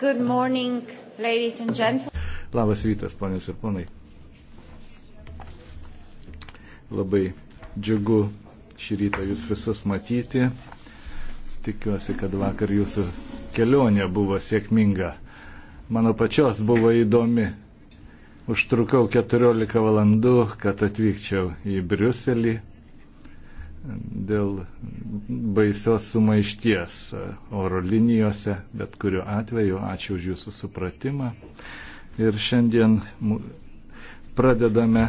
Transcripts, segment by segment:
Good morning, ladies and gentlemen. Labas rytas, ponios ir ponai. Labai džiugu šį rytą jūs visus matyti. Tikiuosi, kad vakar jūsų kelionė buvo sėkminga. Mano pačios buvo įdomi. Užtrukau 14 valandų, kad atvykčiau į Briuselį dėl baisios sumaišties oro linijose, bet kuriuo atveju ačiū už jūsų supratimą. Ir šiandien pradedame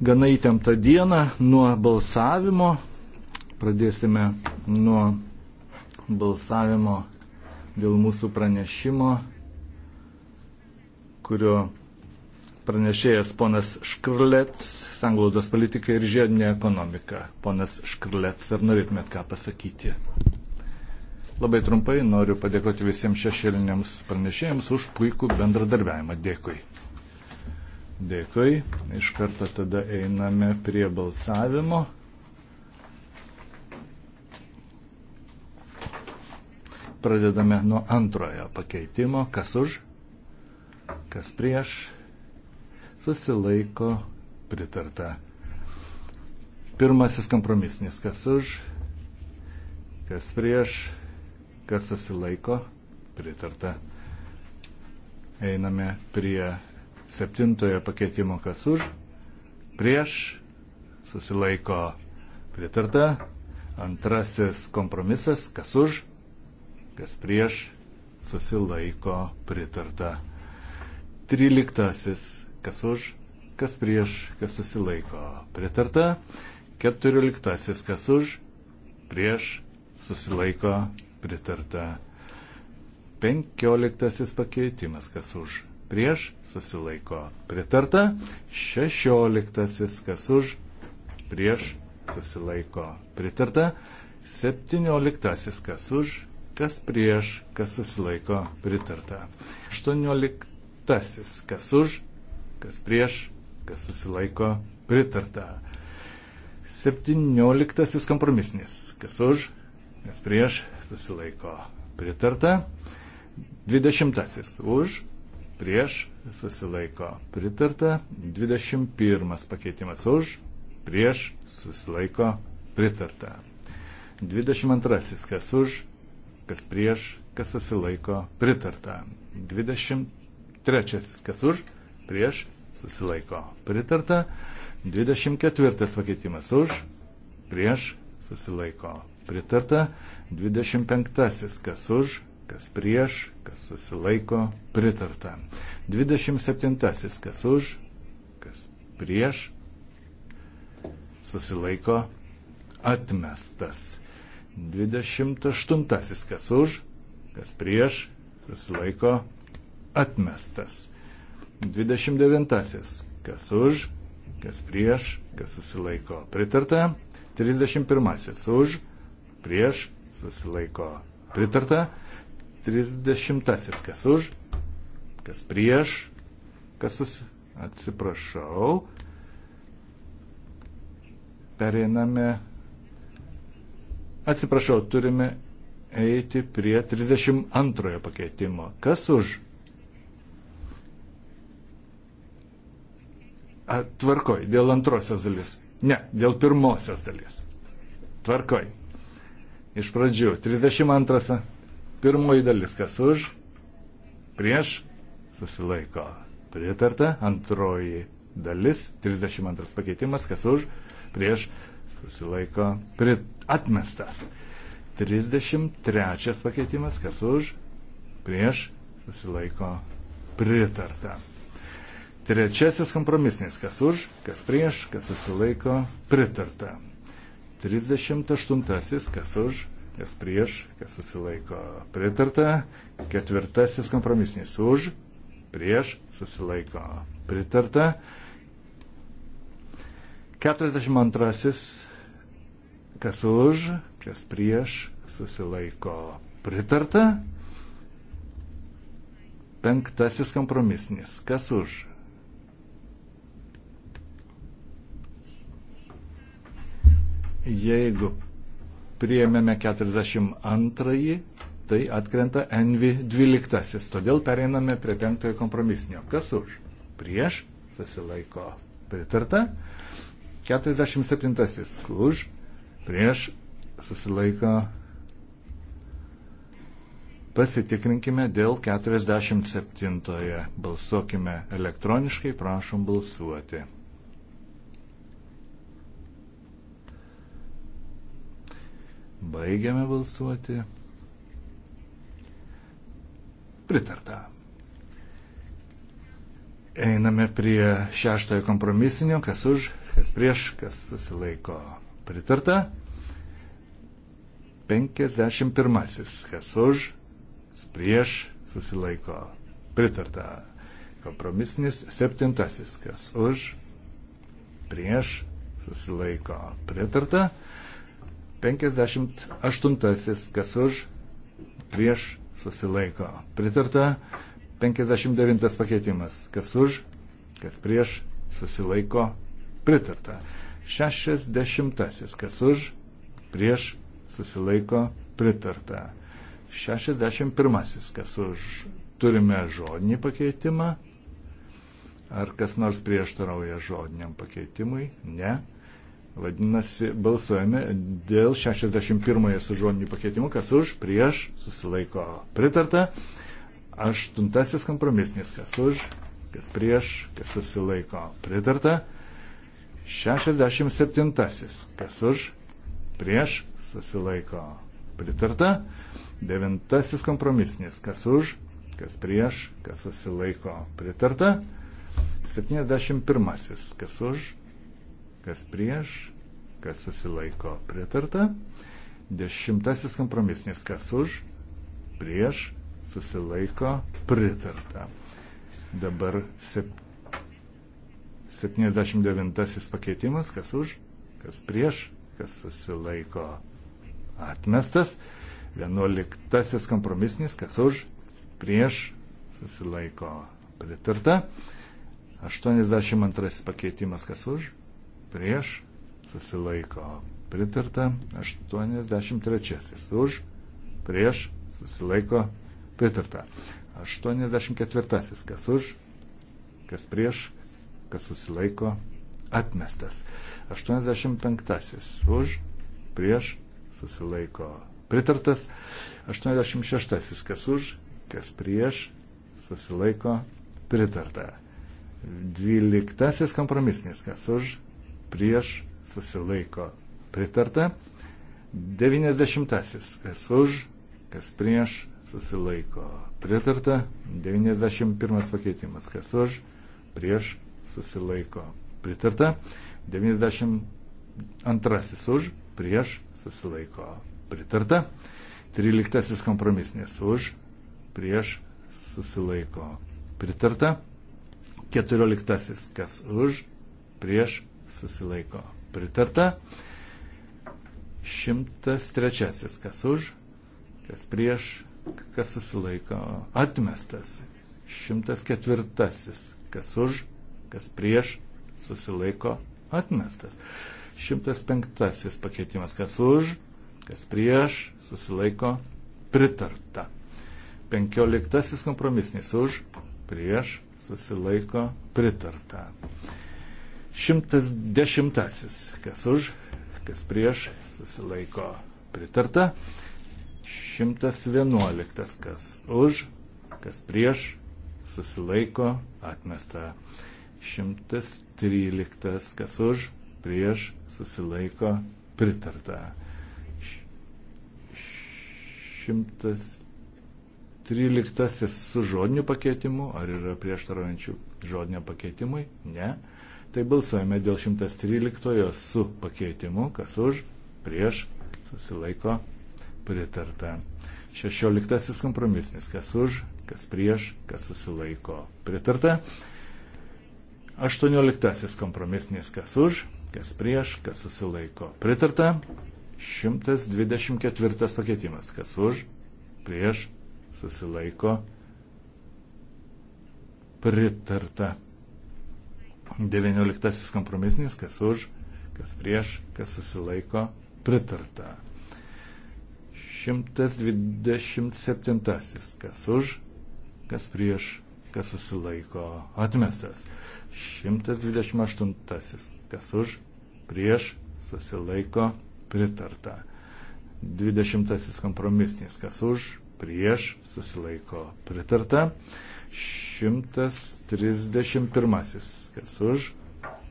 gana įtemptą dieną nuo balsavimo. Pradėsime nuo balsavimo dėl mūsų pranešimo, kurio Pranešėjas ponas Škrlets, sanglaudos politika ir žiedinė ekonomika. Ponas Škrlets, ar norėtumėt ką pasakyti? Labai trumpai noriu padėkoti visiems šešėliniams pranešėjams už puikų bendradarbiavimą. Dėkui. Dėkui. Iš karto tada einame prie balsavimo. Pradedame nuo antrojo pakeitimo. Kas už? Kas prieš? susilaiko pritarta. Pirmasis kompromisnis, kas už, kas prieš, kas susilaiko pritarta. Einame prie septintojo pakeitimo, kas už, prieš, susilaiko pritarta. Antrasis kompromisas, kas už, kas prieš, susilaiko pritarta. Tryliktasis kas už, kas prieš, kas susilaiko. Pritarta. 14. Kas už, prieš, susilaiko. Pritarta. 15. Pakeitimas. Kas už, prieš, susilaiko. Pritarta. 16. Kas už, prieš, susilaiko. Pritarta. 17. Kas už, kas prieš, kas susilaiko. Pritarta. 18. Kas už, kas prieš, kas susilaiko pritarta. 17 kompromisnis, kas už, kas prieš, susilaiko pritarta. 20 už, prieš, susilaiko pritarta. 21 pakeitimas už, prieš, susilaiko pritarta. 22 kas už, kas prieš, kas susilaiko pritarta. 23 kas už, prieš, susilaiko pritarta. 24 pakeitimas už, prieš, susilaiko pritarta. 25 kas už, kas prieš, kas susilaiko pritarta. 27 kas už, kas prieš, susilaiko atmestas. 28 kas už, kas prieš, susilaiko atmestas. 29. Kas už, kas prieš, kas susilaiko pritarta. 31. Už, prieš, susilaiko pritarta. 30. Kas už, kas prieš, kas susilaiko. Atsiprašau. Pereiname. Atsiprašau, turime eiti prie 32 pakeitimo. Kas už? Tvarkoj, dėl antrosios dalies. Ne, dėl pirmosios dalies. Tvarkoj. Iš pradžių 32. Pirmoji dalis, kas už, prieš, susilaiko. Pritarta. Antroji dalis, 32 pakeitimas, kas už, prieš, susilaiko. Prit, atmestas. 33 pakeitimas, kas už, prieš, susilaiko. Pritarta. Trečiasis kompromisinis, kas už, kas prieš, kas susilaiko, pritarta. 38, kas už, kas prieš, kas susilaiko, pritarta. Ketvirtasis kompromisinis, už, prieš, susilaiko, pritarta. 42, kas už, kas prieš, susilaiko, pritarta. Penktasis kompromisinis, kas už, jeigu priėmėme 42, tai atkrenta Envi 12. Todėl pereiname prie penktojo kompromisinio. Kas už? Prieš susilaiko pritarta. 47. Už prieš susilaiko Pasitikrinkime dėl 47. Balsuokime elektroniškai, prašom balsuoti. Baigiame balsuoti. Pritarta. Einame prie šeštojo kompromisinio, kas už, kas prieš, kas susilaiko. Pritarta. 51. Kas už, kas prieš, susilaiko. Pritarta. Kompromisinis septintasis, kas už, prieš, susilaiko. Pritarta. 58. Kas už, prieš, susilaiko. Pritarta. 59 pakeitimas. Kas už, kas prieš, susilaiko. Pritarta. 60. Kas už, prieš, susilaiko. Pritarta. 61. Kas už. Turime žodinį pakeitimą. Ar kas nors prieštarauja žodiniam pakeitimui? Ne. Vadinasi, balsuojame dėl 61 su žodiniu pakeitimu, kas už, prieš, susilaiko pritarta. Aštuntasis kompromisnis, kas už, kas prieš, kas susilaiko pritarta. 67. Kas už, prieš, susilaiko pritarta. Devintasis kompromisnis, kas už, kas prieš, kas susilaiko pritarta. 71. Kas už, kas prieš, kas susilaiko pritarta. Dešimtasis kompromisnis, kas už, prieš, susilaiko pritarta. Dabar sep... 79 pakeitimas, kas už, kas prieš, kas susilaiko atmestas. 11 kompromisnis, kas už, prieš, susilaiko pritarta. 82 pakeitimas, kas už, prieš, susilaiko pritarta, 83 už, prieš, susilaiko pritarta, 84 kas už, kas prieš, kas susilaiko atmestas, 85 už, prieš, susilaiko pritartas, 86 kas už, kas prieš, susilaiko pritarta. Dvyliktasis kompromisinis, kas už, prieš susilaiko pritarta. 90. Kas už, kas prieš susilaiko pritarta. 91. pakeitimas. Kas už, prieš susilaiko pritarta. 92. už, prieš susilaiko pritarta. 13. kompromisnis už, prieš susilaiko pritarta. 14. kas už, prieš susilaiko pritarta. 103. Kas už, kas prieš, kas susilaiko atmestas. 104. Kas už, kas prieš, susilaiko atmestas. 105. Pakeitimas. Kas už, kas prieš, susilaiko pritarta. 15. Kompromisnis už, prieš, susilaiko pritarta. 110. Kas už, kas prieš, susilaiko pritarta. 111. Kas už, kas prieš, susilaiko atmesta. 113. Kas už, prieš, susilaiko pritarta. 113 su žodiniu pakeitimu, ar yra prieštaraujančių žodinio pakeitimui? Ne. Tai balsuojame dėl 113 su pakeitimu, kas už, prieš, susilaiko, pritarta. 16 kompromisnis, kas už, kas prieš, kas susilaiko, pritarta. 18 kompromisnis, kas už, kas prieš, kas susilaiko, pritarta. 124 pakeitimas, kas už, prieš, susilaiko, pritarta. 19 kompromisinis, kas už, kas prieš, kas susilaiko, pritarta. 127, kas už, kas prieš, kas susilaiko, atmestas. 128, kas už, prieš, susilaiko, pritarta. 20 kompromisinis, kas už, prieš, susilaiko, pritarta. 131. Kas už,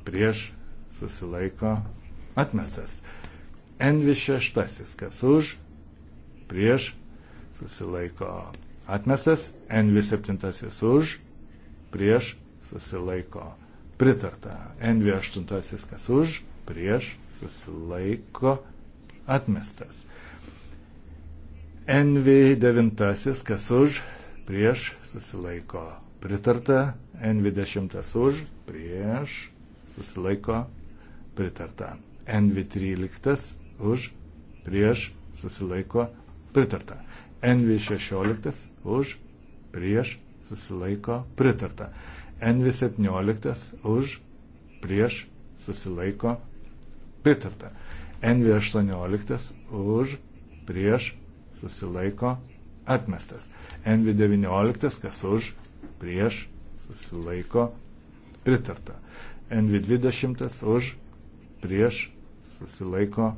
prieš, susilaiko, atmestas. NV6. Kas už, prieš, susilaiko, atmestas. NV7. Už, prieš, susilaiko, pritarta. NV8. Kas už, prieš, susilaiko, atmestas. NV9. Kas už, prieš, susilaiko, atmestas. NV9. Kas už, prieš susilaiko pritarta, NV10 už, prieš susilaiko pritarta, NV13 už, prieš susilaiko pritarta, NV16 už, prieš susilaiko pritarta, NV17 už, prieš susilaiko pritarta, NV18 už, prieš susilaiko pritarta atmestas. NV19, kas už, prieš, susilaiko, pritarta. NV20, už, prieš, susilaiko,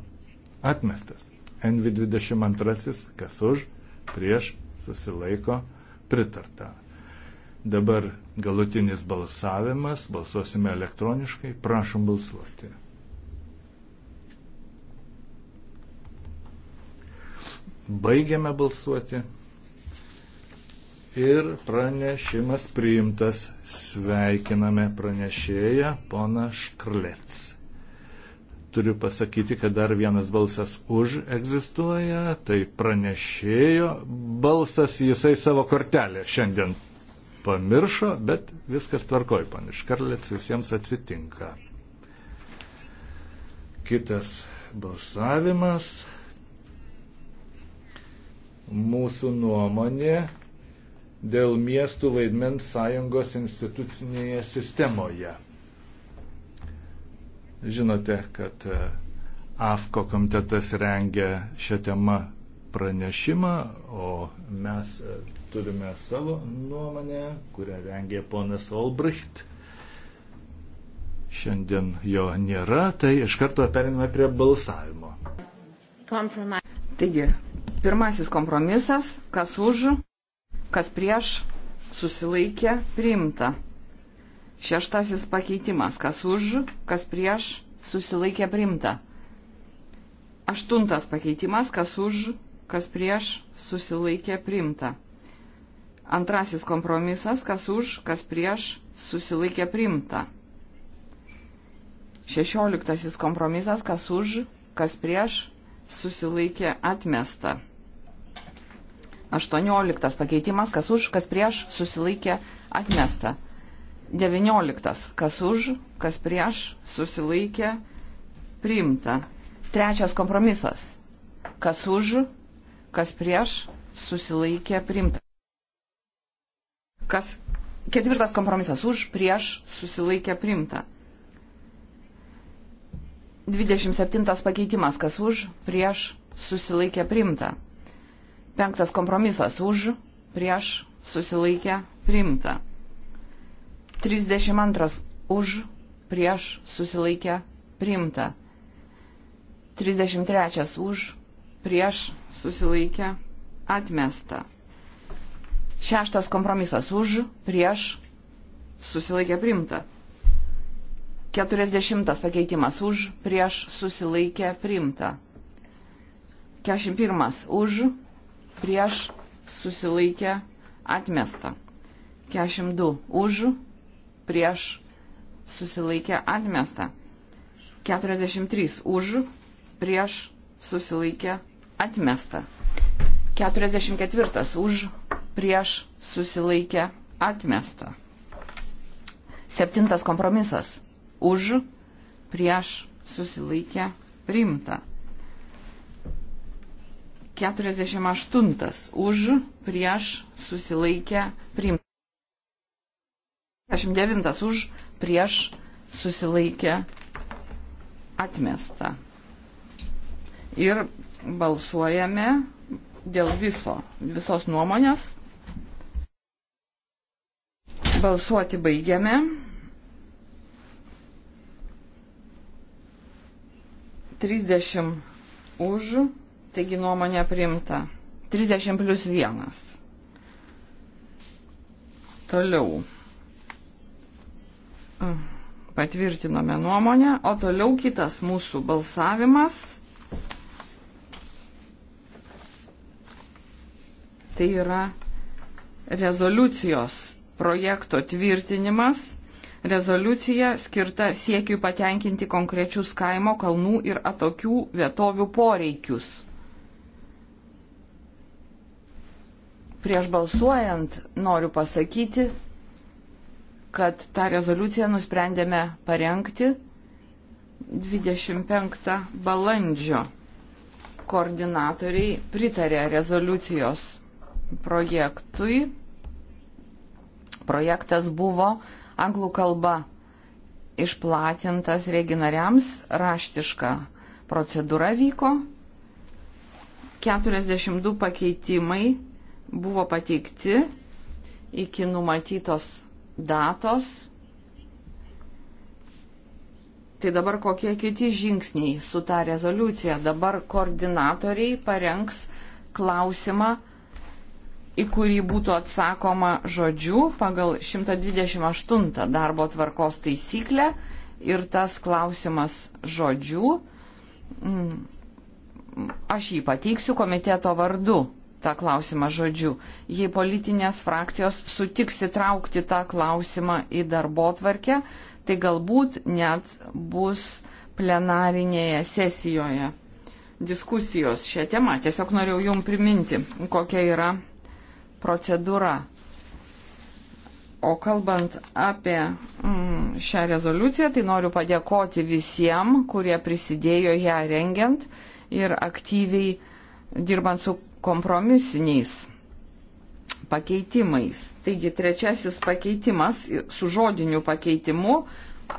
atmestas. NV22, kas už, prieš, susilaiko, pritarta. Dabar galutinis balsavimas, balsuosime elektroniškai, prašom balsuoti. Baigiame balsuoti. Ir pranešimas priimtas. Sveikiname pranešėją, pona Škrlets. Turiu pasakyti, kad dar vienas balsas už egzistuoja, tai pranešėjo balsas, jisai savo kortelę šiandien pamiršo, bet viskas tvarkoj, pana Škrlets, visiems atsitinka. Kitas balsavimas mūsų nuomonė dėl miestų vaidmens sąjungos institucinėje sistemoje. Žinote, kad e, AFKO komitetas rengia šią temą pranešimą, o mes e, turime savo nuomonę, kurią rengė ponas Olbricht. Šiandien jo nėra, tai iš karto periname prie balsavimo. Kompromis. Taigi, Pirmasis kompromisas, kas už, kas prieš, susilaikė, priimta. Šeštasis pakeitimas, kas už, kas prieš, susilaikė, priimta. Aštuntas pakeitimas, kas už, kas prieš, susilaikė, priimta. Antrasis kompromisas, kas už, kas prieš, susilaikė, priimta. Šešioliktasis kompromisas, kas už, kas prieš, susilaikė atmesta. 18 pakeitimas, kas už, kas prieš, susilaikė atmesta. 19 kas už, kas prieš, susilaikė priimta. Trečias kompromisas, kas už, kas prieš, susilaikė priimta. Kas ketvirtas kompromisas už, prieš, susilaikė priimta. 27 pakeitimas, kas už, prieš, susilaikė primta. Penktas kompromisas už, prieš, susilaikė primta. 32 už, prieš, susilaikė primta. 33 už, prieš, susilaikė atmesta. Šeštas kompromisas už, prieš, susilaikė primta. 40 pakeitimas už, prieš susilaikę priimta. 41 už, prieš susilaikę atmesta. 42 už, prieš susilaikę atmesta. 43 už, prieš susilaikę atmesta. 44 už, prieš susilaikę atmesta. Septintas kompromisas už, prieš, susilaikę, priimta. 48 už, prieš, susilaikę, priimta. 49 už, prieš, susilaikę, atmesta. Ir balsuojame dėl viso, visos nuomonės. Balsuoti baigiame. 30 už, taigi nuomonė priimta. 30 plus 1. Toliau. Mm, patvirtinome nuomonę, o toliau kitas mūsų balsavimas. Tai yra rezoliucijos projekto tvirtinimas Rezoliucija skirta siekiui patenkinti konkrečius kaimo, kalnų ir atokių vietovių poreikius. Prieš balsuojant noriu pasakyti, kad tą rezoliuciją nusprendėme parengti 25 balandžio koordinatoriai pritarė rezoliucijos projektui. Projektas buvo anglų kalba išplatintas reginariams, raštiška procedūra vyko. 42 pakeitimai buvo pateikti iki numatytos datos. Tai dabar kokie kiti žingsniai su tą rezoliucija? Dabar koordinatoriai parengs klausimą į kurį būtų atsakoma žodžiu pagal 128 darbo tvarkos taisyklę ir tas klausimas žodžiu. Mm, aš jį pateiksiu komiteto vardu, tą klausimą žodžiu. Jei politinės frakcijos sutiks įtraukti tą klausimą į darbo tvarkę, tai galbūt net bus plenarinėje sesijoje diskusijos šią temą. Tiesiog norėjau jum priminti, kokia yra procedūra. O kalbant apie mm, šią rezoliuciją, tai noriu padėkoti visiems, kurie prisidėjo ją rengiant ir aktyviai dirbant su kompromisiniais pakeitimais. Taigi trečiasis pakeitimas su žodiniu pakeitimu,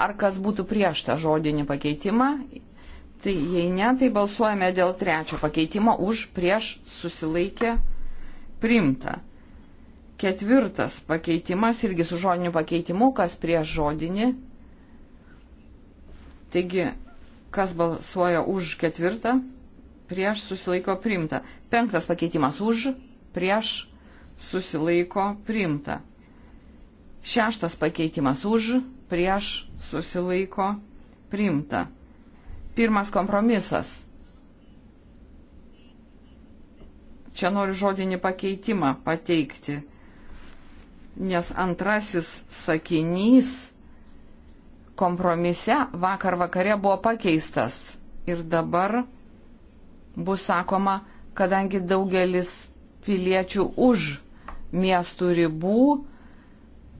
ar kas būtų prieš tą žodinį pakeitimą, tai jei ne, tai balsuojame dėl trečio pakeitimo už prieš susilaikė primta. Ketvirtas pakeitimas irgi su žodiniu pakeitimu, kas prieš žodinį. Taigi, kas balsuoja už ketvirtą, prieš susilaiko primta. Penktas pakeitimas už, prieš susilaiko primta. Šeštas pakeitimas už, prieš susilaiko primta. Pirmas kompromisas. Čia noriu žodinį pakeitimą pateikti nes antrasis sakinys kompromise vakar vakare buvo pakeistas ir dabar bus sakoma, kadangi daugelis piliečių už miestų ribų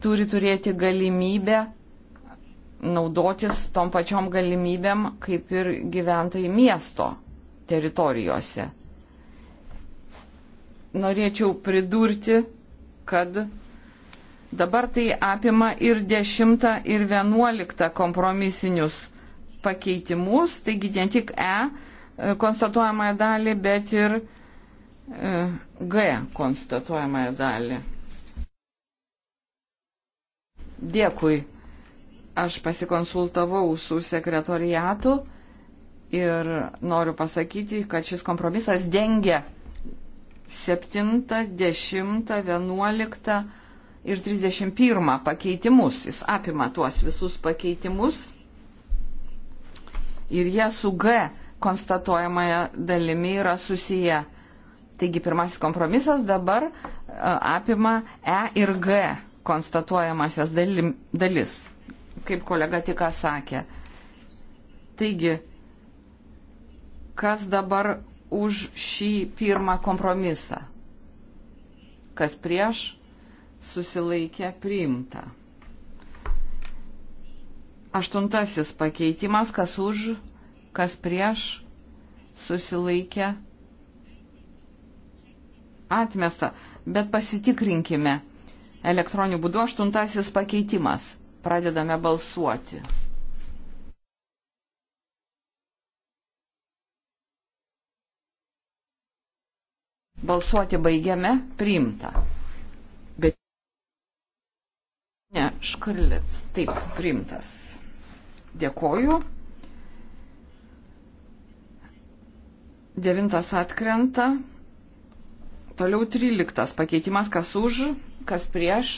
turi turėti galimybę naudotis tom pačiom galimybėm, kaip ir gyventojai miesto teritorijose. Norėčiau pridurti, kad Dabar tai apima ir 10 ir 11 kompromisinius pakeitimus, taigi ne tik E, e konstatuojamąją dalį, bet ir e, G konstatuojamąją dalį. Dėkui. Aš pasikonsultavau su sekretoriatu ir noriu pasakyti, kad šis kompromisas dengia 7, 10, 11, ir 31 pakeitimus. Jis apima tuos visus pakeitimus. Ir jie su G konstatuojamąją dalimi yra susiję. Taigi pirmasis kompromisas dabar e, apima E ir G konstatuojamasias dalim, dalis, kaip kolega tik sakė. Taigi, kas dabar už šį pirmą kompromisą? Kas prieš? susilaikė priimta. Aštuntasis pakeitimas, kas už, kas prieš, susilaikė atmesta, bet pasitikrinkime elektroniniu būdu aštuntasis pakeitimas. Pradedame balsuoti. Balsuoti baigiame, priimta. Ne, Škarlic. Taip, priimtas. Dėkoju. Devintas atkrenta. Toliau tryliktas pakeitimas, kas už, kas prieš,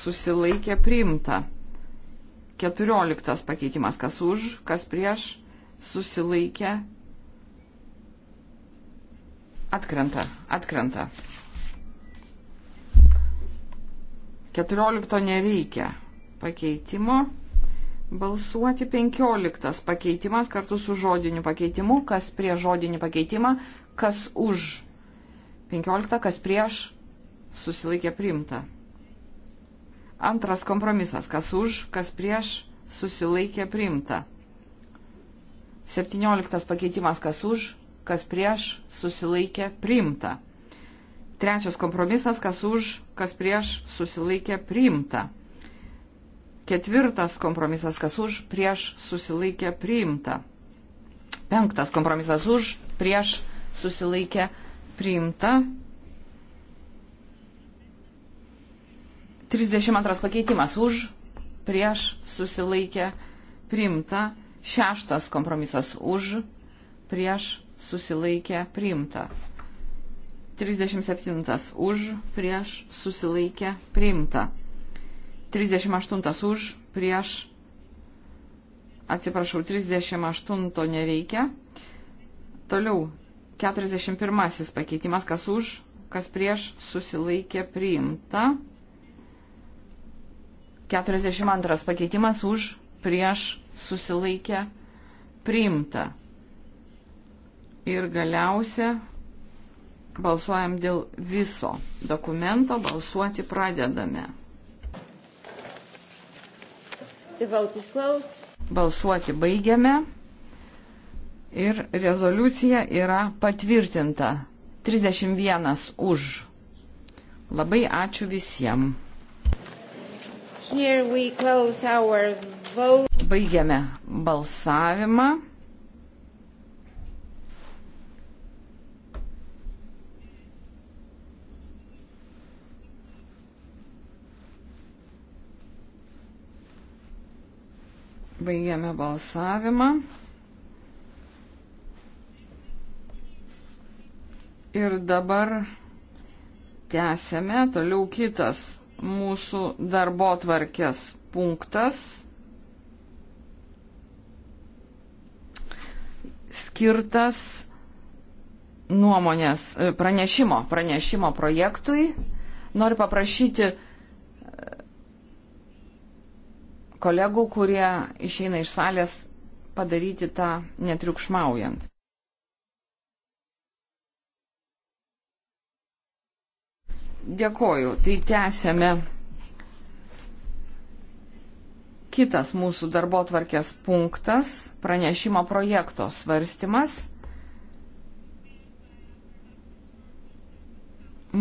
susilaikė priimta. Keturioliktas pakeitimas, kas už, kas prieš, susilaikė atkrenta. Atkrenta. 14 nereikia pakeitimo. Balsuoti 15 pakeitimas kartu su žodiniu pakeitimu. Kas prie žodinį pakeitimą, kas už 15, kas prieš susilaikė priimta. Antras kompromisas. Kas už, kas prieš susilaikė priimta. 17 pakeitimas. Kas už, kas prieš susilaikė priimta. Trečias kompromisas, kas už, kas prieš, susilaikė priimta. Ketvirtas kompromisas, kas už, prieš, susilaikė priimta. Penktas kompromisas už, prieš, susilaikė priimta. 32 pakeitimas už, prieš, susilaikė priimta. Šeštas kompromisas už, prieš, susilaikė priimta. 37 už, prieš, susilaikė, priimta. 38 už, prieš, atsiprašau, 38 nereikia. Toliau, 41 pakeitimas, kas už, kas prieš, susilaikė, priimta. 42 pakeitimas už, prieš, susilaikė, priimta. Ir galiausia Balsuojam dėl viso dokumento, balsuoti pradedame. Balsuoti baigiame ir rezoliucija yra patvirtinta. 31 už. Labai ačiū visiems. Baigiame balsavimą. Baigiame balsavimą. Ir dabar tęsėme toliau kitas mūsų darbo tvarkės punktas. Skirtas nuomonės pranešimo, pranešimo projektui. Noriu paprašyti kolegų, kurie išeina iš salės padaryti tą netriukšmaujant. Dėkoju. Tai tęsėme kitas mūsų darbo tvarkės punktas - pranešimo projekto svarstymas.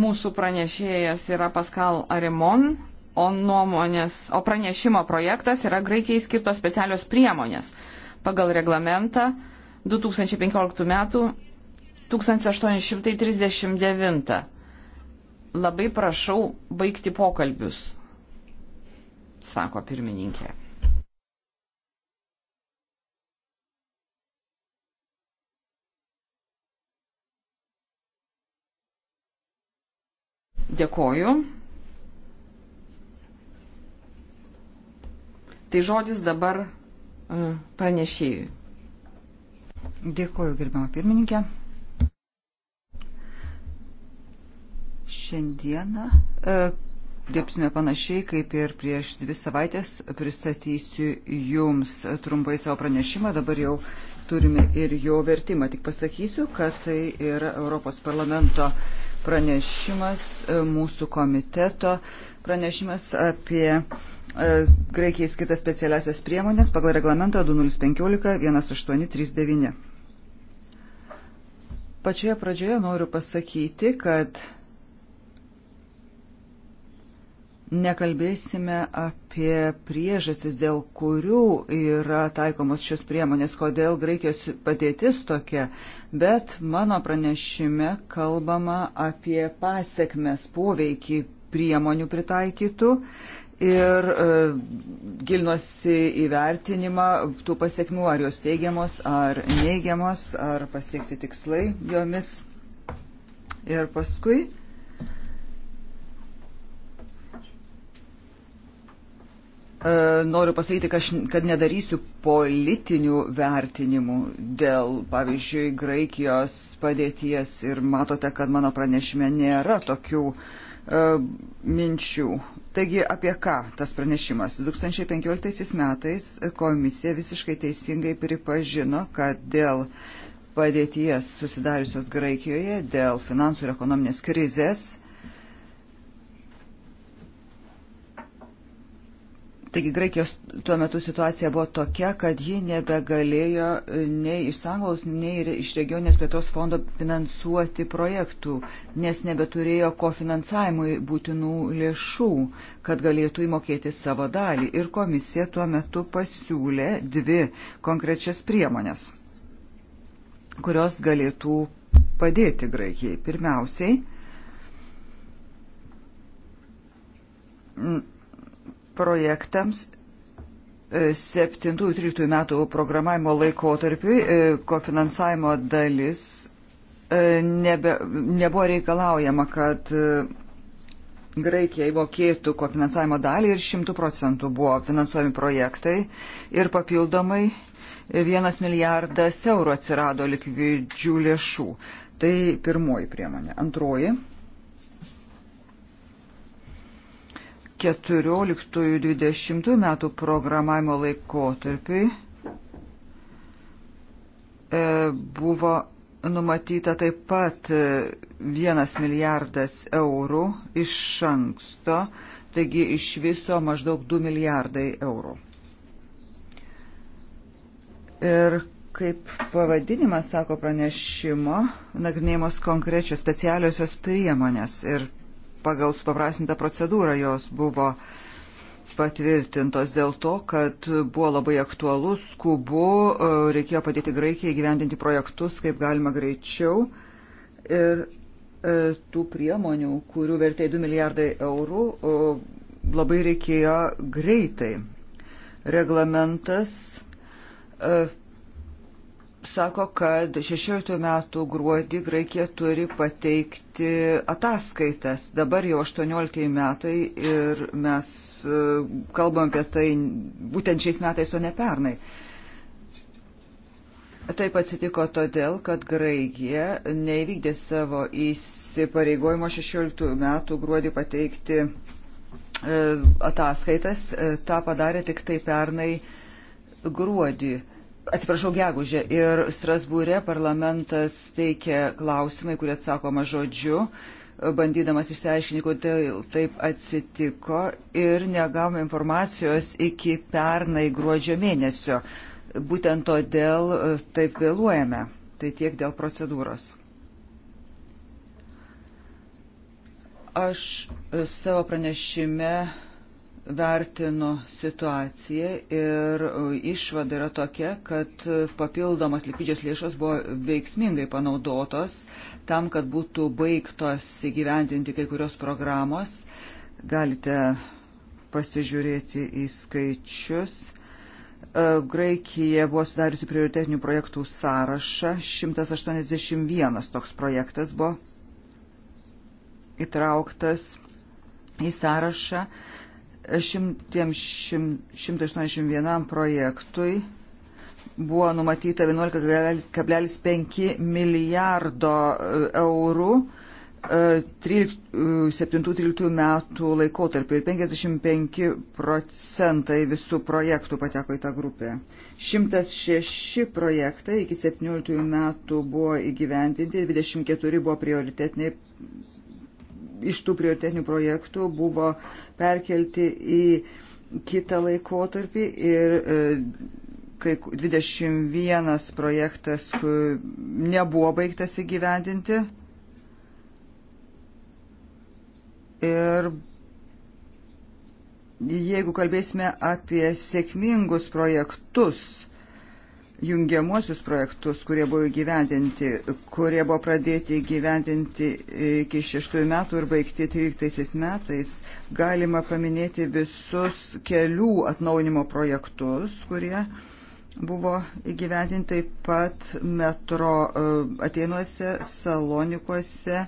Mūsų pranešėjas yra Paskal Arimon o, nuomonės, o pranešimo projektas yra Graikijai skirtos specialios priemonės. Pagal reglamentą 2015 metų 1839. Labai prašau baigti pokalbius, sako pirmininkė. Dėkoju. Tai žodis dabar e, pranešėjui. Dėkuoju, gerbiamą pirmininkę. Šiandieną e, dirbsime panašiai kaip ir prieš dvi savaitės. Pristatysiu Jums trumpai savo pranešimą. Dabar jau turime ir jo vertimą. Tik pasakysiu, kad tai yra Europos parlamento pranešimas, e, mūsų komiteto pranešimas apie E, Graikijai skirtas specialiasias priemonės pagal reglamentą 2015-1839. Pačioje pradžioje noriu pasakyti, kad nekalbėsime apie priežastis, dėl kurių yra taikomos šios priemonės, kodėl Graikijos padėtis tokia, bet mano pranešime kalbama apie pasiekmes poveikį priemonių pritaikytų ir e, gilinosi įvertinimą tų pasiekmių, ar jos teigiamos, ar neigiamos, ar pasiekti tikslai jomis. Ir paskui e, noriu pasakyti, kad nedarysiu politinių vertinimų dėl, pavyzdžiui, Graikijos padėties ir matote, kad mano pranešime nėra tokių e, minčių. Taigi apie ką tas pranešimas? 2015 metais komisija visiškai teisingai pripažino, kad dėl padėties susidariusios Graikijoje, dėl finansų ir ekonominės krizės Taigi Graikijos tuo metu situacija buvo tokia, kad ji nebegalėjo nei iš sanglaus, nei iš regioninės plėtros fondo finansuoti projektų, nes nebeturėjo kofinansavimui būtinų lėšų, kad galėtų įmokėti savo dalį. Ir komisija tuo metu pasiūlė dvi konkrečias priemonės, kurios galėtų padėti Graikijai. Pirmiausiai, projektams 7-13 e, metų programavimo laikotarpiui e, kofinansavimo dalis e, nebe, nebuvo reikalaujama, kad Graikija įvokėtų kofinansavimo dalį ir 100 procentų buvo finansuojami projektai ir papildomai 1 milijardas eurų atsirado likvidžių lėšų. Tai pirmoji priemonė. Antroji 14-20 metų programavimo laikotarpiui e, buvo numatyta taip pat 1 e, milijardas eurų iš anksto, taigi iš viso maždaug 2 milijardai eurų. Ir kaip pavadinimas sako pranešimo, nagrinėjimos konkrečios specialiosios priemonės ir pagal supaprastintą procedūrą jos buvo patvirtintos dėl to, kad buvo labai aktualu, skubu, e, reikėjo padėti Graikijai gyvendinti projektus kaip galima greičiau. Ir e, tų priemonių, kurių vertė 2 milijardai eurų, e, labai reikėjo greitai. Reglamentas sako, kad 16 metų gruodį Graikija turi pateikti ataskaitas. Dabar jau 18 metai ir mes e, kalbam apie tai būtent šiais metais, o ne pernai. Taip atsitiko todėl, kad Graikija neįvykdė savo įsipareigojimo 16 metų gruodį pateikti e, ataskaitas. E, Ta padarė tik tai pernai gruodį atsiprašau, gegužė ir Strasbūrė parlamentas teikia klausimai, kurie atsakoma žodžiu, bandydamas išsiaiškinti, kodėl taip atsitiko ir negavome informacijos iki pernai gruodžio mėnesio. Būtent todėl e, taip vėluojame. Tai tiek dėl procedūros. Aš e, savo pranešime vertino situaciją ir e, išvada yra tokia, kad papildomos likvidžios lėšos buvo veiksmingai panaudotos tam, kad būtų baigtos įgyvendinti kai kurios programos. Galite pasižiūrėti į skaičius. E, Graikija buvo sudariusi prioritetinių projektų sąrašą. 181 toks projektas buvo įtrauktas į sąrašą. 181 šimt, projektui buvo numatyta 11,5 milijardo e, eurų 7-13 e, e, metų laikotarpiu ir 55 procentai visų projektų pateko į tą grupę. 106 projektai iki 17 metų buvo įgyventinti, 24 buvo prioritetiniai iš tų prioritetinių projektų buvo perkelti į kitą laikotarpį ir e, kai 21 projektas nebuvo baigtas įgyvendinti ir jeigu kalbėsime apie sėkmingus projektus, jungiamuosius projektus, kurie buvo įgyvendinti, kurie buvo pradėti įgyvendinti iki šeštųjų metų ir baigti 13 metais, galima paminėti visus kelių atnaunimo projektus, kurie buvo įgyvendinti taip pat metro e, Ateinuose, Salonikuose,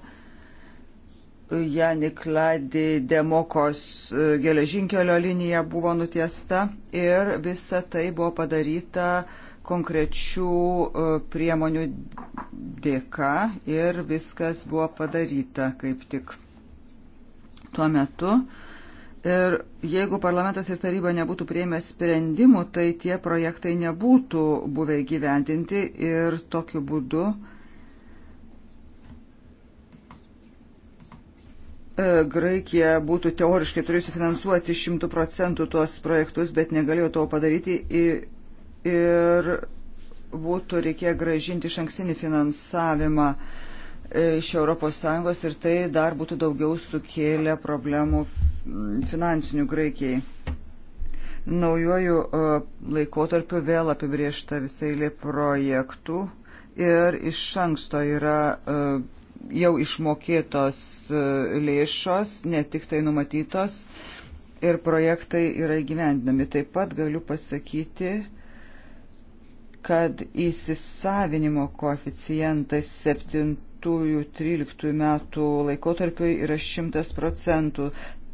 Janikladi Demokos e, geležinkelio linija buvo nutiesta ir visa tai buvo padaryta uh, konkrečių e, priemonių dėka ir viskas buvo padaryta kaip tik tuo metu. Ir jeigu parlamentas ir taryba nebūtų prieimęs sprendimų, tai tie projektai nebūtų buvę įgyvendinti ir tokiu būdu e, Graikija būtų teoriškai turėjusi finansuoti 100 procentų tuos projektus, bet negalėjo to padaryti ir būtų reikėję gražinti iš anksinį finansavimą e, iš ES ir tai dar būtų daugiau sukėlę problemų finansinių Graikijai. Naujojų e, laikotarpiu vėl apibriešta visai lė projektų ir iš anksto yra e, jau išmokėtos lėšos, ne tik tai numatytos ir projektai yra įgyvendinami. Taip pat galiu pasakyti, kad įsisavinimo koeficientas 7-13 metų laikotarpiui yra 100 procentų.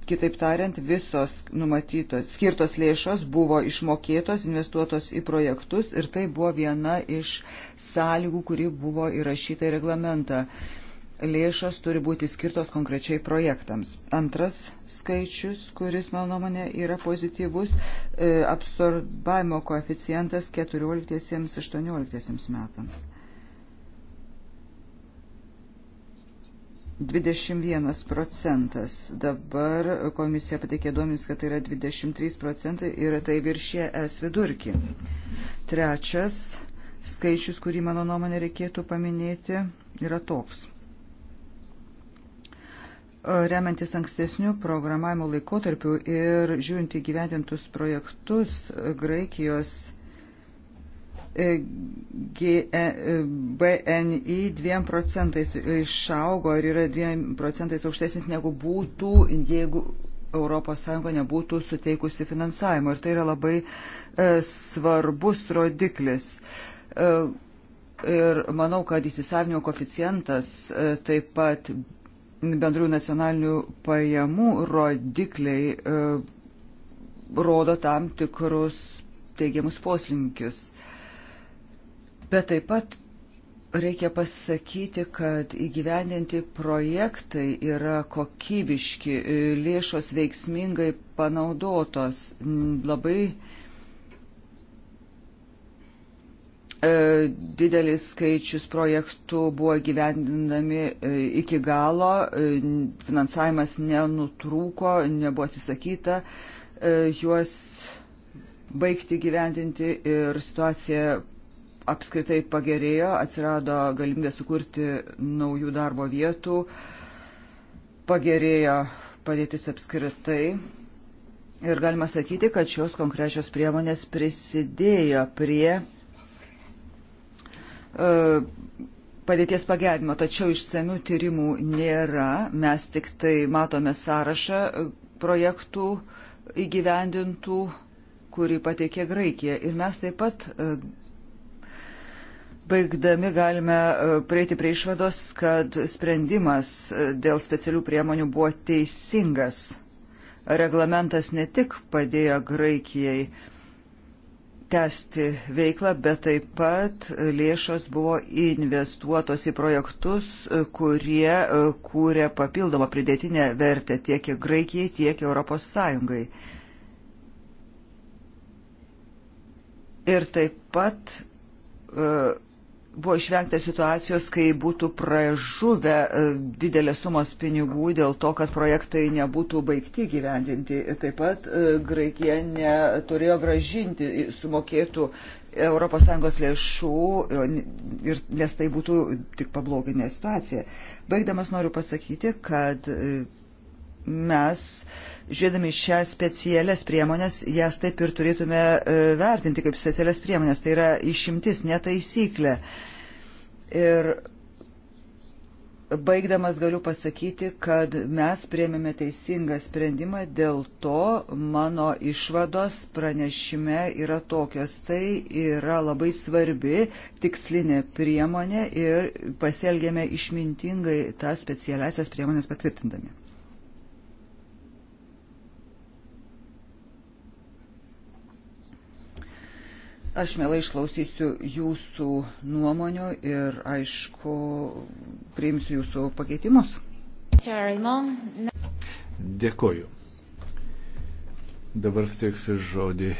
Kitaip tariant, visos numatytos, skirtos lėšos buvo išmokėtos, investuotos į projektus ir tai buvo viena iš sąlygų, kuri buvo įrašyta į reglamentą. Uh, lėšos turi būti skirtos konkrečiai projektams. Antras skaičius, kuris, mano nuomonė, yra pozityvus, e, absorbavimo koeficientas 14-18 metams. 21 procentas. Dabar komisija pateikė duomenys, kad tai yra 23 procentai ir tai viršė S vidurkį. Trečias skaičius, kurį mano nuomonė reikėtų paminėti, yra toks. E, remiantis ankstesnių programavimo laikotarpių ir žiūrint į gyventintus projektus, e, Graikijos e, BNI 2 procentais išaugo ir yra 2 procentais aukštesnis negu būtų, jeigu ES nebūtų suteikusi finansavimo. Ir tai yra labai svarbus rodiklis. Ir manau, kad įsisavinimo koficijantas taip pat bendrųjų nacionalinių pajamų rodikliai e, rodo tam tikrus teigiamus poslinkius. Bet taip pat reikia pasakyti, kad įgyvendinti projektai yra kokybiški, lėšos veiksmingai panaudotos. Labai E, didelis skaičius projektų buvo gyvendinami e, iki galo, e, finansavimas nenutrūko, nebuvo atsisakyta juos baigti gyvendinti ir situacija apskritai pagerėjo, atsirado galimybė sukurti naujų darbo vietų, pagerėjo padėtis apskritai. Ir galima sakyti, kad šios konkrečios priemonės prisidėjo prie E, padėties pagerimo, tačiau išsamių tyrimų nėra, mes tik tai matome sąrašą e, projektų įgyvendintų, kurį pateikė Graikija. Ir mes taip pat e, baigdami galime prieiti prie išvados, kad sprendimas dėl specialių priemonių buvo teisingas. Reglamentas ne tik padėjo Graikijai, tęsti veiklą, bet taip pat lėšos buvo investuotos į projektus, kurie e, kūrė papildomą pridėtinę vertę tiek Graikijai, tiek Europos Sąjungai. Ir taip pat e, buvo išvengta situacijos, kai būtų pražuvę e, didelės sumos pinigų dėl to, kad projektai nebūtų baigti gyvendinti. Taip pat e, Graikija neturėjo gražinti sumokėtų ES lėšų, e, ir, nes tai būtų tik pabloginė situacija. Baigdamas noriu pasakyti, kad mes žiūrėdami šią specialias priemonės, jas taip ir turėtume e, vertinti kaip specialias priemonės. Tai yra išimtis, netaisyklė. Ir baigdamas galiu pasakyti, kad mes priemėme teisingą sprendimą, dėl to mano išvados pranešime yra tokios. Tai yra labai svarbi tikslinė priemonė ir pasielgėme išmintingai tas specialiasias priemonės patvirtindami. Aš mielai išklausysiu jūsų nuomonių ir, aišku, priimsiu jūsų pakeitimus. Dėkoju. Dabar steiksiu žodį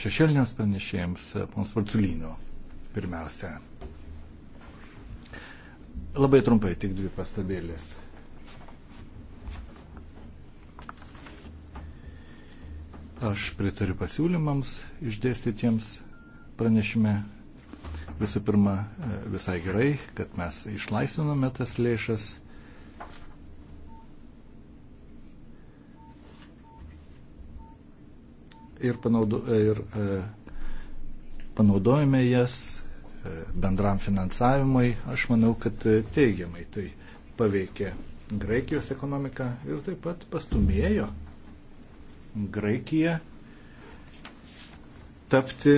šešėliniams pranešėjams, pons Varculino, pirmiausia. Labai trumpai, tik dvi pastabėlės. Aš pritariu pasiūlymams išdėstytiems pranešime. Visų pirma, e, visai gerai, kad mes išlaisvinome tas lėšas. Ir, panaudo, e, ir e, panaudojame jas e, bendram finansavimui, aš manau, kad teigiamai tai paveikė Graikijos ekonomiką ir taip pat pastumėjo Graikiją tapti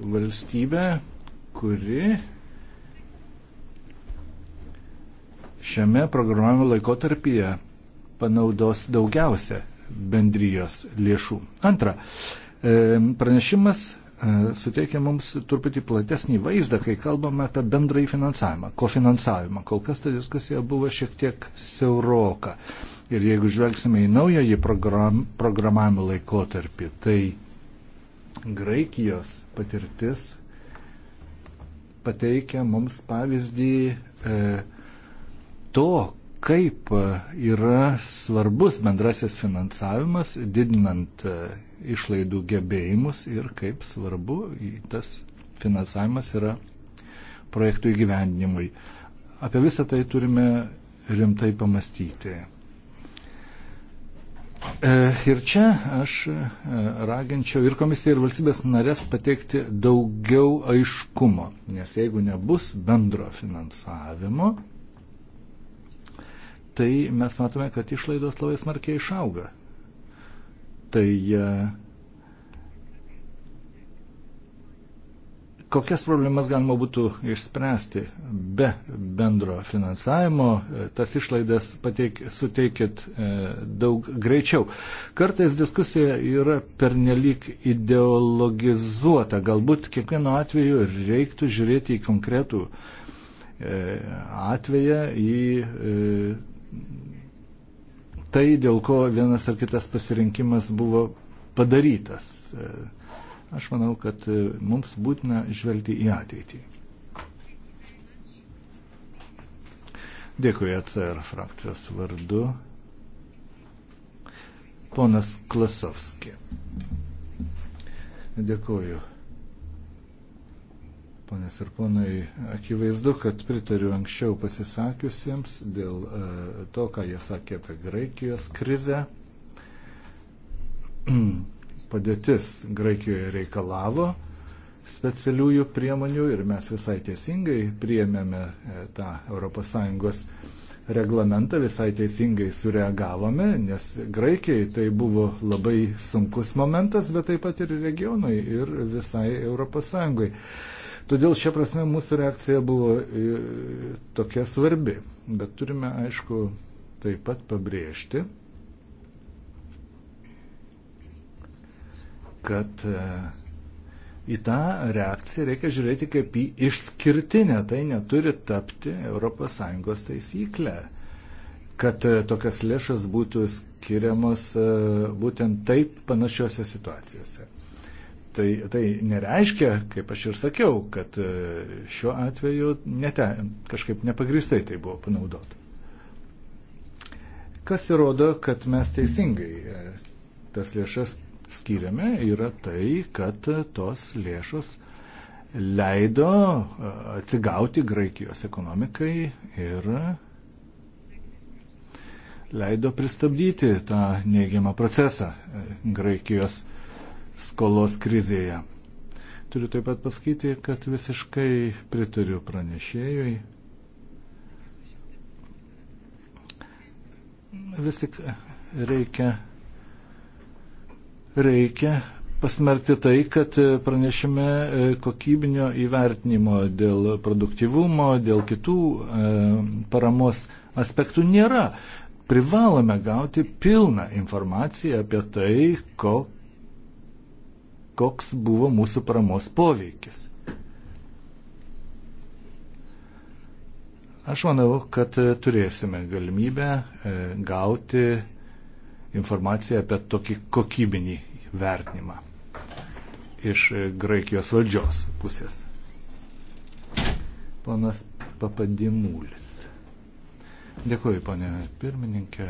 valstybę, kuri šiame programavimo laikotarpyje panaudos daugiausia bendrijos lėšų. Antra, e, pranešimas e, suteikia mums truputį platesnį vaizdą, kai kalbame apie bendrąjį finansavimą, kofinansavimą. Kol kas ta diskusija buvo šiek tiek siauroka. Ir jeigu žvelgsime į naująjį program, programavimo laikotarpį, tai Graikijos patirtis pateikia mums pavyzdį e, to, kaip yra svarbus bendrasis finansavimas, didinant e, išlaidų gebėjimus ir kaip svarbu tas finansavimas yra projektų įgyvendinimui. Apie visą tai turime rimtai pamastyti. E, ir čia aš e, raginčiau ir komisiją, ir valstybės narės pateikti daugiau aiškumo, nes jeigu nebus bendro finansavimo, tai mes matome, kad išlaidos labai smarkiai išauga. Tai e, kokias problemas galima būtų išspręsti be bendro finansavimo, tas išlaidas pateik, suteikit e, daug greičiau. Kartais diskusija yra pernelyg ideologizuota, galbūt kiekvieno atveju reiktų žiūrėti į konkretų e, atveją, į e, tai, dėl ko vienas ar kitas pasirinkimas buvo padarytas. Aš manau, kad e, mums būtina žvelgti į ateitį. Dėkui ACR frakcijos vardu. Ponas Klasovski. Dėkuoju. Ponės ir ponai, akivaizdu, kad pritariu anksčiau pasisakiusiems dėl e, to, ką jie sakė apie Graikijos krizę. padėtis Graikijoje reikalavo specialiųjų priemonių ir mes visai teisingai priėmėme e, tą ES reglamentą, visai teisingai sureagavome, nes Graikijai tai buvo labai sunkus momentas, bet taip pat ir regionui ir visai ES. Todėl šia prasme mūsų reakcija buvo e, tokia svarbi, bet turime aišku taip pat pabrėžti, kad e, į tą reakciją reikia žiūrėti kaip į išskirtinę, tai neturi tapti ES taisyklę, kad e, tokias lėšas būtų skiriamas e, būtent taip panašiose situacijose. Tai, tai nereiškia, kaip aš ir sakiau, kad šiuo atveju nete, kažkaip nepagristai tai buvo panaudota. Kas įrodo, kad mes teisingai tas lėšas skiriame, yra tai, kad tos lėšos leido atsigauti Graikijos ekonomikai ir leido pristabdyti tą neigiamą procesą e, Graikijos skolos krizėje. Turiu taip pat pasakyti, kad visiškai pritariu pranešėjui. Vis tik reikia reikia pasmerkti tai, kad pranešime e, kokybinio įvertinimo dėl produktivumo, dėl kitų e, paramos aspektų nėra. Privalome gauti pilną informaciją apie tai, ko, koks buvo mūsų paramos poveikis. Aš manau, kad e, turėsime galimybę gauti informaciją apie tokį kokybinį vertinimą iš e, Graikijos valdžios pusės. Ponas Papadimulis. Dėkuoju, ponė pirmininkė.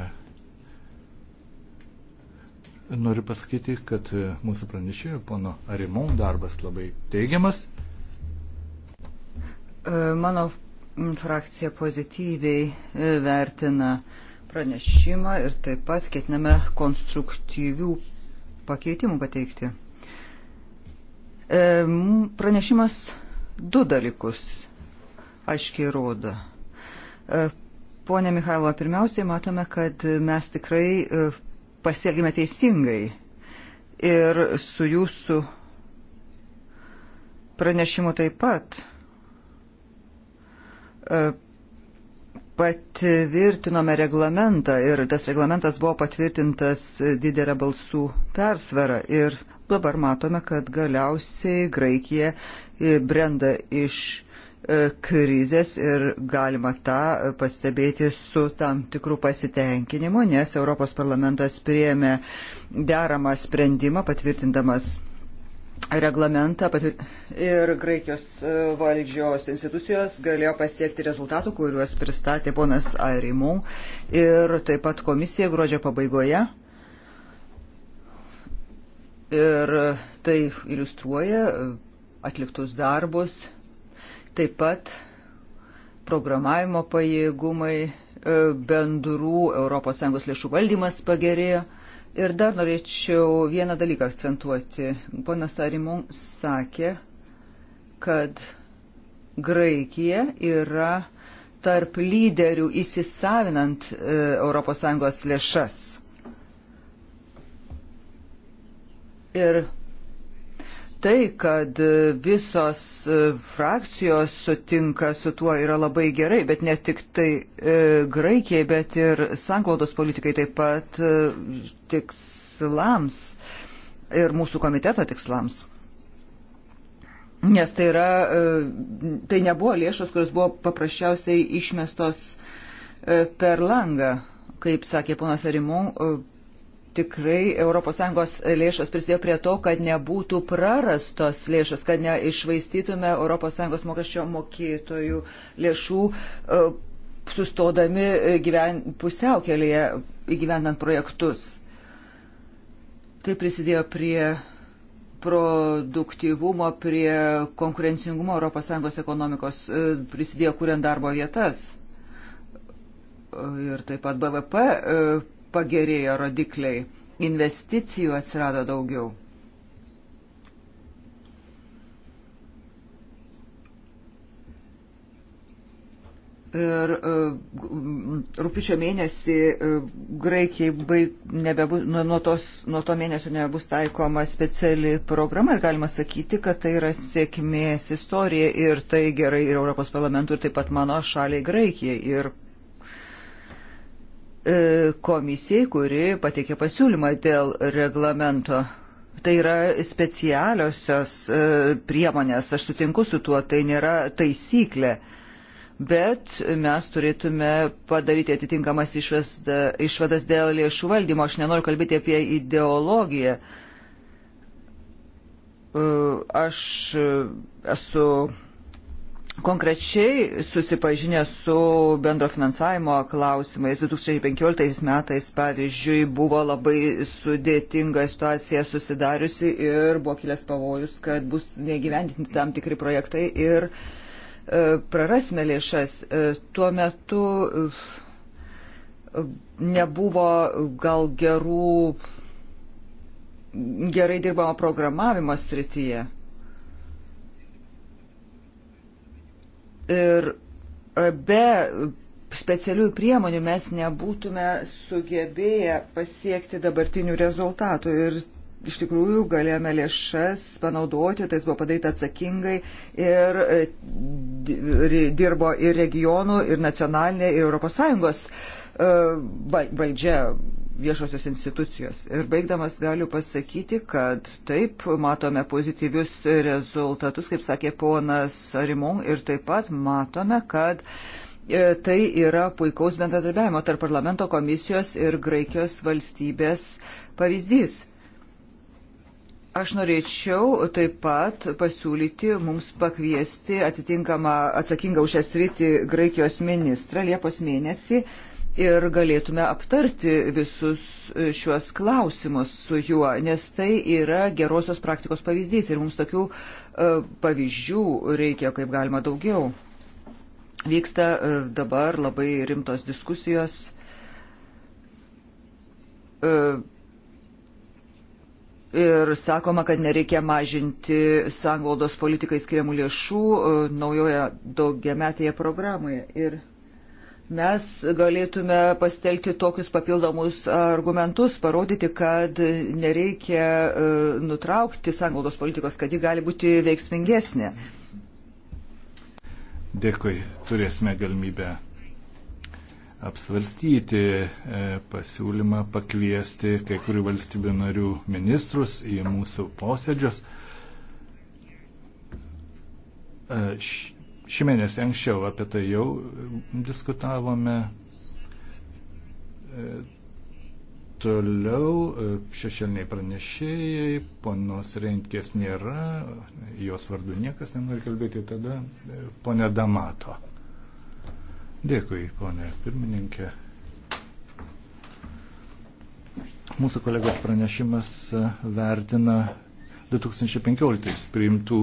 Noriu pasakyti, kad e, mūsų pranešėjo pono Arimon darbas labai teigiamas. E, mano frakcija pozityviai vertina pranešimą ir taip pat ketiname konstruktyvių pakeitimų pateikti. E, pranešimas du dalykus aiškiai rodo. E, Pone Mikhailo, pirmiausiai matome, kad mes tikrai e, pasielgime teisingai ir su jūsų pranešimu taip pat patvirtinome reglamentą ir tas reglamentas buvo patvirtintas didelę balsų persvarą ir dabar matome, kad galiausiai Graikija brenda iš e, krizės ir galima tą pastebėti su tam tikrų pasitenkinimu, nes Europos parlamentas priėmė deramą sprendimą patvirtindamas reglamentą ir Graikijos e, valdžios institucijos galėjo pasiekti rezultatų, kuriuos pristatė ponas Airimų ir taip pat komisija gruodžio pabaigoje. Ir tai iliustruoja e, atliktus darbus, taip pat programavimo pajėgumai, e, bendrų ES lėšų valdymas pagerėjo Ir dar norėčiau vieną dalyką akcentuoti. Ponas Arimon sakė, kad Graikija yra tarp lyderių įsisavinant ES lėšas. Ir tai, kad visos e, frakcijos sutinka su tuo yra labai gerai, bet ne tik tai e, Graikijai, bet ir sanklaudos politikai taip pat e, tikslams ir mūsų komiteto tikslams. Nes tai yra, e, tai nebuvo lėšos, kuris buvo paprasčiausiai išmestos e, per langą, kaip sakė ponas Arimon. E, tikrai ES lėšos prisidėjo prie to, kad nebūtų prarastos lėšos, kad neišvaistytume ES mokesčio mokėtojų lėšų e, sustodami e, gyven, pusiaukelėje įgyvendant projektus. Tai prisidėjo prie produktyvumo, prie konkurencingumo ES ekonomikos, e, prisidėjo kuriant darbo vietas. Ir taip pat BVP pagerėjo rodikliai, investicijų atsirado daugiau. Ir e, rūpičio mėnesį e, Graikijai nebebu, nuo, nuo, tos, nuo to mėnesio nebus taikoma speciali programa ir galima sakyti, kad tai yra sėkmės istorija ir tai gerai ir Europos parlamentui, ir taip pat mano šaliai Graikijai ir E, komisijai, kuri pateikė pasiūlymą dėl reglamento. Tai yra specialiosios e, priemonės, aš sutinku su tuo, tai nėra taisyklė, bet mes turėtume padaryti atitinkamas išvadas dėl lėšų valdymo. Aš nenoriu kalbėti apie ideologiją. E, aš esu Konkrečiai susipažinę su bendro finansavimo klausimais, 2015 metais, pavyzdžiui, buvo labai sudėtinga situacija susidariusi ir buvo kilęs pavojus, kad bus negyvendinti tam tikri projektai ir e, prarasime lėšas. E, tuo metu e, nebuvo gal gerų, gerai dirbama programavimo srityje Ir be specialiųjų priemonių mes nebūtume sugebėję pasiekti dabartinių rezultatų. Ir iš tikrųjų galėjome lėšas panaudoti, tai buvo padaryta atsakingai ir e, dirbo ir regionų, ir nacionalinė, ir ES e, valdžia viešosios institucijos. Ir baigdamas galiu pasakyti, kad taip matome pozityvius rezultatus, kaip sakė ponas Arimon, ir taip pat matome, kad e, tai yra puikaus bendradarbiavimo tarp parlamento komisijos ir Graikijos valstybės pavyzdys. Aš norėčiau taip pat pasiūlyti mums pakviesti atitinkamą atsakingą už šią sritį Graikijos ministrą Liepos mėnesį ir galėtume aptarti visus e, šiuos klausimus su juo, nes tai yra gerosios praktikos pavyzdys ir mums tokių e, pavyzdžių reikia kaip galima daugiau. Vyksta e, dabar labai rimtos diskusijos Ir sakoma, kad nereikia mažinti sanglaudos politikai skiriamų lėšų naujoje daugiametėje programoje. Ir mes galėtume pastelti tokius papildomus argumentus, parodyti, kad nereikia e, nutraukti sanglaudos politikos, kad ji gali būti veiksmingesnė. Dėkui, turėsime galimybę apsvarstyti e, pasiūlymą pakviesti kai kurių valstybių narių ministrus į mūsų posėdžius e, Šį mėnesį anksčiau apie tai jau diskutavome. E, toliau e, šešėliniai pranešėjai, ponos Renkės nėra, jos vardu niekas nenori kalbėti tada, e, ponė Damato. Dėkui, ponė pirmininkė. Mūsų kolegos pranešimas vertina 2015 priimtų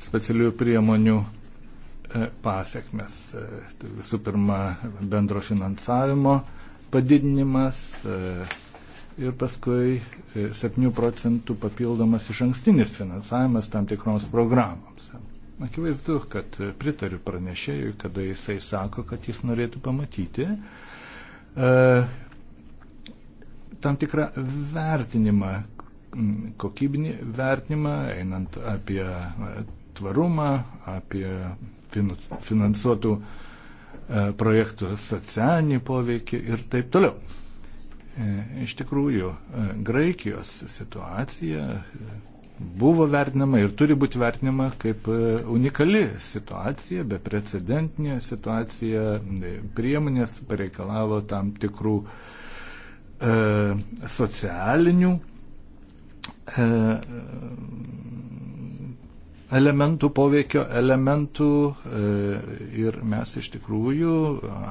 specialiųjų priemonių e, pasiekmes. E, tai visų pirma, bendro finansavimo padidinimas e, ir paskui 7 procentų papildomas iš ankstinis finansavimas tam tikroms programoms. Akivaizdu, kad pritariu pranešėjui, kada jisai sako, kad jis norėtų pamatyti tam tikrą vertinimą, kokybinį vertinimą, einant apie tvarumą, apie finansuotų e, projektų socialinį poveikį ir taip toliau. E, iš tikrųjų, e, Graikijos situacija buvo vertinama ir turi būti vertinama kaip unikali situacija, beprecedentinė situacija. Priemonės pareikalavo tam tikrų e, socialinių e, elementų, poveikio elementų e, ir mes iš tikrųjų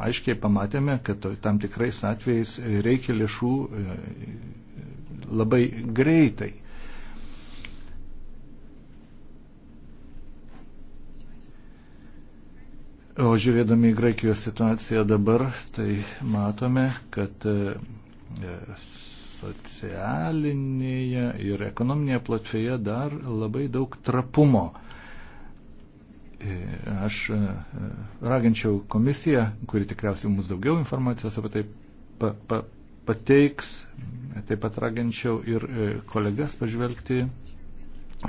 aiškiai pamatėme, kad tam tikrais atvejais reikia lėšų e, labai greitai. O žiūrėdami į Graikijos situaciją dabar, tai matome, kad e, socialinėje ir ekonominėje platfėje dar labai daug trapumo. E, aš e, raginčiau komisiją, kuri tikriausiai mums daugiau informacijos apie tai pa, pa, pateiks, taip pat raginčiau ir e, kolegas pažvelgti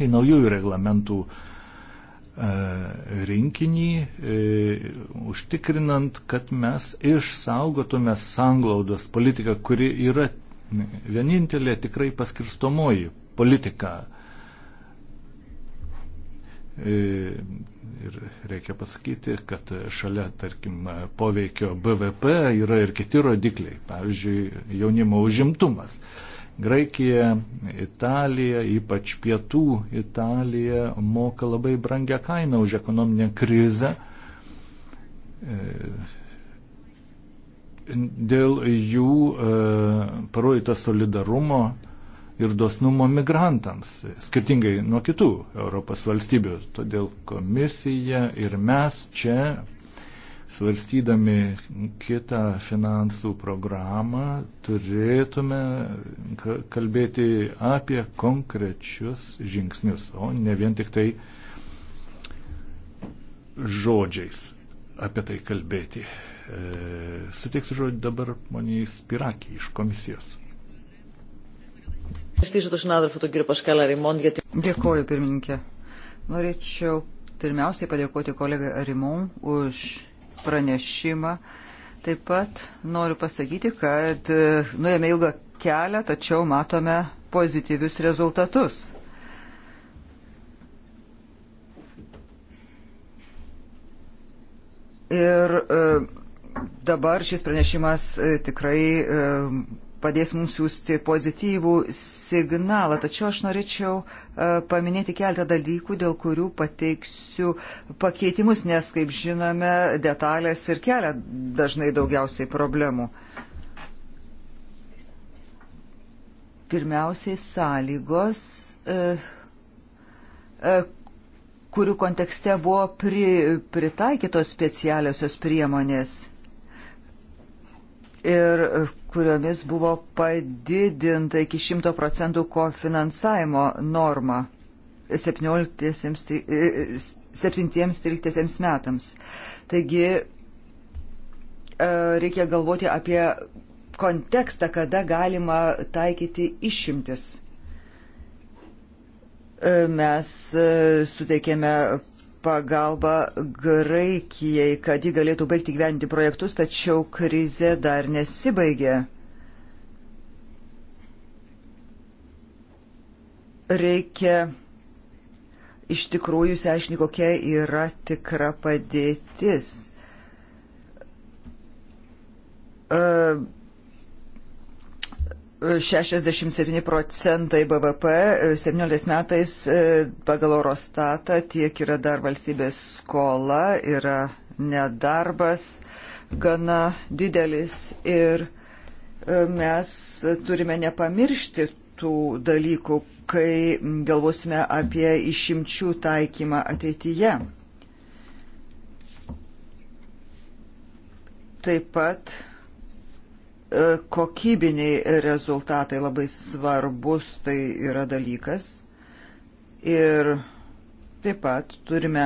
į naujųjų reglamentų rinkinį, užtikrinant, kad mes išsaugotume sanglaudos politiką, kuri yra vienintelė tikrai paskirstomoji politika. E, ir reikia pasakyti, kad šalia, tarkim, poveikio BVP yra ir kiti rodikliai, pavyzdžiui, jaunimo užimtumas. Graikija, Italija, ypač pietų Italija moka labai brangę kainą už ekonominę krizę. E, dėl jų e, parodyto solidarumo ir dosnumo migrantams, skirtingai nuo kitų Europos valstybių. Todėl komisija ir mes čia, svarstydami kitą finansų programą, turėtume kalbėti apie konkrečius žingsnius, o ne vien tik tai žodžiais apie tai kalbėti. E, suteiksiu žodį dabar maniai Spirakį iš komisijos. Dėkoju, pirmininkė. Norėčiau pirmiausiai padėkoti kolegai Arimon už pranešimą. Taip pat noriu pasakyti, kad e, nuėjome ilgą kelią, tačiau matome pozityvius rezultatus. Ir e, dabar šis pranešimas e, tikrai e, padės mums siūsti pozityvų signalą. Tačiau aš norėčiau e, paminėti keletą dalykų, dėl kurių pateiksiu pakeitimus, nes, kaip žinome, detalės ir kelia dažnai daugiausiai problemų. Pirmiausiai sąlygos, kurių kontekste buvo pri, pritaikytos specialiosios priemonės ir e, kuriomis buvo padidinta iki 100 procentų kofinansavimo norma 17-13 e, e, metams. Taigi reikia galvoti apie kontekstą, kada galima taikyti išimtis mes suteikėme pagalbą Graikijai, kad ji galėtų baigti gyventi projektus, tačiau krize dar nesibaigė. Reikia iš tikrųjų seišni, kokia yra tikra padėtis. Uh, e, 67 procentai BVP 17 e, metais e, pagal Eurostatą tiek yra dar valstybės skola, yra nedarbas gana didelis ir e, mes turime nepamiršti tų dalykų, kai galvosime apie išimčių taikymą ateityje. Taip pat E, kokybiniai rezultatai labai svarbus, tai yra dalykas. Ir taip pat turime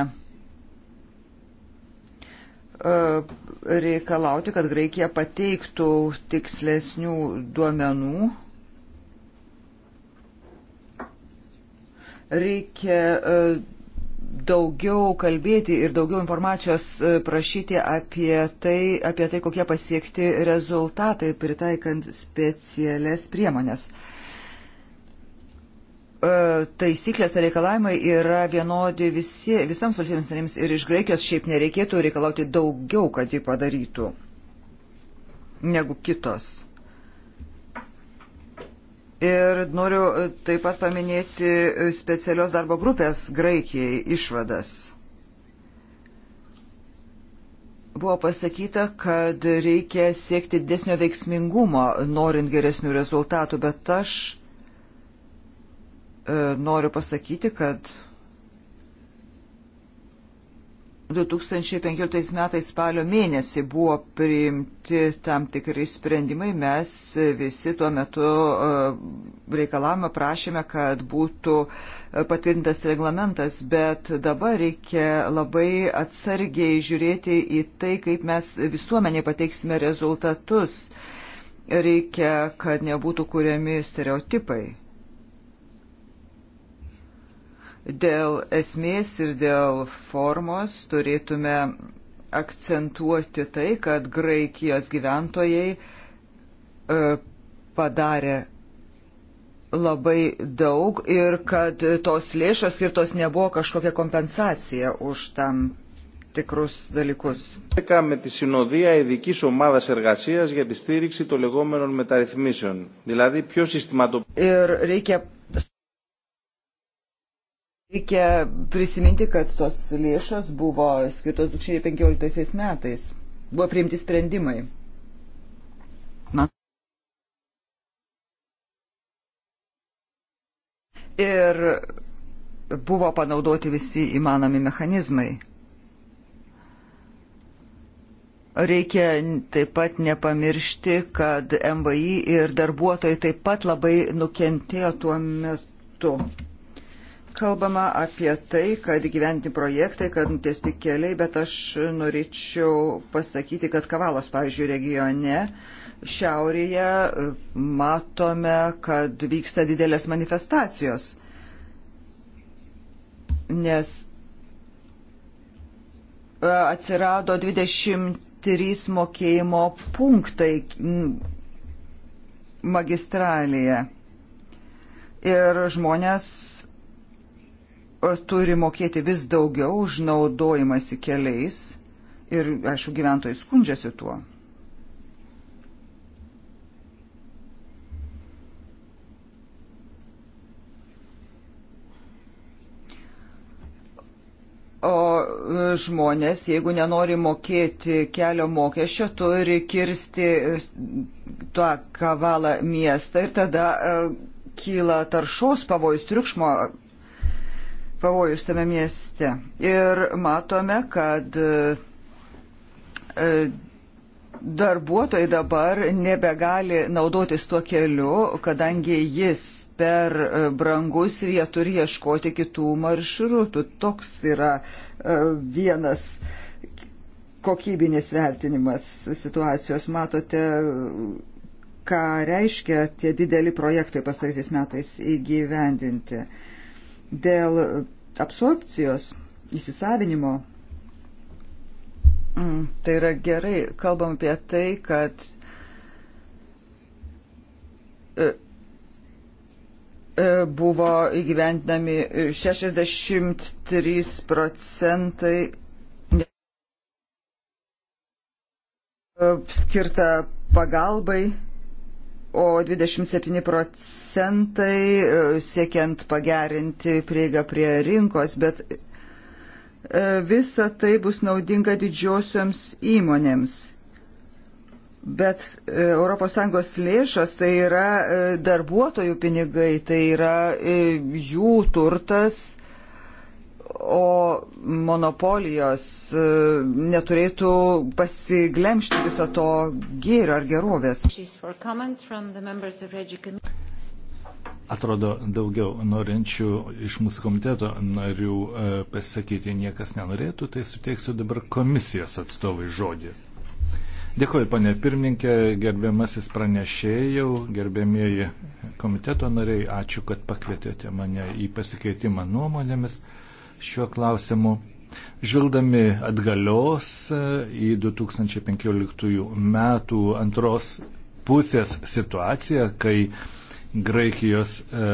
e, reikalauti, kad Graikija pateiktų tikslesnių duomenų. Reikia e, daugiau kalbėti ir daugiau informacijos e, prašyti apie tai, apie tai kokie pasiekti rezultatai pritaikant specialias priemonės. E, taisyklės ar reikalavimai yra vienodi visi, visoms valstybėms narėms ir iš Graikijos šiaip nereikėtų reikalauti daugiau, kad jį padarytų negu kitos Ir noriu e, taip pat paminėti e, specialios darbo grupės Graikijai išvadas. Buvo pasakyta, kad reikia siekti desnio veiksmingumo, norint geresnių rezultatų, bet aš e, noriu pasakyti, kad 2015 metais spalio mėnesį buvo priimti tam tikri sprendimai. Mes visi tuo metu e, reikalavome, prašėme, kad būtų e, patvirtintas reglamentas, bet dabar reikia labai atsargiai žiūrėti į tai, kaip mes visuomeniai pateiksime rezultatus. Reikia, kad nebūtų kuriami stereotipai Dėl esmės ir dėl formos turėtume akcentuoti tai, kad Graikijos gyventojai e, padarė labai daug ir kad tos lėšos skirtos nebuvo kažkokia kompensacija už tam tikrus dalykus. Με τη συνοδεία ειδική ομάδα εργασία για τη στήριξη των λεγόμενων μεταρρυθμίσεων. Δηλαδή, πιο συστηματοποιημένο. Ir reikia Reikia prisiminti, kad tos lėšos buvo skirtos 2015 metais. Buvo priimti sprendimai. Man. Ir buvo panaudoti visi įmanomi mechanizmai. Reikia taip pat nepamiršti, kad MVI ir darbuotojai taip pat labai nukentėjo tuo metu kalbama apie tai, kad gyventi projektai, kad nutiesti keliai, bet aš norėčiau pasakyti, kad Kavalos, pavyzdžiui, regione šiaurėje matome, kad vyksta didelės manifestacijos. Nes e, atsirado 23 mokėjimo punktai magistralėje. Ir žmonės turi mokėti vis daugiau už naudojimąsi keliais ir, aišku, gyventojai skundžiasi tuo. O e, žmonės, jeigu nenori mokėti kelio mokesčio, turi kirsti e, tą kavalą miestą ir tada e, kyla taršos pavojus, triukšmo pavojus tame mieste. Ir matome, kad e, e, darbuotojai dabar nebegali naudotis tuo keliu, kadangi jis per e, brangus ir jie turi ieškoti kitų maršrutų. Toks yra vienas kokybinis vertinimas situacijos. Matote, ką reiškia tie dideli projektai pastarysiais metais įgyvendinti dėl absorpcijos įsisavinimo. Mm, tai yra gerai, kalbam apie tai, kad e, e, buvo įgyventinami 63 procentai e, skirta pagalbai o 27 procentai e, siekiant pagerinti prieigą prie rinkos, bet e, visa tai bus naudinga didžiosioms įmonėms. Bet ES lėšos tai yra e, darbuotojų pinigai, tai yra jų turtas o monopolijos e, neturėtų pasiglemšti viso to gėrio ar gerovės. Atrodo, daugiau norinčių iš mūsų komiteto narių e, pasakyti niekas nenorėtų, tai suteiksiu dabar komisijos atstovai žodį. Dėkuoju, panė pirmininkė, gerbiamasis pranešėjau, gerbėmieji komiteto nariai, ačiū, kad pakvietėte mane į pasikeitimą nuomonėmis šiuo klausimu. Žvilgdami atgalios e, į 2015 metų antros pusės situaciją, kai Graikijos e,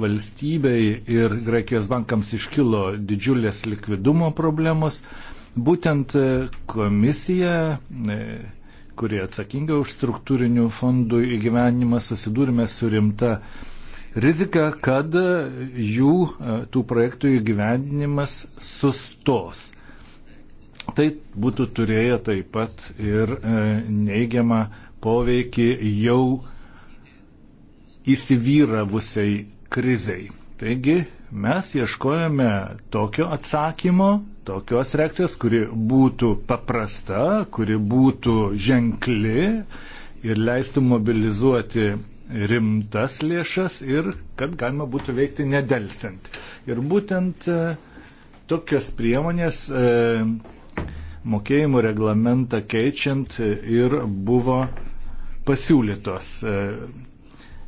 valstybei ir Graikijos bankams iškilo didžiulės likvidumo problemos, būtent e, komisija kurie atsakinga už struktūrinių fondų įgyvenimą, susidūrime su rimta rizika, kad e, jų e, tų projektų įgyvendinimas sustos. Tai būtų turėję taip pat ir e, neigiamą poveikį jau įsivyravusiai krizei. Taigi mes ieškojame tokio atsakymo, tokios reakcijos, kuri būtų paprasta, kuri būtų ženkli ir leistų mobilizuoti rimtas lėšas ir kad galima būtų veikti nedelsiant. Ir būtent e, tokias priemonės e, mokėjimų reglamentą keičiant e, ir buvo pasiūlytos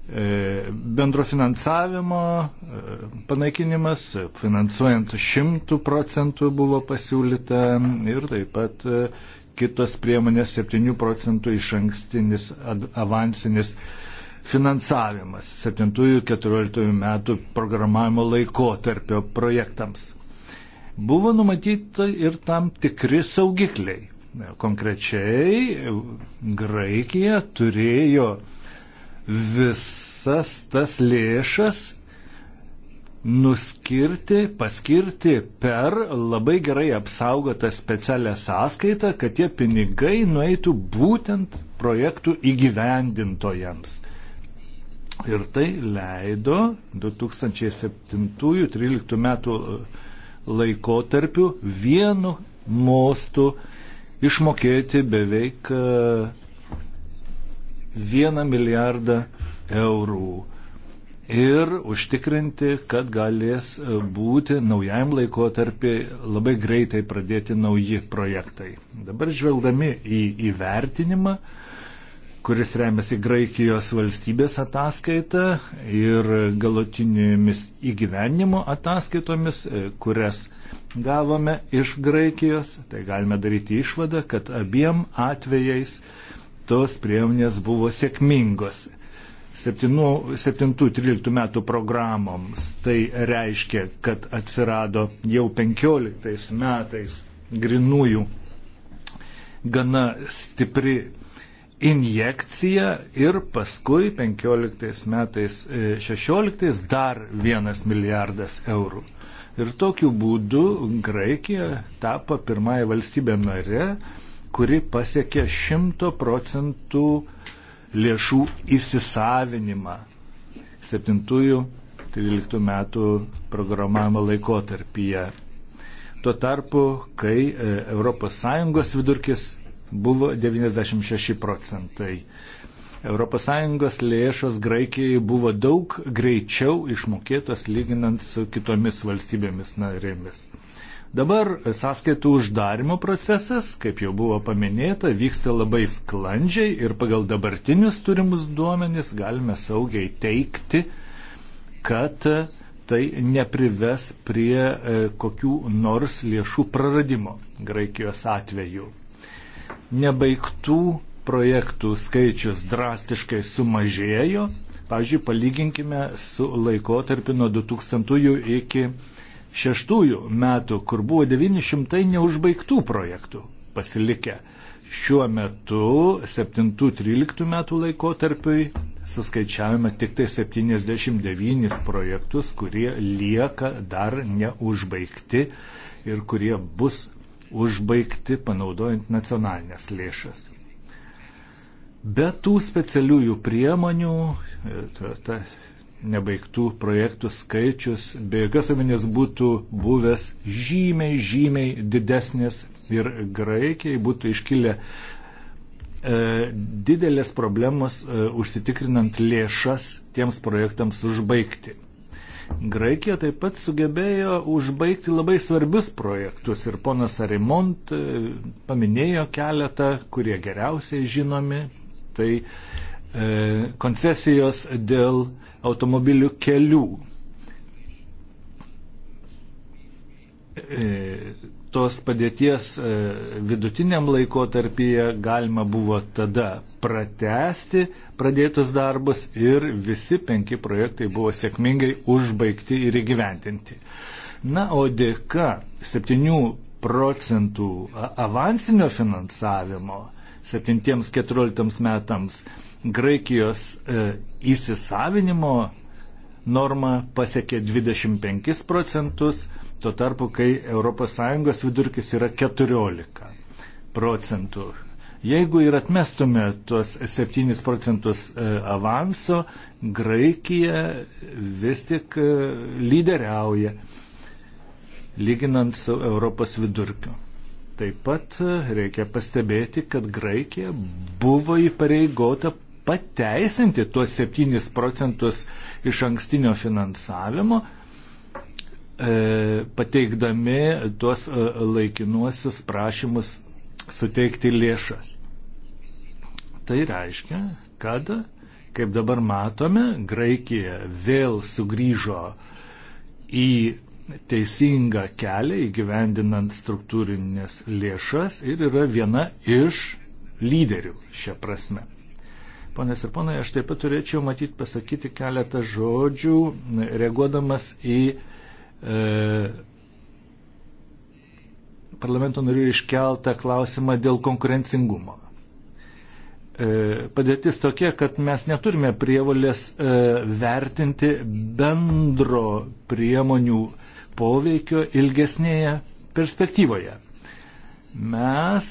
bendro finansavimo panaikinimas, finansuojant 100 procentų buvo pasiūlyta ir taip pat kitos priemonės 7 procentų iš ankstinis avansinis finansavimas 7-14 metų programavimo laikotarpio projektams. Buvo numatyta ir tam tikri saugikliai. Konkrečiai Graikija turėjo visas tas lėšas nuskirti, paskirti per labai gerai apsaugotą specialią sąskaitą, kad tie pinigai nueitų būtent projektų įgyvendintojams. Ir tai leido 2007-2013 metų e, laikotarpiu vienu mostu išmokėti beveik 1 e, milijardą eurų ir užtikrinti, kad galės e, būti naujam laikotarpį labai greitai pradėti nauji projektai. Dabar žvelgdami į įvertinimą, kuris remiasi Graikijos valstybės ataskaita ir galutinėmis įgyvenimo ataskaitomis, e, kurias gavome iš Graikijos. Tai galime daryti išvadą, kad abiem atvejais tos priemonės buvo sėkmingos. 7-13 metų programoms tai reiškia, kad atsirado jau 15 metais grinųjų gana stipri injekcija ir paskui 15 metais 16 e, dar vienas milijardas eurų. Ir tokiu būdu Graikija tapo pirmąją valstybę nare, kuri pasiekė 100 procentų lėšų įsisavinimą 7-13 metų programavimo laikotarpyje. Tuo tarpu, kai ES vidurkis buvo 96 procentai. ES lėšos Graikijai buvo daug greičiau išmokėtos lyginant su kitomis valstybėmis narėmis. Dabar sąskaitų uždarimo procesas, kaip jau buvo paminėta, vyksta labai sklandžiai ir pagal dabartinius turimus duomenis galime saugiai teikti, kad tai neprives prie e, kokių nors lėšų praradimo Graikijos atveju nebaigtų projektų skaičius drastiškai sumažėjo. Pavyzdžiui, palyginkime su laikotarpiu nuo 2000 iki 2006 metų, kur buvo 900 neužbaigtų projektų pasilikę. Šiuo metu 7-13 metų laikotarpiui suskaičiavome tik tai 79 projektus, kurie lieka dar neužbaigti ir kurie bus užbaigti panaudojant nacionalinės lėšas. Be tų specialiųjų priemonių, e, ta, ta nebaigtų projektų skaičius be jokios abejonės būtų buvęs žymiai, žymiai didesnis ir Graikijai būtų iškilę e, didelės problemos e, užsitikrinant lėšas tiems projektams užbaigti. Graikija taip pat sugebėjo užbaigti labai svarbius projektus ir ponas Arimont e, paminėjo keletą, kurie geriausiai žinomi. Tai e, koncesijos dėl automobilių kelių. E, tos padėties e, vidutiniam laikotarpyje galima buvo tada pratesti, pradėtus darbus ir visi penki projektai buvo sėkmingai užbaigti ir įgyventinti. Na, o dėka 7 procentų avansinio finansavimo 7-14 metams Graikijos e, įsisavinimo norma pasiekė 25 procentus, tuo tarpu, kai ES vidurkis yra 14 procentų. Jeigu ir atmestume tuos 7 procentus e, avanso, Graikija vis tik e, lyderiauja, lyginant su Europos vidurkiu. Taip pat e, reikia pastebėti, kad Graikija buvo įpareigota pateisinti tuos 7 procentus iš ankstinio finansavimo, pateikdami tuos laikinuosius prašymus suteikti lėšas. Tai reiškia, kad, kaip dabar matome, Graikija vėl sugrįžo į teisingą kelią įgyvendinant struktūrinės lėšas ir yra viena iš lyderių šią prasme. Ponės ir ponai, aš taip pat turėčiau matyti pasakyti keletą žodžių, reaguodamas į e, parlamento narių iškeltą klausimą dėl konkurencingumo. E, padėtis tokia, kad mes neturime prievalės e, vertinti bendro priemonių poveikio ilgesnėje perspektyvoje. Mes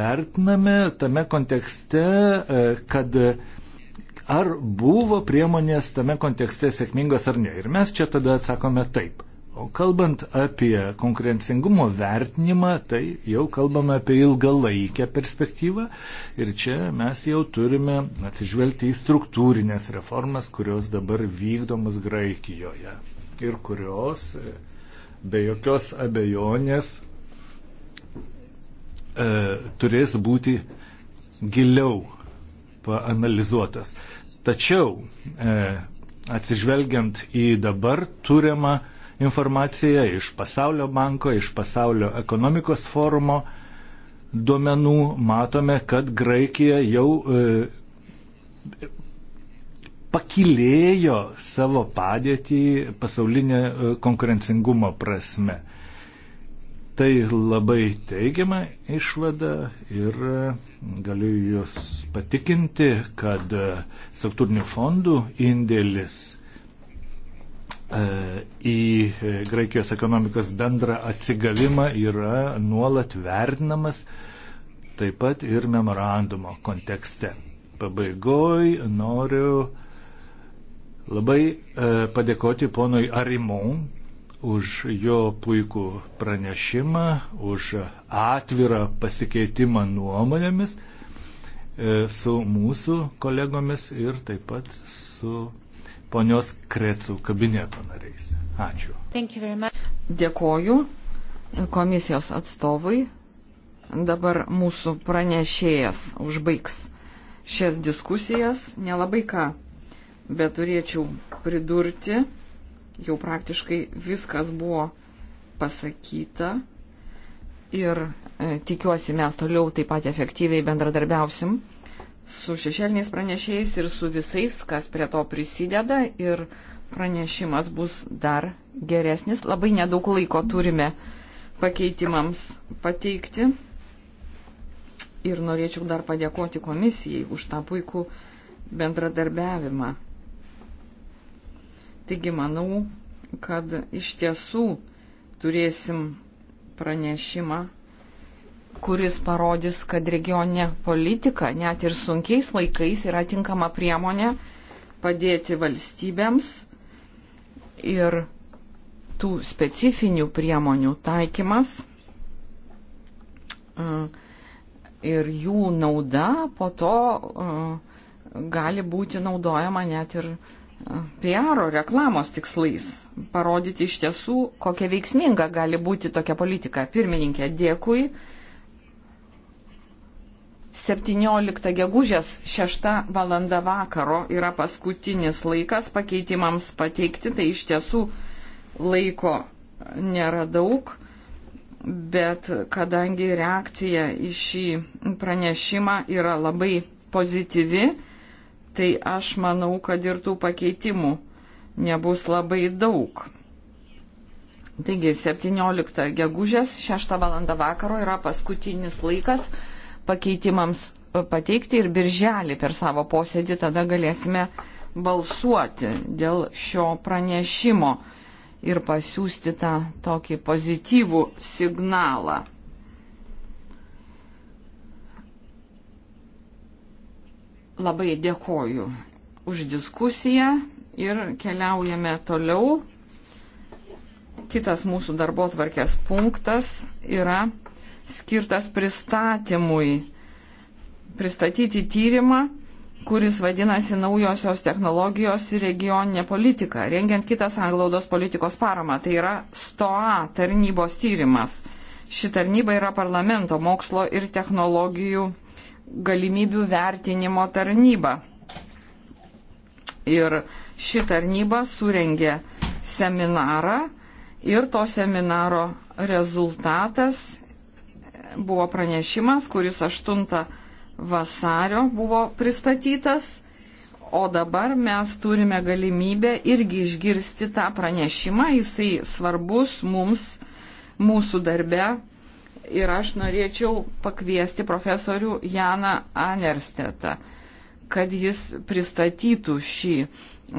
vertiname tame kontekste, e, kad ar buvo priemonės tame kontekste sėkmingos ar ne. Ir mes čia tada atsakome taip. O kalbant apie konkurencingumo vertinimą, tai jau kalbame apie ilgalaikę perspektyvą ir čia mes jau turime atsižvelgti į struktūrinės reformas, kurios dabar vykdomas Graikijoje ir kurios e, be jokios abejonės e, turės būti giliau paanalizuotas. Tačiau e, atsižvelgiant į dabar turimą e, informaciją iš Pasaulio banko, iš Pasaulio ekonomikos forumo duomenų matome, kad Graikija jau e, pakilėjo savo padėtį pasaulinė e, konkurencingumo prasme. Tai labai teigiama išvada ir e, galiu Jūs patikinti, kad e, struktūrinių fondų indėlis E, į e, Graikijos ekonomikos bendrą atsigavimą yra nuolat vertinamas taip pat ir memorandumo kontekste. Pabaigoj noriu labai e, padėkoti ponui Arimon už jo puikų pranešimą, už atvirą pasikeitimą nuomonėmis su mūsų kolegomis ir taip pat su ponios Krecų kabineto nariais. Ačiū. Dėkoju komisijos atstovui. Dabar mūsų pranešėjas užbaigs šias diskusijas. Nelabai ką, bet turėčiau pridurti, jau praktiškai viskas buvo pasakyta ir e, tikiuosi mes toliau taip pat efektyviai bendradarbiausim su šešėliniais pranešėjais ir su visais, kas prie to prisideda ir pranešimas bus dar geresnis. Labai nedaug laiko turime pakeitimams pateikti. Ir norėčiau dar padėkoti komisijai už tą puikų bendradarbiavimą. Taigi manau, kad iš tiesų turėsim pranešimą kuris parodys, kad regioninė politika net ir sunkiais laikais yra tinkama priemonė padėti valstybėms ir tų specifinių priemonių taikymas e, ir jų nauda po to e, gali būti naudojama net ir e, PR reklamos tikslais. Parodyti iš tiesų, kokia veiksminga gali būti tokia politika. Pirmininkė, dėkui. 17 gegužės 6 val. vakaro yra paskutinis laikas pakeitimams pateikti, tai iš tiesų laiko nėra daug, bet kadangi reakcija į šį pranešimą yra labai pozityvi, tai aš manau, kad ir tų pakeitimų nebus labai daug. Taigi 17 gegužės 6 val. vakaro yra paskutinis laikas pakeitimams pateikti ir birželį per savo posėdį tada galėsime balsuoti dėl šio pranešimo ir pasiūsti tą tokį pozityvų signalą. Labai dėkoju už diskusiją ir keliaujame toliau. Kitas mūsų darbo tvarkės punktas yra skirtas pristatymui, pristatyti tyrimą, kuris vadinasi naujosios technologijos ir regioninė politika, rengiant kitas anglaudos politikos paramą. Tai yra STOA tarnybos tyrimas. Ši tarnyba yra parlamento mokslo ir technologijų galimybių vertinimo tarnyba. Ir ši tarnyba surengė seminarą ir to seminaro rezultatas buvo pranešimas, kuris 8 vasario buvo pristatytas, o dabar mes turime galimybę irgi išgirsti tą pranešimą, jisai svarbus mums, mūsų darbe. Ir aš norėčiau pakviesti profesorių Janą Anerstetą, kad jis pristatytų šį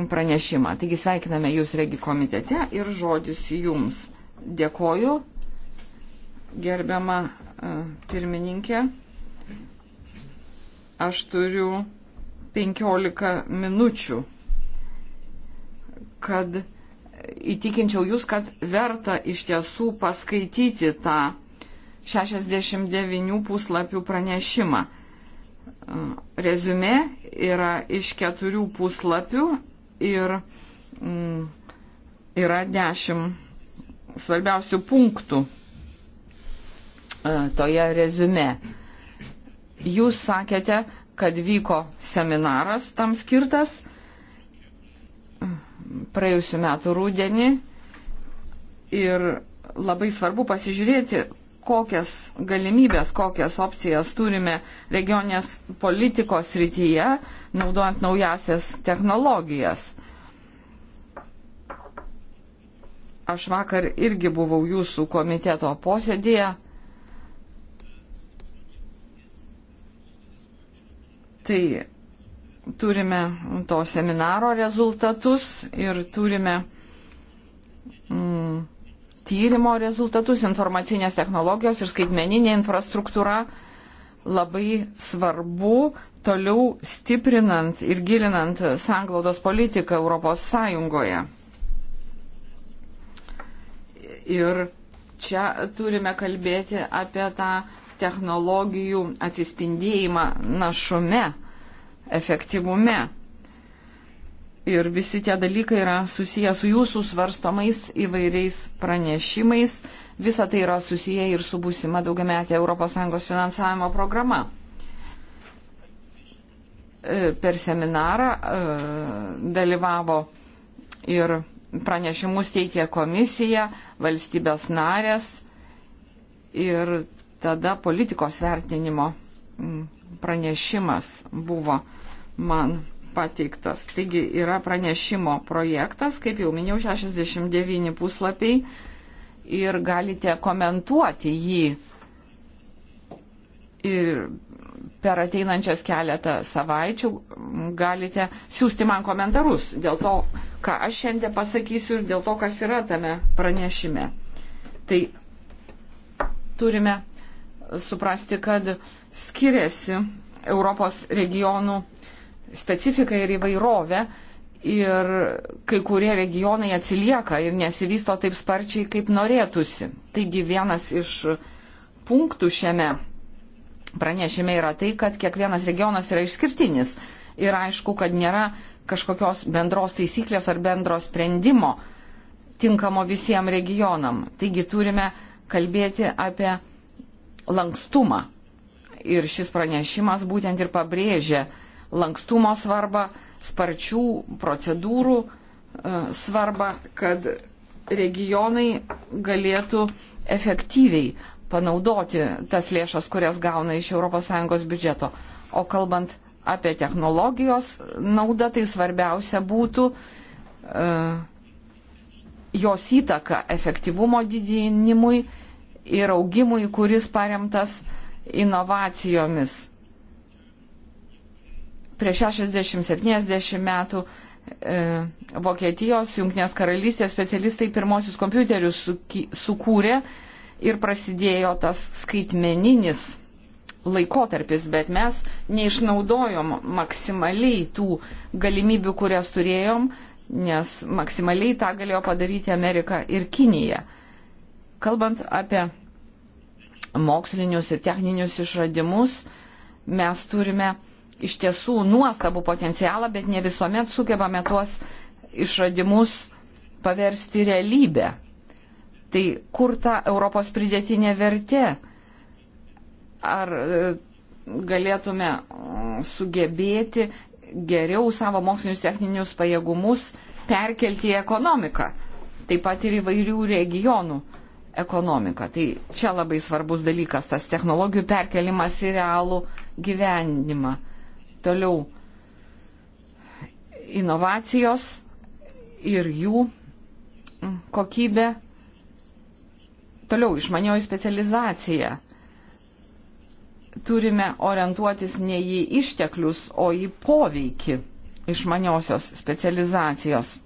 pranešimą. Taigi sveikiname Jūs regi komitete ir žodis Jums. Dėkoju, gerbiama pirmininkė. Aš turiu 15 minučių, kad įtikinčiau jūs, kad verta iš tiesų paskaityti tą 69 puslapių pranešimą. Rezume yra iš keturių puslapių ir mm, yra dešimt svarbiausių punktų. E, toje rezume. Jūs sakėte, kad vyko seminaras tam skirtas praėjusiu metu rūdienį ir labai svarbu pasižiūrėti, kokias galimybės, kokias opcijas turime regionės politikos rytyje, naudojant naujasias technologijas. Aš vakar irgi buvau jūsų komiteto posėdėje Tai turime to seminaro rezultatus ir turime mm, tyrimo rezultatus, informacinės technologijos ir skaitmeninė infrastruktūra labai svarbu toliau stiprinant ir gilinant sanglaudos politiką Europos Sąjungoje. Ir čia turime kalbėti apie tą technologijų atsispindėjimą našume, efektyvume. Ir visi tie dalykai yra susiję su jūsų svarstomais įvairiais pranešimais. Visa tai yra susiję ir su būsima daugiametė ES finansavimo programa. E, per seminarą e, dalyvavo ir pranešimus teikė komisija, valstybės narės ir tada politikos vertinimo mm, pranešimas buvo man pateiktas. Taigi yra pranešimo projektas, kaip jau minėjau, 69 puslapiai ir galite komentuoti jį ir per ateinančias keletą savaičių mm, galite siūsti man komentarus dėl to, ką aš šiandien pasakysiu ir dėl to, kas yra tame pranešime. Tai turime suprasti, kad skiriasi Europos regionų specifika ir įvairovė ir kai kurie regionai atsilieka ir nesivysto taip sparčiai, kaip norėtųsi. Taigi vienas iš punktų šiame pranešime yra tai, kad kiekvienas regionas yra išskirtinis ir aišku, kad nėra kažkokios bendros taisyklės ar bendro sprendimo tinkamo visiems regionam. Taigi turime kalbėti apie lankstumą. Ir šis pranešimas būtent ir pabrėžia lankstumo svarbą, sparčių procedūrų e, svarbą, kad regionai galėtų efektyviai panaudoti tas lėšas, kurias gauna iš ES biudžeto. O kalbant apie technologijos naudą, tai svarbiausia būtų uh, jos įtaka efektyvumo didinimui ir augimui, kuris paremtas inovacijomis. Prieš 60-70 metų e, Vokietijos, Junktinės karalystės specialistai pirmosius kompiuterius sukūrė ir prasidėjo tas skaitmeninis laikotarpis, bet mes neišnaudojom maksimaliai tų galimybių, kurias turėjom, nes maksimaliai tą galėjo padaryti Amerika ir Kinija. Kalbant apie mokslinius ir techninius išradimus, mes turime iš tiesų nuostabų potencialą, bet ne visuomet sugebame tuos išradimus paversti realybę. Tai kur ta Europos pridėtinė vertė? Ar e, galėtume mm, sugebėti geriau savo mokslinius techninius pajėgumus perkelti į ekonomiką, taip pat ir įvairių regionų ekonomiką. Tai čia labai svarbus dalykas, tas technologijų perkelimas į realų gyvenimą. Toliau inovacijos ir jų kokybė. Toliau išmanioji specializacija. Turime orientuotis ne į išteklius, o į poveikį išmaniosios specializacijos.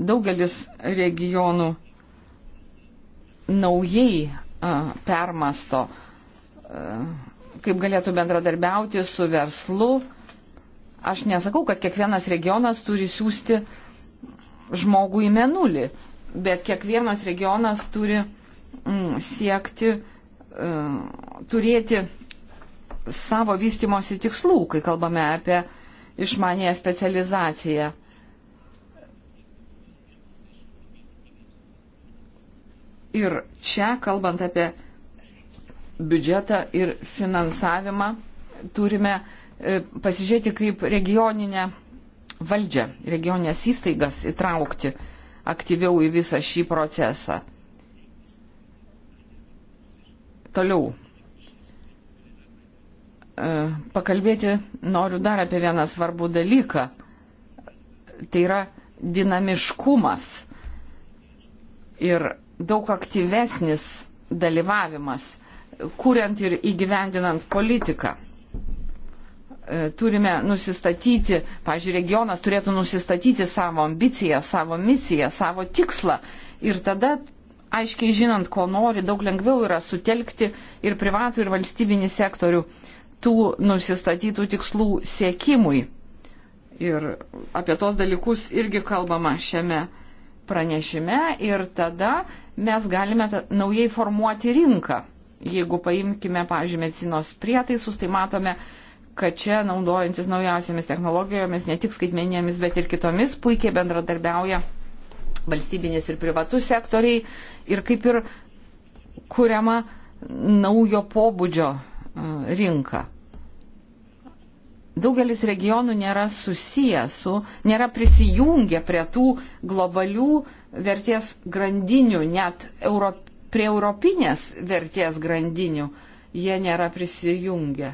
daugelis regionų naujai permasto, kaip galėtų bendradarbiauti su verslu. Aš nesakau, kad kiekvienas regionas turi siūsti žmogų į menulį, bet kiekvienas regionas turi mm, siekti, mm, turėti savo vystimosi tikslų, kai kalbame apie išmanėją specializaciją. Ir čia, kalbant apie biudžetą ir finansavimą, turime e, pasižiūrėti, kaip regioninę valdžią, regioninės įstaigas įtraukti aktyviau į visą šį procesą. Toliau. E, pakalbėti noriu dar apie vieną svarbų dalyką. Tai yra dinamiškumas. Ir daug aktyvesnis dalyvavimas, kuriant ir įgyvendinant politiką. E, turime nusistatyti, pažiūrėjau, regionas turėtų nusistatyti savo ambiciją, savo misiją, savo tikslą ir tada aiškiai žinant, ko nori, daug lengviau yra sutelkti ir privatų, ir valstybinį sektorių tų nusistatytų tikslų siekimui. Ir apie tos dalykus irgi kalbama šiame pranešime ir tada mes galime naujai formuoti rinką. Jeigu paimkime, pavyzdžiui, medicinos prietaisus, tai matome, kad čia naudojantis naujausiamis technologijomis, ne tik skaitmeninėmis, bet ir kitomis, puikiai bendradarbiauja valstybinis ir privatus sektoriai ir kaip ir kuriama naujo pobūdžio e, rinka. Daugelis regionų nėra susiję su, nėra prisijungę prie tų globalių vertės grandinių, net euro, prie europinės vertės grandinių jie nėra prisijungę.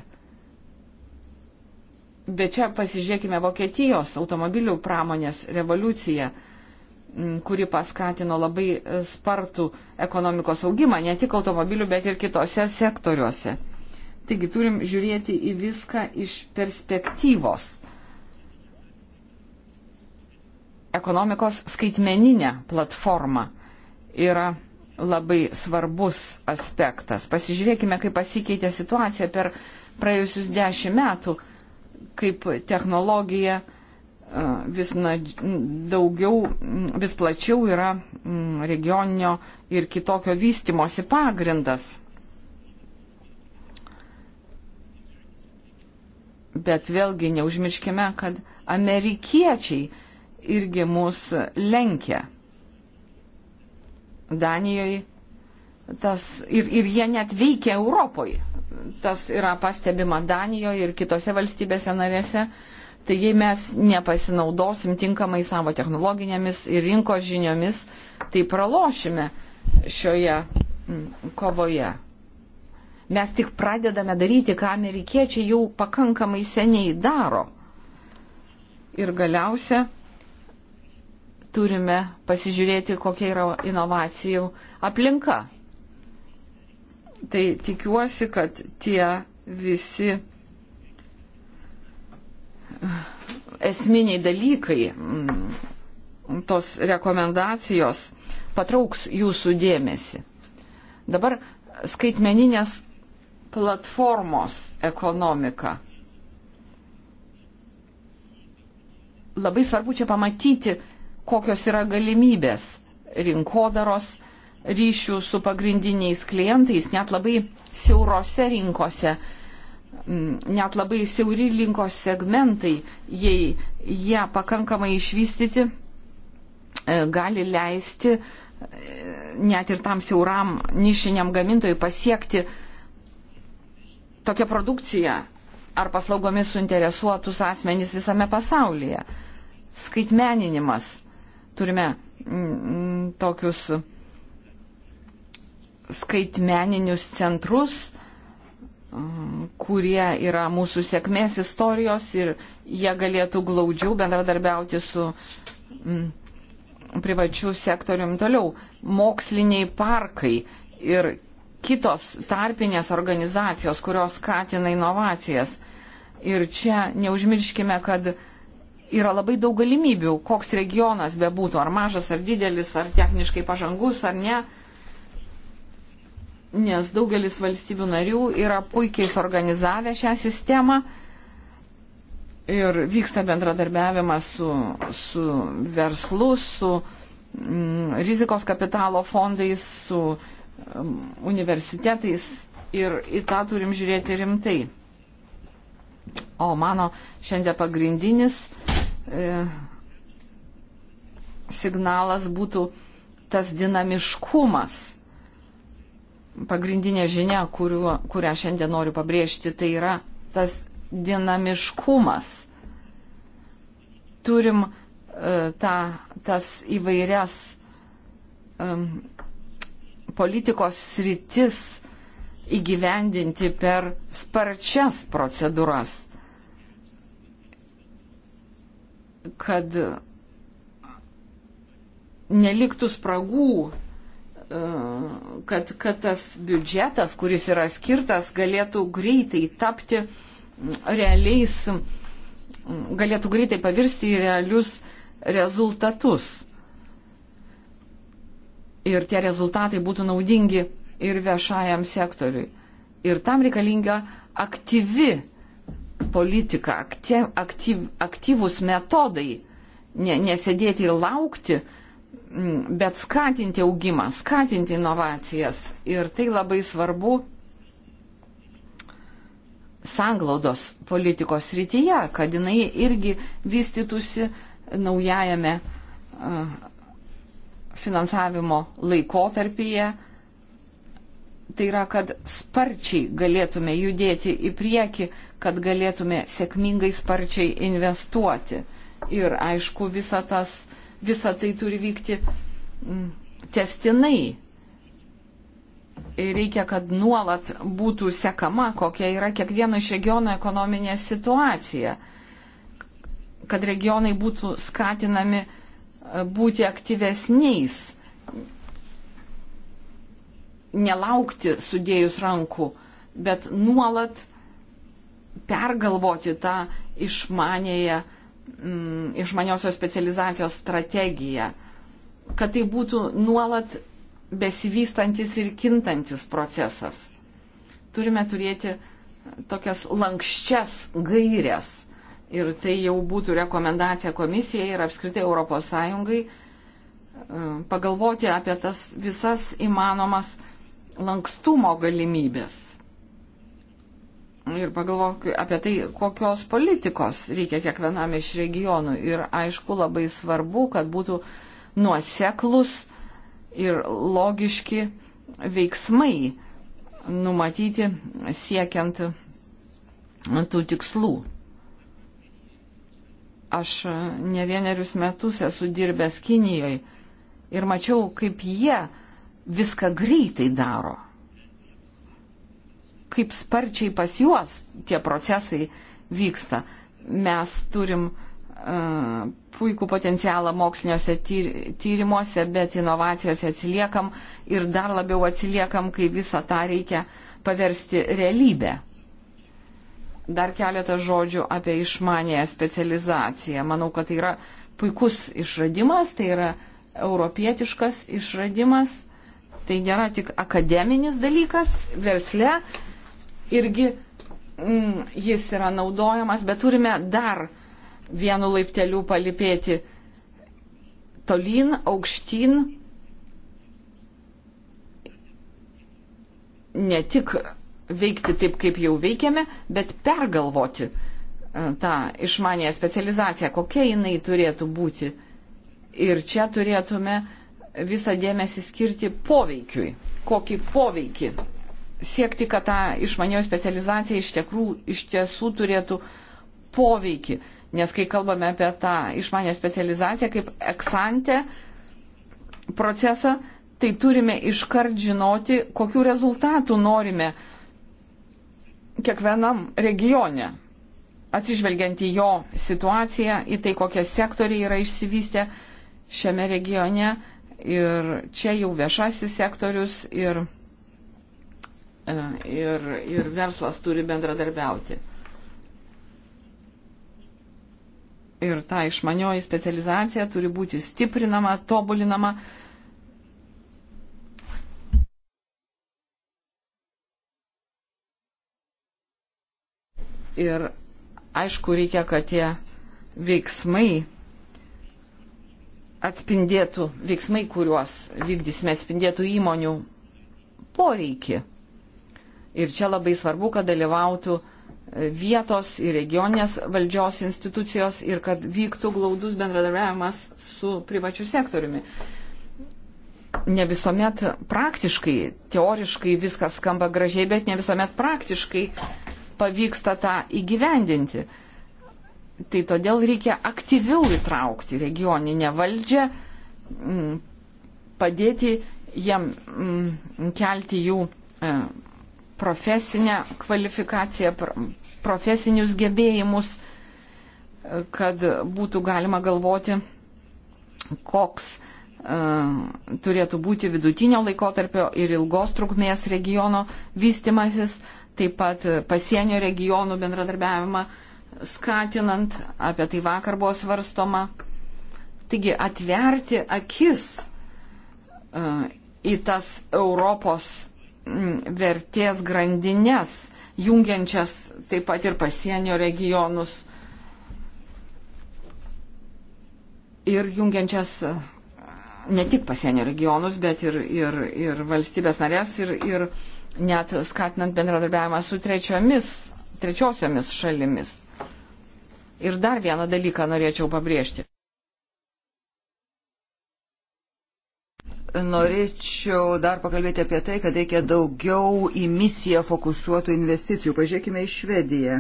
Bet čia pasižiūrėkime Vokietijos automobilių pramonės revoliuciją, kuri paskatino labai spartų ekonomikos augimą, ne tik automobilių, bet ir kitose sektoriuose. Taigi turim žiūrėti į viską iš perspektyvos. ekonomikos skaitmeninė platforma yra labai svarbus aspektas. Pasižiūrėkime, kaip pasikeitė situacija per praėjusius dešimt metų, kaip technologija e, vis daugiau, vis plačiau yra regioninio ir kitokio vystimosi pagrindas. Bet vėlgi neužmirškime, kad amerikiečiai irgi mus lenkia. Danijoje tas ir, ir jie net veikia Europoje. Tas yra pastebima Danijoje ir kitose valstybėse narėse. Tai jei mes nepasinaudosim tinkamai savo technologinėmis ir rinkos žiniomis, tai pralošime šioje mm, kovoje. Mes tik pradedame daryti, ką amerikiečiai jau pakankamai seniai daro. Ir galiausia, turime pasižiūrėti, kokia yra inovacijų aplinka. Tai tikiuosi, kad tie visi eh, esminiai dalykai, mm, tos rekomendacijos patrauks jūsų dėmesį. Dabar skaitmeninės platformos ekonomika. Labai svarbu čia pamatyti, kokios yra galimybės rinkodaros ryšių su pagrindiniais klientais, net labai siaurose rinkose, net labai siauri rinkos segmentai, jei jie pakankamai išvystyti, e, gali leisti e, net ir tam siauram nišiniam gamintojui pasiekti tokią produkciją ar paslaugomis suinteresuotus asmenys visame pasaulyje. Skaitmeninimas turime mm, mm, tokius skaitmeninius centrus, mm, kurie yra mūsų sėkmės istorijos ir jie galėtų glaudžiau bendradarbiauti su privačiu sektoriumi toliau. Moksliniai parkai ir kitos tarpinės organizacijos, kurios skatina inovacijas. Ir čia neužmirškime, kad uh, yra labai daug galimybių, koks regionas bebūtų, ar mažas, ar didelis, ar techniškai pažangus, ar ne. Nes daugelis valstybių narių yra puikiai suorganizavę šią sistemą ir vyksta bendradarbiavimas su, su verslu, su mm, rizikos kapitalo fondais, su mm, universitetais ir į tą turim žiūrėti rimtai. O mano šiandien pagrindinis E, signalas būtų tas dinamiškumas. Pagrindinė žinia, kuriuo, kurią šiandien noriu pabrėžti, tai yra tas dinamiškumas. Turim uh, e, ta, tas įvairias um, politikos sritis įgyvendinti per sparčias procedūras. kad neliktų spragų, e, kad, kad tas biudžetas, kuris yra skirtas, galėtų greitai tapti realiais, galėtų greitai pavirsti į realius rezultatus. Ir tie rezultatai būtų naudingi ir viešajam sektoriui. Ir tam reikalinga aktyvi politika, aktyv, aktyvus metodai, ne, nesėdėti ir laukti, bet skatinti augimą, skatinti inovacijas. Ir tai labai svarbu sanglaudos politikos rytyje, kad jinai irgi vystytųsi naujajame finansavimo laikotarpyje Tai yra, kad sparčiai galėtume judėti į priekį, kad galėtume sėkmingai sparčiai investuoti. Ir aišku, visa, tas, visa tai turi vykti mm, testinai. Ir reikia, kad nuolat būtų sekama, kokia yra kiekvieno iš regiono ekonominė situacija, kad regionai būtų skatinami e, būti aktyvesniais nelaukti sudėjus rankų, bet nuolat pergalvoti tą išmanėją, mm, išmaniosios specializacijos strategiją, kad tai būtų nuolat besivystantis ir kintantis procesas. Turime turėti tokias lankščias gairias ir tai jau būtų rekomendacija komisijai ir apskritai ES e, pagalvoti apie tas visas įmanomas lankstumo galimybės. Ir pagalvok apie tai, kokios politikos reikia kiekvienam iš regionų. Ir aišku, labai svarbu, kad būtų nuoseklus ir logiški veiksmai numatyti siekiant tų tikslų. Aš ne vienerius metus esu dirbęs Kinijoje ir mačiau, kaip jie viską greitai daro. Kaip sparčiai pas juos tie procesai vyksta. Mes turim uh, puikų potencialą moksliniuose tyr tyrimuose, bet inovacijose atsiliekam ir dar labiau atsiliekam, kai visą tą reikia paversti realybę. Dar keletą žodžių apie išmanėją specializaciją. Manau, kad tai yra puikus išradimas, tai yra europietiškas išradimas tai nėra tik akademinis dalykas, versle irgi mm, jis yra naudojamas, bet turime dar vienu laipteliu palipėti tolyn, aukštyn, ne tik veikti taip, kaip jau veikiame, bet pergalvoti e, tą išmanę specializaciją, kokia jinai turėtų būti. Ir čia turėtume uh, visą dėmesį skirti poveikiui. Kokį poveikį? Siekti, kad ta išmanioji specializacija iš, tikrų, iš tiesų turėtų poveikį. Nes kai kalbame apie tą išmanę specializaciją kaip eksantę procesą, tai turime iškart žinoti, kokiu rezultatu norime kiekvienam regione atsižvelgiant į jo situaciją, į tai, kokie sektoriai yra išsivystę šiame regione, Ir čia jau viešasis sektorius ir, e, ir, ir verslas turi bendradarbiauti. ir ta išmanioji specializacija turi būti stiprinama, tobulinama. Ir aišku, reikia, kad tie veiksmai atspindėtų, veiksmai, kuriuos vykdysime, atspindėtų įmonių poreikį. Ir čia labai svarbu, kad dalyvautų e, vietos ir regioninės valdžios institucijos ir kad vyktų glaudus bendradarbiavimas su privačiu sektoriumi. Ne visuomet praktiškai, teoriškai viskas skamba gražiai, bet ne visuomet praktiškai pavyksta tą įgyvendinti. Tai todėl reikia aktyviau įtraukti regioninę valdžią, padėti jiem kelti jų e, profesinę kvalifikaciją, profesinius gebėjimus, e, kad būtų galima galvoti, koks e, turėtų būti vidutinio laikotarpio ir ilgos trukmės regiono vystimasis, taip pat pasienio regionų bendradarbiavimą skatinant, apie tai vakar buvo svarstoma. Taigi atverti akis e, į tas Europos vertės grandinės, jungiančias taip pat ir pasienio regionus ir jungiančias e, ne tik pasienio regionus, bet ir, ir, ir valstybės narės ir, ir net skatinant bendradarbiavimą su trečiomis, trečiosiomis šalimis. Ir dar vieną dalyką norėčiau pabrėžti. Norėčiau dar pakalbėti apie tai, kad reikia daugiau į misiją fokusuotų investicijų. Pažiūrėkime į Švediją.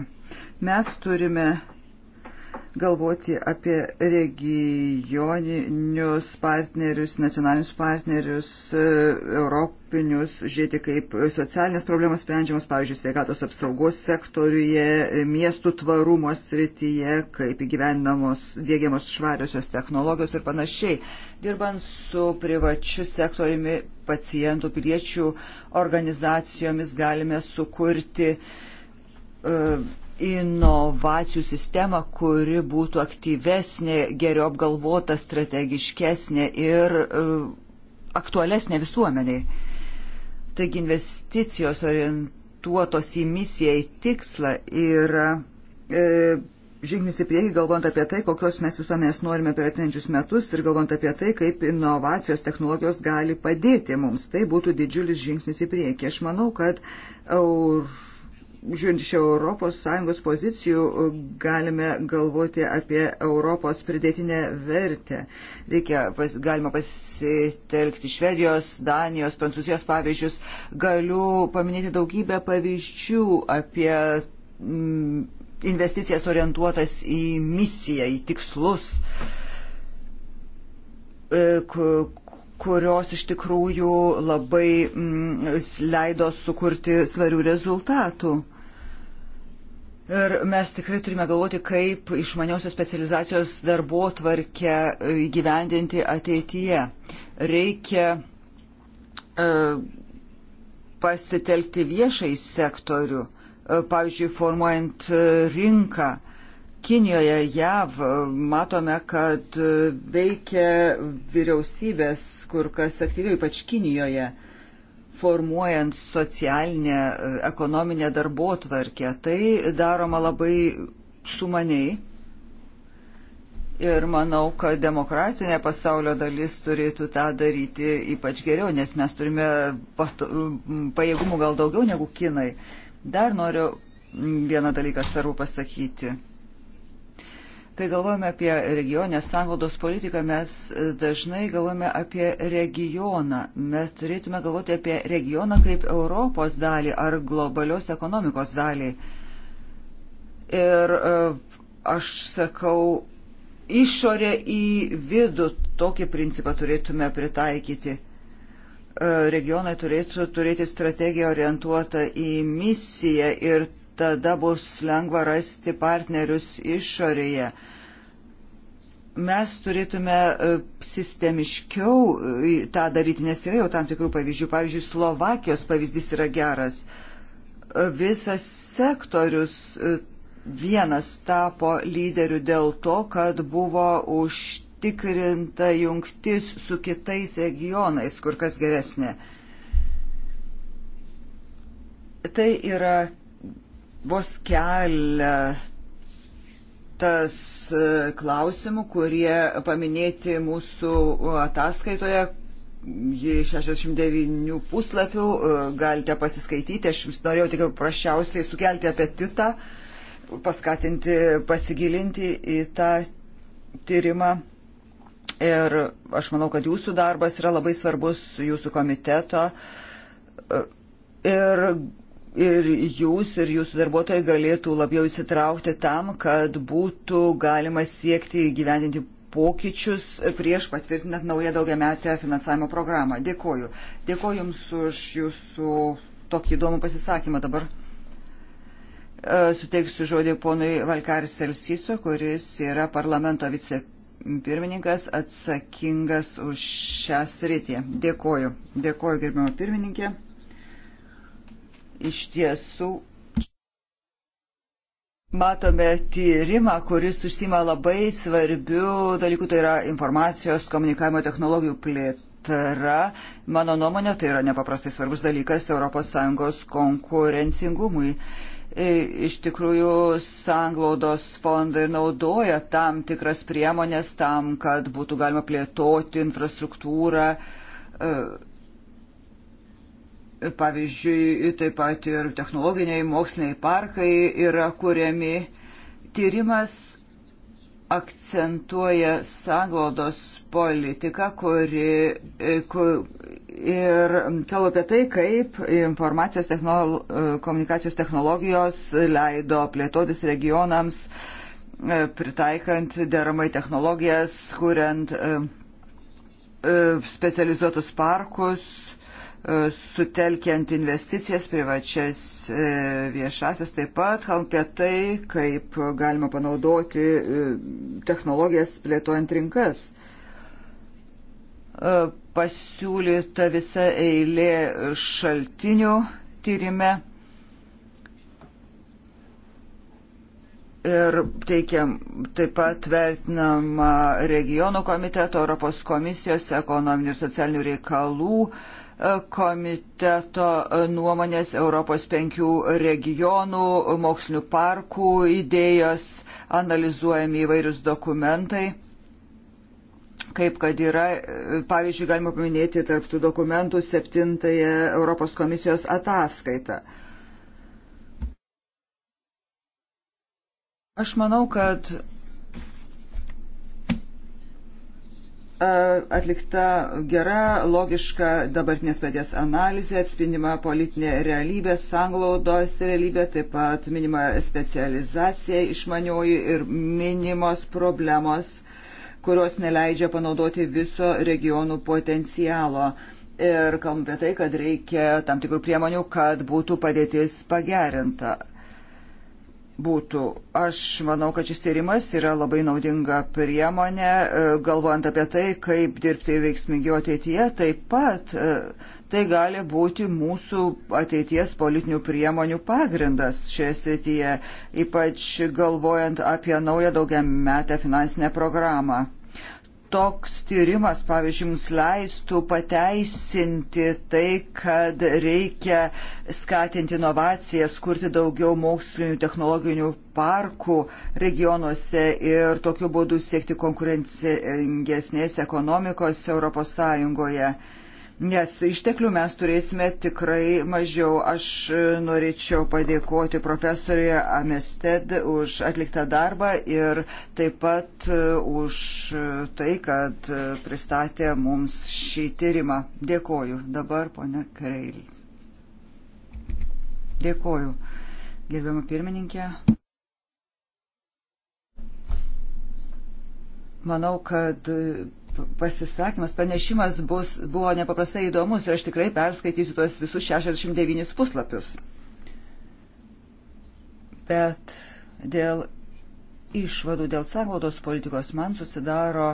Mes turime galvoti apie regioninius partnerius, nacionalinius partnerius, e, europinius, žiūrėti kaip socialinės problemos sprendžiamos, pavyzdžiui, sveikatos apsaugos sektoriuje, e, miestų tvarumo srityje, kaip įgyvendinamos, dėgiamos švariosios technologijos ir panašiai. Dirbant su privačiu sektoriumi pacientų, piliečių organizacijomis galime sukurti uh, inovacijų sistemą, kuri būtų aktyvesnė, geriau apgalvota, strategiškesnė ir e, aktualesnė visuomeniai. Taigi investicijos orientuotos į misiją, į tikslą yra e, žingsnis į priekį, galvant apie tai, kokios mes visuomenės norime per atinančius metus ir galvant apie tai, kaip inovacijos technologijos gali padėti mums. Tai būtų didžiulis žingsnis į priekį. Aš manau, kad eur žiūrint iš ES pozicijų, galime galvoti apie Europos pridėtinę vertę. Reikia, pas, galima pasitelkti Švedijos, Danijos, Prancūzijos pavyzdžius. Galiu paminėti daugybę pavyzdžių apie mm, investicijas orientuotas į misiją, į tikslus e, kurios iš tikrųjų labai mm, leido sukurti svarių rezultatų. Ir mes tikrai turime galvoti, kaip išmaniosios specializacijos darbo tvarkę e, įgyvendinti ateityje. Reikia uh, pasitelkti viešai sektorių, uh, pavyzdžiui, formuojant uh, rinką. Kinijoje, JAV matome, kad veikia vyriausybės kur kas aktyviau, ypač Kinijoje. Uh, formuojant socialinę, e, ekonominę darbo tvarkę. Tai daroma labai sumaniai. Ir manau, kad demokratinė pasaulio dalis turėtų tą daryti ypač geriau, nes mes turime pajėgumų gal daugiau negu kinai. Dar noriu vieną dalyką svarbu pasakyti. Kai galvojame apie regionę sanglaudos politiką, mes e, dažnai galvojame apie regioną. Mes turėtume galvoti apie regioną kaip Europos dalį ar globalios ekonomikos dalį. Ir e, aš sakau, išorė į vidų tokį principą turėtume pritaikyti. E, regionai turėtų turėti strategiją orientuotą į misiją ir tada bus lengva rasti partnerius išorėje mes turėtume e, sistemiškiau e, tą daryti, nes yra jau tam tikrų pavyzdžių. Pavyzdžiui, Slovakijos pavyzdys yra geras. E, visas sektorius vienas tapo lyderiu dėl to, kad buvo užtikrinta jungtis su kitais regionais, kur kas geresnė. Tai yra vos kelia keletas e, klausimų, kurie paminėti mūsų ataskaitoje. Ji 69 puslapių, e, galite pasiskaityti, aš jums norėjau tik paprasčiausiai sukelti apetitą, paskatinti, pasigilinti į tą tyrimą. Ir aš manau, kad jūsų darbas yra labai svarbus jūsų komiteto. E, ir ir jūs ir jūsų darbuotojai galėtų labiau įsitraukti tam, kad būtų galima siekti gyvendinti pokyčius prieš patvirtinant naują daugiametę finansavimo programą. Dėkoju. Dėkoju Jums už Jūsų tokį įdomų pasisakymą dabar. E, suteiksiu žodį ponui Valkaris Elsiso, kuris yra parlamento vicepirmininkas atsakingas už šią sritį. Dėkoju. Dėkoju, gerbiamą pirmininkę iš tiesų matome tyrimą, kuris užsima labai svarbių dalykų, tai yra informacijos komunikavimo technologijų plėtra. Mano nuomonė, tai yra nepaprastai svarbus dalykas ES konkurencingumui. E, iš tikrųjų, sanglaudos fondai naudoja tam tikras priemonės tam, kad būtų galima plėtoti infrastruktūrą e, Pavyzdžiui, taip pat ir technologiniai moksliniai parkai yra kuriami. Tyrimas akcentuoja sąglaudos politiką, kuri, e, kur, ir kalba apie tai, kaip informacijos technolo, e, komunikacijos technologijos leido plėtotis regionams, e, pritaikant deramai technologijas, kuriant specializuotus parkus E, sutelkiant investicijas privačias e, viešasis, taip pat apie tai, kaip galima panaudoti e, technologijas plėtojant rinkas. Pasiūlyta visa eilė šaltinių tyrime ir teikiam taip pat vertinama regionų komiteto, Europos komisijos, ekonominių ir socialinių reikalų komiteto nuomonės Europos penkių regionų, mokslinių parkų idėjos, analizuojami įvairius dokumentai kaip kad yra, pavyzdžiui, galima paminėti tarptų dokumentų septintąją Europos komisijos ataskaitą. Aš manau, kad atlikta gera, logiška dabartinės padės analizė, atspindima politinė realybė, sanglaudos realybė, taip pat minima specializacija išmanioji ir minimos problemos, kurios neleidžia panaudoti viso regionų potencialo. Ir kalbam apie tai, kad reikia tam tikrų priemonių, kad būtų padėtis pagerinta būtų. Aš manau, kad šis tyrimas yra labai naudinga priemonė, e, galvojant apie tai, kaip dirbti veiksmingiau ateityje, taip pat e, tai gali būti mūsų ateities politinių priemonių pagrindas šioje srityje, ypač galvojant apie naują daugiametę finansinę programą toks tyrimas, pavyzdžiui, mums leistų pateisinti tai, kad reikia skatinti inovacijas, kurti daugiau mokslinių technologinių parkų regionuose ir tokiu būdu siekti konkurencingesnės ekonomikos ES nes išteklių mes turėsime tikrai mažiau. Aš norėčiau padėkoti profesorė Amested už atliktą darbą ir taip pat už tai, kad pristatė mums šį tyrimą. Dėkoju. Dabar ponia Kareilį. Dėkoju. Gerbiama pirmininkė. Manau, kad pasisakymas, pranešimas bus, buvo nepaprastai įdomus ir aš tikrai perskaitysiu tuos visus 69 puslapius. Bet dėl išvadų, dėl sanglaudos politikos man susidaro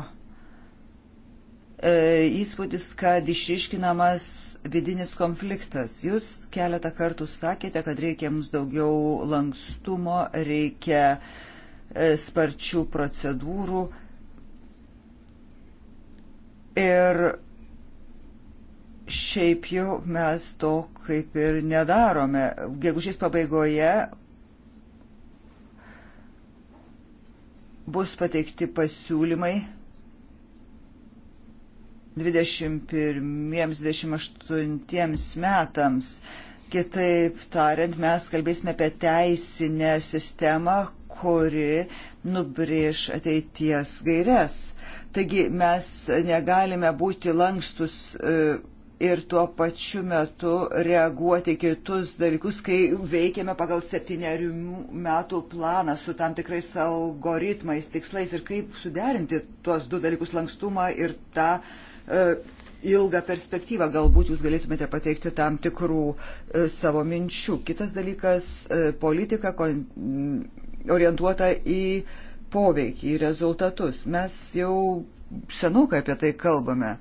e, įspūdis, kad išriškinamas vidinis konfliktas. Jūs keletą kartų sakėte, kad reikia mums daugiau lankstumo, reikia e, sparčių procedūrų. E, Ir šiaip jau mes to kaip ir nedarome. Gegužės pabaigoje bus pateikti pasiūlymai 21-28 metams. Kitaip tariant, mes kalbėsime apie teisinę sistemą, kuri nubrėž ateities gairias. Taigi mes negalime būti lankstus e, ir tuo pačiu metu reaguoti kitus dalykus, kai veikiame pagal septyniarių metų planą su tam tikrais algoritmais, tikslais ir kaip suderinti tuos du dalykus - lankstumą ir tą e, ilgą perspektyvą. Galbūt jūs galėtumėte pateikti tam tikrų e, savo minčių. Kitas dalykas e, - politika kon, orientuota į e, poveikį, rezultatus. Mes jau senokai apie tai kalbame.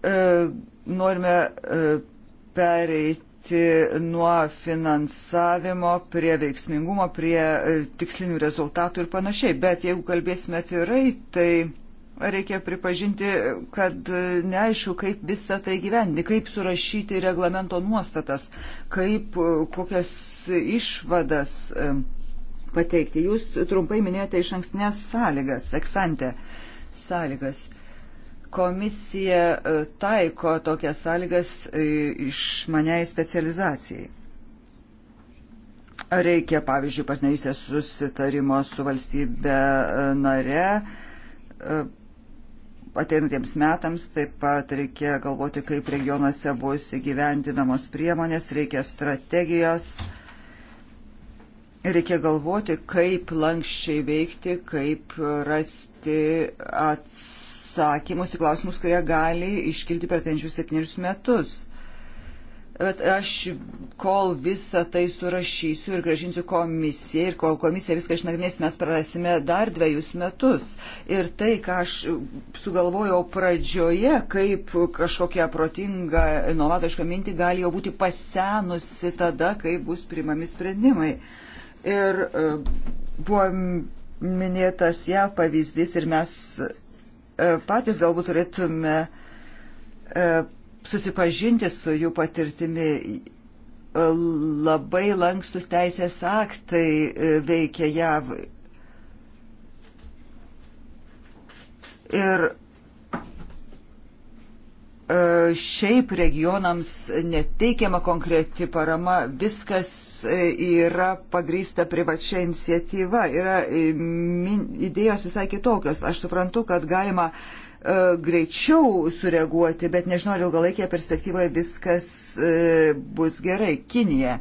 E, norime e, pereiti nuo finansavimo prie veiksmingumo, prie e, tikslinių rezultatų ir panašiai. Bet jeigu kalbėsime atvirai, tai reikia pripažinti, kad e, neaišku, kaip visą tai gyvendi, kaip surašyti reglamento nuostatas, kaip e, kokias išvadas e, pateikti. Jūs trumpai minėjote iš ankstinės sąlygas, eksante sąlygas. Komisija e, taiko tokias sąlygas e, iš maniai specializacijai. Ar reikia, pavyzdžiui, partnerystės susitarimo su valstybe e, nare ateinantiems metams, taip pat reikia galvoti, kaip regionuose bus įgyvendinamos priemonės, reikia strategijos reikia galvoti, kaip lankščiai veikti, kaip rasti atsakymus į klausimus, kurie gali iškilti per tenčius septynerius metus. Bet aš kol visą tai surašysiu ir gražinsiu komisijai, ir kol komisija viską išnagrinės, mes prarasime dar dviejus metus. Ir tai, ką aš sugalvojau pradžioje, kaip kažkokia protinga, inovatoriška mintį gali jau būti pasenusi tada, kai bus primami sprendimai. Uh, Ir e, buvo minėtas ją pavyzdys ir mes e, patys galbūt turėtume e, susipažinti su jų patirtimi. Labai lankstus teisės aktai veikia JAV. Ir E, šiaip regionams neteikiama konkreti parama, viskas e, yra pagrįsta privačia iniciatyva, yra e, idėjos visai kitokios. Aš suprantu, kad galima greičiau sureaguoti, bet nežinau, ar ilgalaikėje perspektyvoje viskas bus gerai. Kinija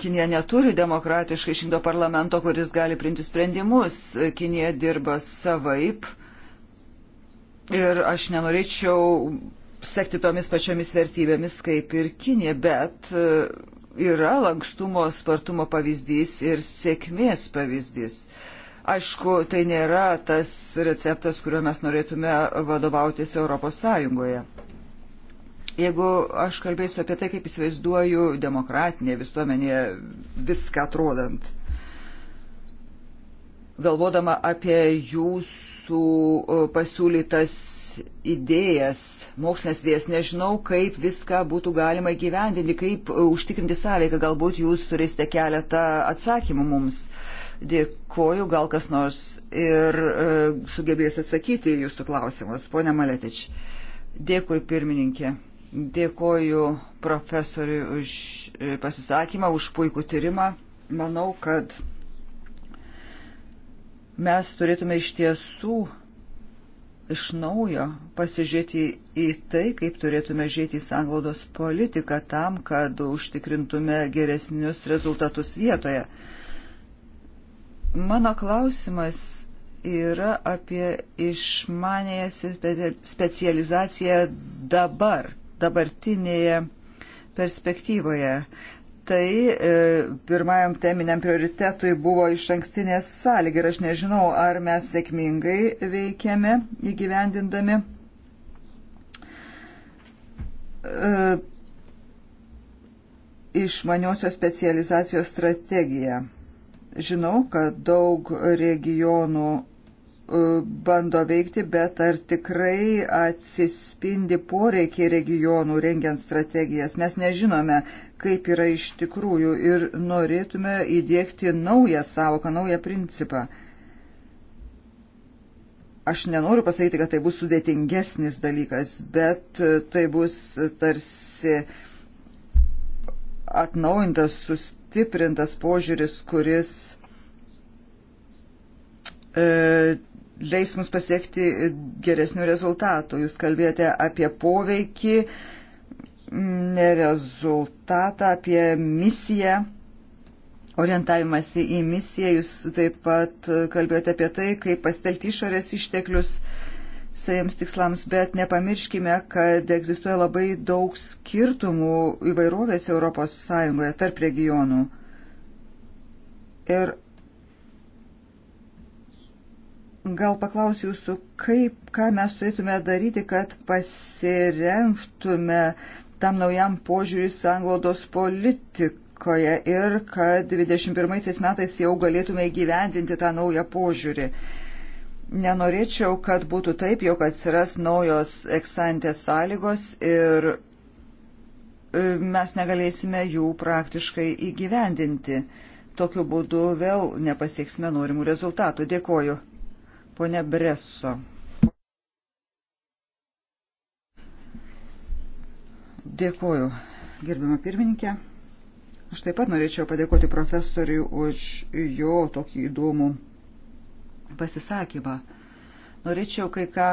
Kinija neturi demokratiškai išrinkto parlamento, kuris gali priimti sprendimus. Kinija dirba savaip. Ir aš nenorėčiau sekti tomis pačiomis vertybėmis kaip ir Kinija, bet e, yra lankstumo, spartumo pavyzdys ir sėkmės pavyzdys. Aišku, tai nėra tas receptas, kuriuo mes norėtume vadovautis Europos Sąjungoje. Jeigu aš kalbėsiu apie tai, kaip įsivaizduoju demokratinė visuomenė viską atrodant, galvodama apie jūsų e, pasiūlytas idėjas, mokslinės idėjas, nežinau, kaip viską būtų galima gyvendinti, kaip e, užtikrinti sąveiką, galbūt jūs turėsite keletą atsakymų mums. Dėkoju, gal kas nors ir e, sugebės atsakyti jūsų klausimus. Pone Maletič, dėkui pirmininkė. Dėkoju profesoriui už e, pasisakymą, už puikų tyrimą. Manau, kad mes turėtume iš tiesų iš naujo pasižiūrėti į tai, kaip turėtume žiūrėti į sanglaudos politiką tam, kad užtikrintume geresnius rezultatus vietoje. Mano klausimas yra apie išmanėją specializaciją dabar dabartinėje perspektyvoje. Tai e, pirmajam teminiam prioritetui buvo iš ankstinės sąlyga ir aš nežinau, ar mes sėkmingai veikiame įgyvendindami. E, išmaniosios specializacijos strategiją. Žinau, kad daug regionų E, bando veikti, bet ar tikrai atsispindi poreikiai regionų rengiant strategijas. Mes nežinome, kaip yra iš tikrųjų ir norėtume įdėkti naują savoką, naują principą. Aš nenoriu pasakyti, kad tai bus sudėtingesnis dalykas, bet tai bus tarsi atnaujintas, sustiprintas požiūris, kuris e, leis mums pasiekti geresnių rezultatų. Jūs kalbėjote apie poveikį, ne rezultatą, apie misiją, orientavimąsi į misiją. Jūs taip pat kalbėjote apie tai, kaip pastelti išorės išteklius saviems tikslams, bet nepamirškime, kad egzistuoja labai daug skirtumų įvairovės ES tarp regionų. Ir Gal paklausiu jūsų, kaip, ką mes turėtume daryti, kad pasirengtume tam naujam požiūriui sanglaudos politikoje ir kad 21 metais jau galėtume įgyvendinti tą naują požiūrį. Nenorėčiau, kad būtų taip, jog atsiras naujos eksantės sąlygos ir e, mes negalėsime jų praktiškai įgyvendinti. Tokiu būdu vėl nepasieksime norimų rezultatų. Dėkoju. Pone Breso. Dėkuoju, gerbimo pirmininkė. Aš taip pat norėčiau padėkoti profesoriui už jo tokį įdomų pasisakymą. Norėčiau kai ką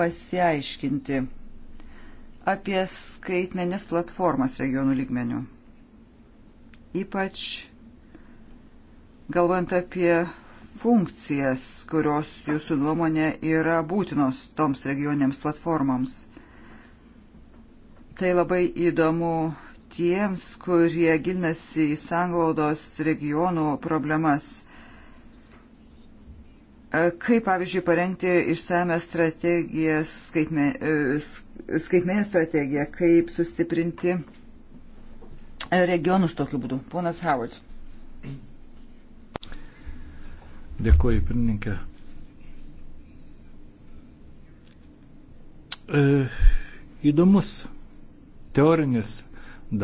pasiaiškinti apie skaitmenės platformas regionų lygmenių. Ypač galvojant apie funkcijas, kurios jūsų nuomonė yra būtinos toms regioniams platformoms. Tai labai įdomu tiems, kurie gilinasi į sanglaudos regionų problemas. Kaip, pavyzdžiui, parengti išsame strategiją, skaitme, e, skaitmenę strategiją, kaip sustiprinti regionus tokiu būdu. Ponas Howard. Dėkuoju, pirmininkė. E, įdomus teorinis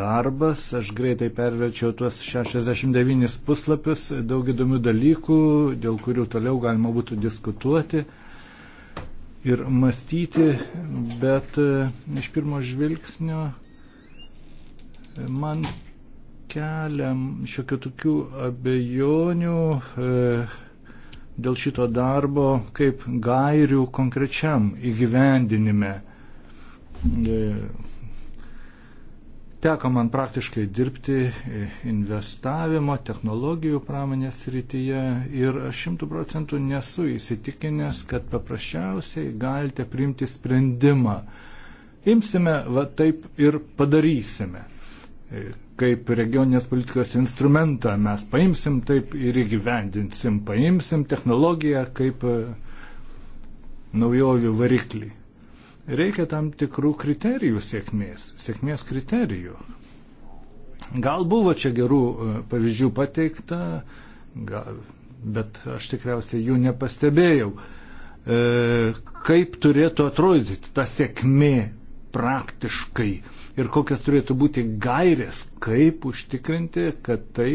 darbas. Aš greitai perverčiau tuos 69 puslapius, daug įdomių dalykų, dėl kurių toliau galima būtų diskutuoti ir mąstyti, bet e, iš pirmo žvilgsnio e, man kelia šiokių tokių abejonių. E, dėl šito darbo kaip gairių konkrečiam įgyvendinime. E, teko man praktiškai dirbti investavimo, technologijų pramonės rytyje ir aš šimtų procentų nesu įsitikinęs, kad paprasčiausiai galite priimti sprendimą. Imsime, va taip ir padarysime e, kaip regioninės politikos instrumentą. Mes paimsim taip ir įgyvendinsim, paimsim technologiją kaip e, naujovių variklį. Reikia tam tikrų kriterijų sėkmės, sėkmės kriterijų. Gal buvo čia gerų e, pavyzdžių pateikta, gal, bet aš tikriausiai jų nepastebėjau. E, kaip turėtų atrodyti ta sėkmė praktiškai ir kokias turėtų būti gairės, kaip užtikrinti, kad tai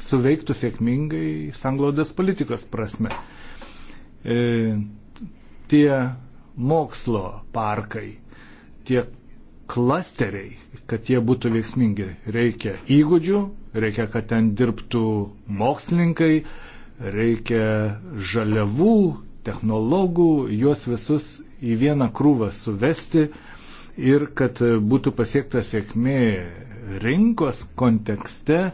suveiktų sėkmingai sanglaudas politikos prasme. E, tie mokslo parkai, tie klasteriai, kad jie būtų veiksmingi, reikia įgūdžių, reikia, kad ten dirbtų mokslininkai, reikia žaliavų, technologų, juos visus į vieną krūvą suvesti, ir kad būtų pasiekta sėkmė rinkos kontekste,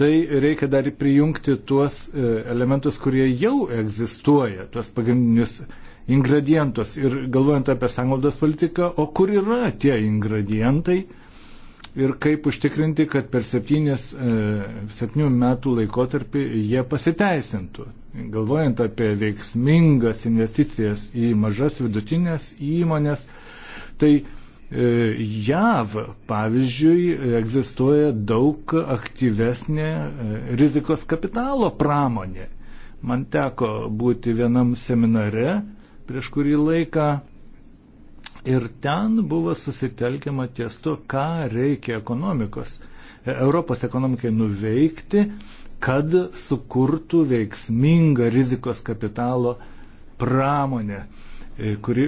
tai reikia dar prijungti tuos e, elementus, kurie jau egzistuoja, tuos pagrindinius ingredientus. Ir galvojant apie sanglaudos politiką, o kur yra tie ingredientai ir kaip užtikrinti, kad per septynės, e, septynių metų laikotarpį jie pasiteisintų. Galvojant apie veiksmingas investicijas į mažas vidutinės įmonės, Tai e, JAV, pavyzdžiui, egzistuoja daug aktyvesnė e, rizikos kapitalo pramonė. Man teko būti vienam seminare prieš kurį laiką ir ten buvo susitelkiama ties to, ką reikia ekonomikos, e, Europos ekonomikai nuveikti, kad sukurtų veiksmingą rizikos kapitalo pramonę. E, kuri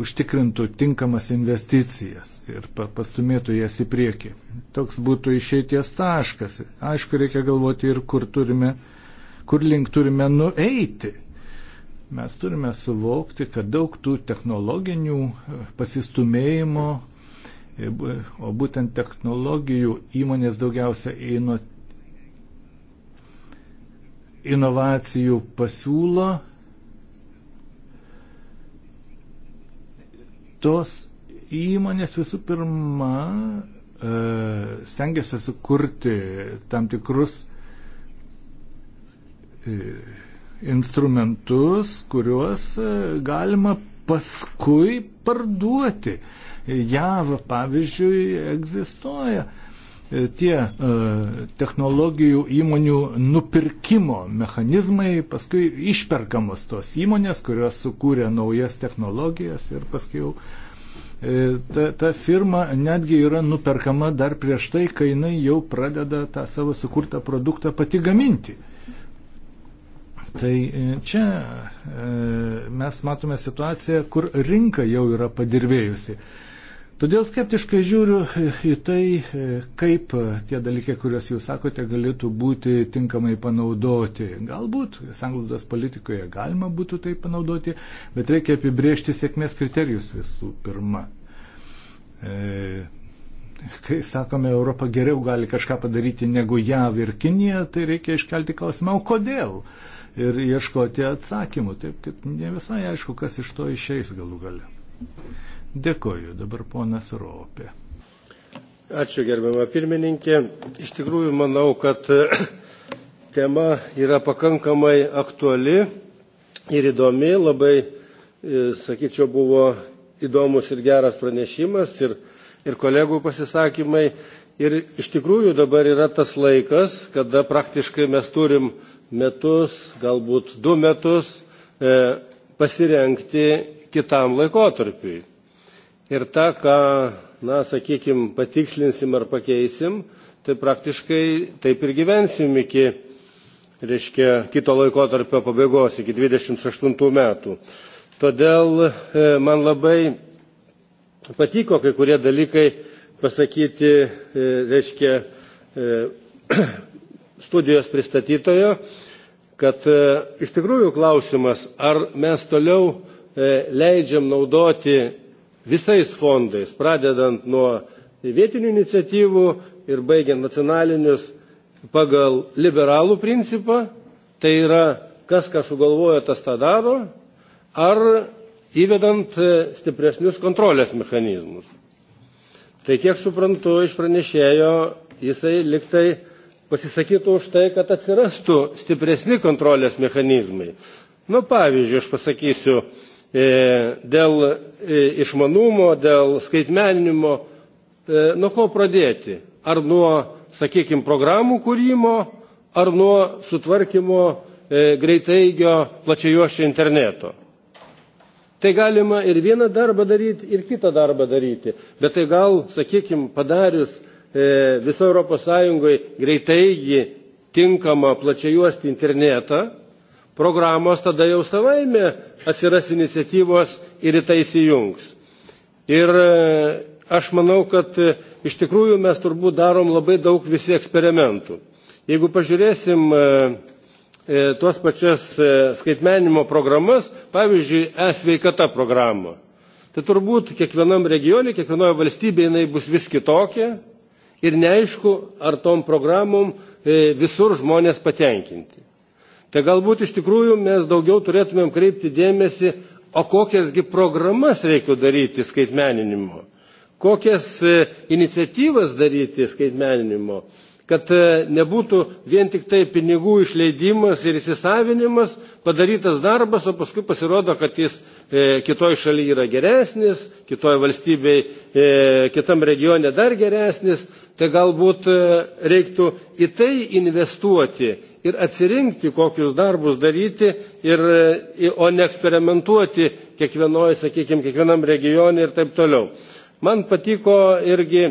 užtikrintų tinkamas investicijas ir pastumėtų jas į priekį. Toks būtų išeities taškas. Aišku, reikia galvoti ir kur, turime, kur link turime nueiti. Mes turime suvokti, kad daug tų technologinių e, pasistumėjimo, e, o būtent technologijų įmonės daugiausia ino, inovacijų pasiūlo tos įmonės visų pirma e, stengiasi sukurti tam tikrus e, instrumentus, kuriuos e, galima paskui parduoti. JAV, pavyzdžiui, egzistuoja uh, E, tie e, technologijų įmonių nupirkimo mechanizmai paskui išperkamos tos įmonės, kurios sukūrė naujas technologijas ir paskui jau e, ta, ta firma netgi yra nuperkama dar prieš tai, kai jinai jau pradeda tą savo sukurtą produktą pati gaminti. Tai čia mes matome situaciją, kur rinka jau yra padirbėjusi. Todėl skeptiškai žiūriu į tai, kaip tie dalykai, kuriuos jūs sakote, galėtų būti tinkamai panaudoti. Galbūt sanglaudos politikoje galima būtų tai panaudoti, bet reikia apibriežti sėkmės kriterijus visų pirma. E, kai sakome, Europa geriau gali kažką padaryti negu JAV ir Kinija, tai reikia iškelti klausimą, o kodėl? Ir ieškoti atsakymų, taip kad ne visai aišku, kas iš to išeis galų gale. Dėkoju dabar ponas Ropė. Ačiū gerbiamą pirmininkę. Iš tikrųjų manau, kad tema yra pakankamai aktuali ir įdomi. Labai, e, sakyčiau, buvo įdomus ir geras pranešimas ir, ir kolegų pasisakymai. Ir iš tikrųjų dabar yra tas laikas, kada praktiškai mes turim metus, galbūt du metus e, pasirenkti kitam laikotarpiui ir tą, ką, na, sakykime, patikslinsim ar pakeisim, tai praktiškai taip ir gyvensim iki, reiškia, kito laikotarpio pabaigos, iki 28 metų. Todėl e, man labai patiko kai kurie dalykai pasakyti, e, reiškia, e, studijos pristatytojo, kad iš tikrųjų klausimas, ar mes toliau leidžiam naudoti visais fondais, pradedant nuo vietinių iniciatyvų ir baigiant nacionalinius pagal liberalų principą, tai yra kas ką sugalvoja, tas tą daro, ar įvedant stipresnius kontrolės mechanizmus. Tai kiek suprantu iš pranešėjo, jisai liktai pasisakytų už tai, kad atsirastų stipresni kontrolės mechanizmai. Nu, pavyzdžiui, aš pasakysiu, E, dėl e, išmanumo, dėl skaitmeninimo, e, nuo ko pradėti? Ar nuo, sakykime, programų kūrimo, ar nuo sutvarkymo greitaigio plačiajuoščio interneto? Tai galima ir vieną darbą daryti, ir kitą darbą daryti. Bet tai gal, sakykime, padarius viso Europos Sąjungoje greitaigi tinkamą plačiajuostį internetą, programos, tada jau savaime atsiras iniciatyvos ir į tai įsijungs. Ir e, aš manau, kad e, iš tikrųjų mes turbūt darom labai daug visi eksperimentų. Jeigu pažiūrėsim e, tuos pačias skaitmenimo programas, pavyzdžiui, e-sveikata programą, tai turbūt kiekvienam regionui, kiekvienoje valstybėje jinai bus vis kitokia ir neaišku, ar tom programom visur žmonės patenkinti. Tai galbūt iš tikrųjų mes daugiau turėtumėm kreipti dėmesį, o kokiasgi programas reiktų daryti skaitmeninimo, kokias e, iniciatyvas daryti skaitmeninimo, kad e, nebūtų vien tik tai pinigų išleidimas ir įsisavinimas, padarytas darbas, o paskui pasirodo, kad jis e, kitoj šalyje yra geresnis, kitoj valstybei, kitam regione dar geresnis, tai galbūt reiktų į tai investuoti ir atsirinkti, kokius darbus daryti, ir, e, o ne eksperimentuoti kiekvienoje, sakykime, kiekvienam regione ir taip toliau. Man patiko irgi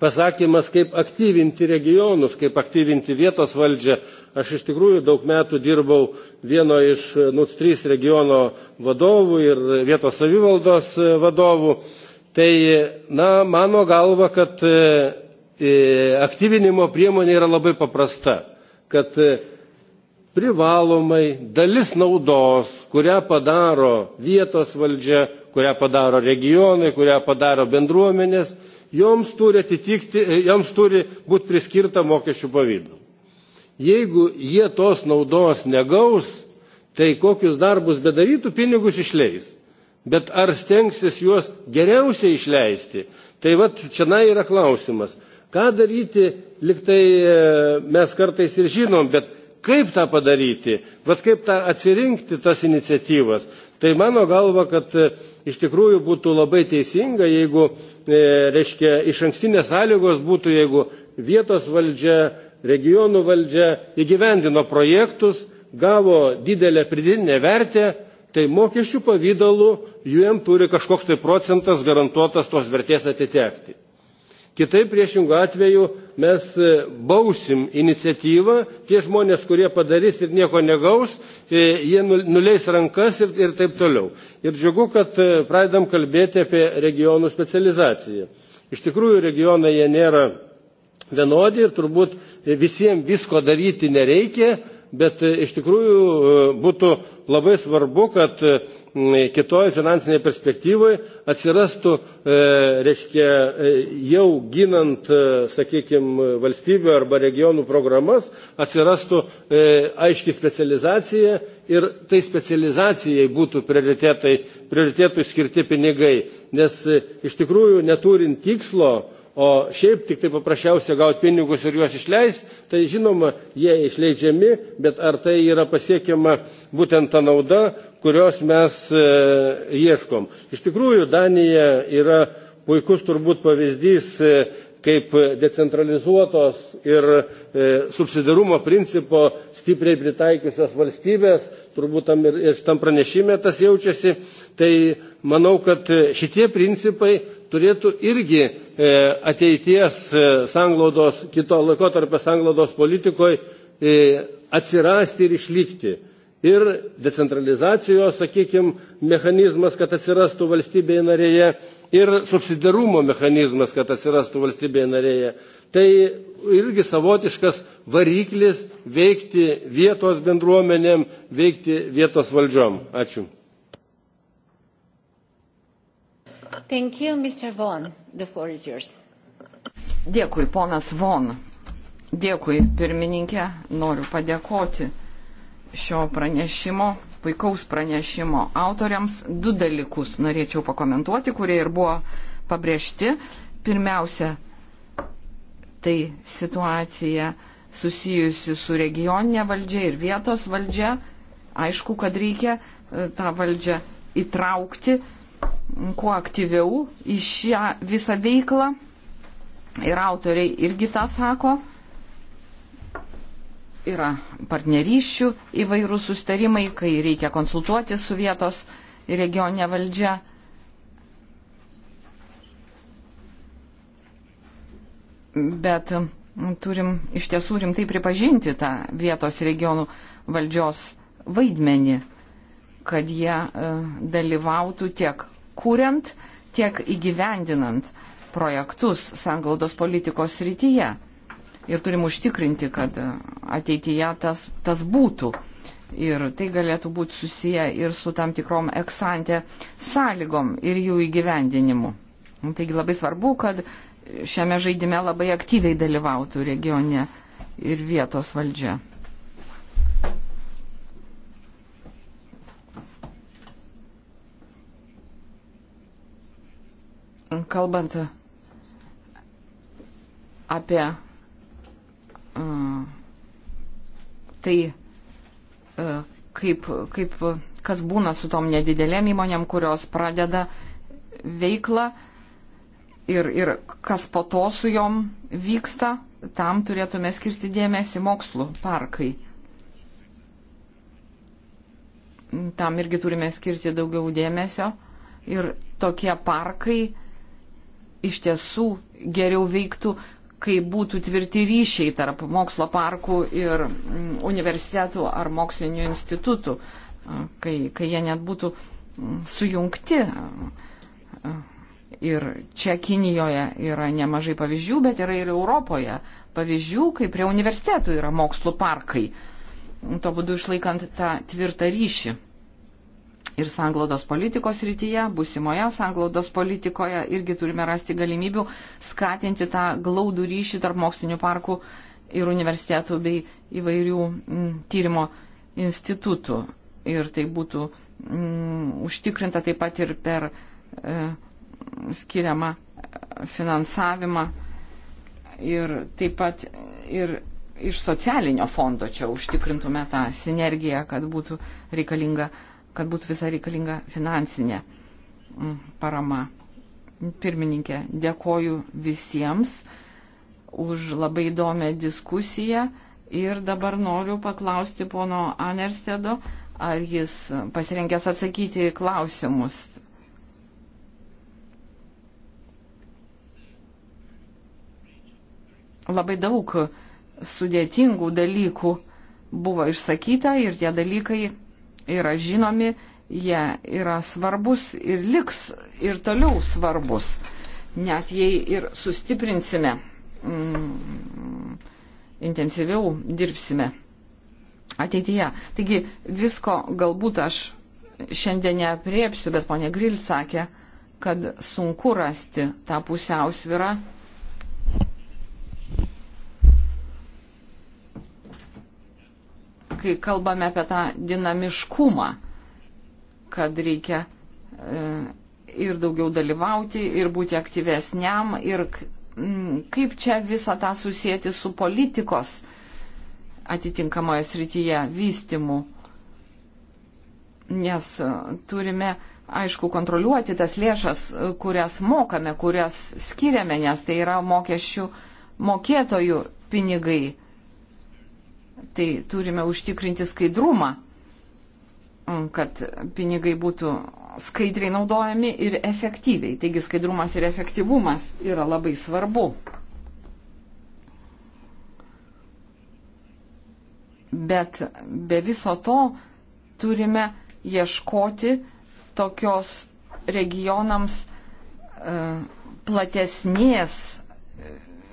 pasakymas, kaip aktyvinti regionus, kaip aktyvinti vietos valdžią. Aš iš tikrųjų daug metų dirbau vieno iš NUC 3 regiono vadovų ir vietos savivaldos vadovų. Tai, na, mano galva, kad e, aktyvinimo priemonė yra labai paprasta kad e, privalomai dalis naudos, kurią padaro vietos valdžia, kurią padaro regionai, kurią padaro bendruomenės, joms turi, atitikti, e, joms turi būti priskirta mokesčių pavydu. Jeigu jie tos naudos negaus, tai kokius darbus bedarytų, pinigus išleis. Bet ar stengsis juos geriausiai išleisti? Tai vad čia yra klausimas. Ką daryti, liktai e, mes kartais ir žinom, bet kaip tą padaryti, bet kaip tą atsirinkti tas iniciatyvas. Tai mano galva, kad e, iš tikrųjų būtų labai teisinga, jeigu, e, reiškia, iš ankstinės sąlygos būtų, jeigu vietos valdžia, regionų valdžia įgyvendino projektus, gavo didelę pridinę vertę, tai mokesčių pavydalu jiem turi kažkoks tai procentas garantuotas tos vertės atitekti. Kitaip priešingų atveju mes e, bausim iniciatyvą, tie žmonės, kurie padarys ir nieko negaus, e, jie nu, nuleis rankas ir, ir taip toliau. Ir džiugu, kad e, pradedam kalbėti apie regionų specializaciją. Iš tikrųjų, regionai jie nėra vienodi ir turbūt visiems visko daryti nereikia, bet e, iš tikrųjų e, būtų labai svarbu, kad e, kitoje finansinėje perspektyvoje atsirastų, reiškia, jau ginant, sakykime, valstybių arba regionų programas, atsirastų aiški specializacija ir tai specializacijai būtų prioritetai, prioritetų skirti pinigai. Nes iš tikrųjų neturint tikslo, O šiaip tik tai paprasčiausia gauti pinigus ir juos išleisti, tai žinoma, jie išleidžiami, bet ar tai yra pasiekiama būtent ta nauda, kurios mes e, ieškom. Iš tikrųjų, Danija yra puikus turbūt pavyzdys, e, kaip decentralizuotos ir e, subsidarumo principo stipriai pritaikiusios valstybės, turbūt tam ir, ir tam pranešime tas jaučiasi, tai manau, kad šitie principai turėtų irgi e, ateities e, sanglaudos, kito laikotarpio sanglaudos politikoje atsirasti ir išlikti. Ir decentralizacijos, sakykime, mechanizmas, kad atsirastų valstybėje narėje, ir subsidarumo mechanizmas, kad atsirastų valstybėje narėje. Tai irgi savotiškas variklis veikti vietos bendruomenėm, veikti vietos valdžiom. Ačiū. Thank you, Mr. Vaughan. The floor is yours. Dėkui, ponas Von. Dėkui, pirmininkė. Noriu padėkoti šio pranešimo, puikaus pranešimo autoriams. Du dalykus norėčiau pakomentuoti, kurie ir buvo pabrėžti. Pirmiausia, tai situacija susijusi su regioninė valdžia ir vietos valdžia. Aišku, kad reikia e, tą valdžią įtraukti kuo aktyviau į šią visą veiklą. Ir autoriai irgi tą sako. Yra partnerysčių įvairių sustarimai, kai reikia konsultuoti su vietos regioninė valdžia. Bet turim iš tiesų rimtai pripažinti tą vietos regionų valdžios vaidmenį kad jie e, dalyvautų tiek kuriant, tiek įgyvendinant projektus sanglaudos politikos srityje. Ir turim užtikrinti, kad e, ateityje tas, tas būtų. Ir tai galėtų būti susiję ir su tam tikrom eksantė sąlygom ir jų įgyvendinimu. Taigi labai svarbu, kad šiame žaidime labai aktyviai dalyvautų regione ir vietos valdžia. kalbant apie mm, tai, e, kaip, kaip, kas būna su tom nedidelėm įmonėm, kurios pradeda veiklą ir, ir kas po to su jom vyksta, tam turėtume skirti dėmesį mokslų parkai. Tam irgi turime skirti daugiau dėmesio. Ir tokie parkai iš tiesų geriau veiktų, kai būtų tvirti ryšiai tarp mokslo parkų ir mm, universitetų ar mokslinių institutų, kai, kai jie net būtų mm, sujungti. Ir čia Kinijoje yra nemažai pavyzdžių, bet yra ir Europoje pavyzdžių, kai prie universitetų yra mokslo parkai. Tuo būdu išlaikant tą tvirtą ryšį ir sanglaudos politikos rytyje, busimoje sanglaudos politikoje irgi turime rasti galimybių skatinti tą glaudų ryšį tarp mokslinių parkų ir universitetų bei įvairių m, mm, tyrimo institutų. Ir tai būtų m, mm, užtikrinta taip pat ir per e, skiriamą e, finansavimą ir taip pat ir iš socialinio fondo čia užtikrintume tą sinergiją, kad būtų reikalinga kad būtų visa reikalinga finansinė mm, parama. Pirmininkė, dėkoju visiems už labai įdomią diskusiją ir dabar noriu paklausti pono Anerstedo, ar jis pasirinkęs atsakyti klausimus. Labai daug sudėtingų dalykų buvo išsakyta ir tie dalykai yra žinomi, jie yra svarbus ir liks ir toliau svarbus, net jei ir sustiprinsime, mm, intensyviau dirbsime ateityje. Taigi visko galbūt aš šiandien neapriepsiu, bet ponė Gril sakė, kad sunku rasti tą pusiausvyrą kai kalbame apie tą dinamiškumą, kad reikia e, ir daugiau dalyvauti, ir būti aktyvesniam, ir kaip čia visą tą susijęti su politikos atitinkamoje srityje vystimu. Nes e, turime, aišku, kontroliuoti tas lėšas, e, kurias mokame, kurias skiriame, nes tai yra mokesčių mokėtojų pinigai. Tai turime užtikrinti skaidrumą, mm, kad pinigai būtų skaidriai naudojami ir efektyviai. Taigi skaidrumas ir efektyvumas yra labai svarbu. Bet be viso to turime ieškoti tokios regionams e, platesnės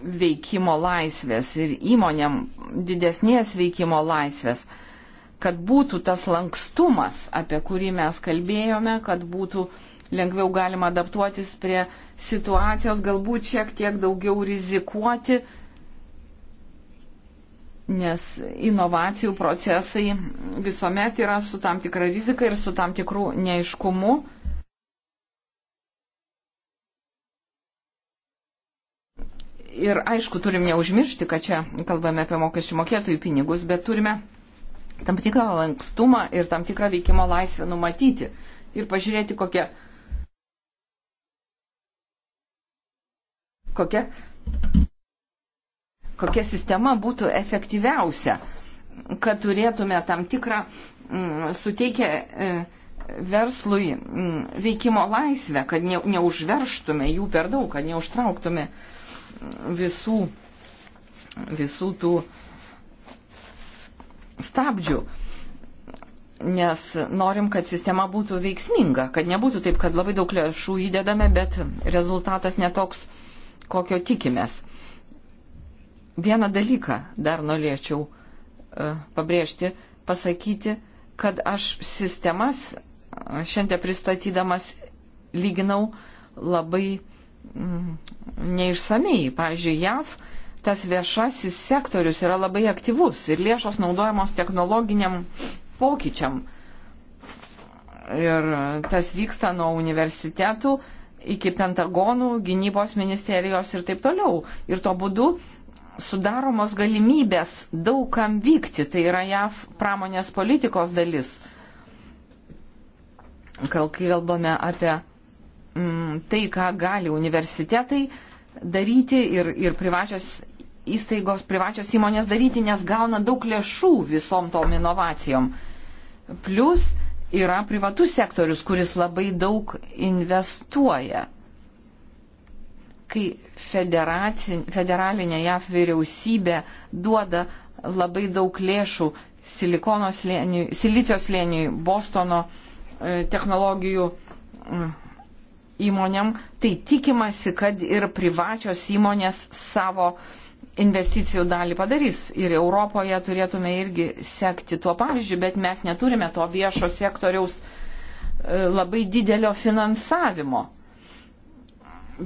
veikimo laisvės ir įmonėm didesnės veikimo laisvės, kad būtų tas lankstumas, apie kurį mes kalbėjome, kad būtų lengviau galima adaptuotis prie situacijos, galbūt šiek tiek daugiau rizikuoti, nes inovacijų procesai visuomet yra su tam tikra rizika ir su tam tikrų neiškumu. Ir aišku, turim neužmiršti, kad čia kalbame apie mokesčių mokėtojų pinigus, bet turime tam tikrą lankstumą ir tam tikrą veikimo laisvę numatyti ir pažiūrėti, kokia, kokia, kokia sistema būtų efektyviausia, kad turėtume tam tikrą m, mm, suteikę e, verslui m, mm, veikimo laisvę, kad ne, neužverštume jų per daug, kad neužtrauktume. E, visų, visų tų stabdžių. Nes norim, kad sistema būtų veiksminga, kad nebūtų taip, kad labai daug lėšų įdedame, bet rezultatas netoks, kokio tikimės. Vieną dalyką dar norėčiau uh, pabrėžti, pasakyti, kad aš sistemas e, šiandien pristatydamas lyginau labai uh, Mm, neišsamei. Pavyzdžiui, JAV tas viešasis sektorius yra labai aktyvus ir lėšos naudojamos technologiniam pokyčiam. Ir tas vyksta nuo universitetų iki Pentagonų, gynybos ministerijos ir taip toliau. Ir to būdu sudaromos galimybės daugam vykti. Tai yra JAV pramonės politikos dalis. Kalkai kalbame apie m, mm, tai, ką gali universitetai daryti ir, ir privačios įstaigos, privačios įmonės daryti, nes gauna daug lėšų visom tom inovacijom. Plus yra privatus sektorius, kuris labai daug investuoja. Kai federalinė JAF vyriausybė duoda labai daug lėšų slėniui, silicijos lėniui, Bostono e, technologijų mm, įmonėm, tai tikimasi, kad ir privačios įmonės savo investicijų dalį padarys. Ir Europoje turėtume irgi sekti tuo pavyzdžiu, bet mes neturime to viešo sektoriaus e, labai didelio finansavimo.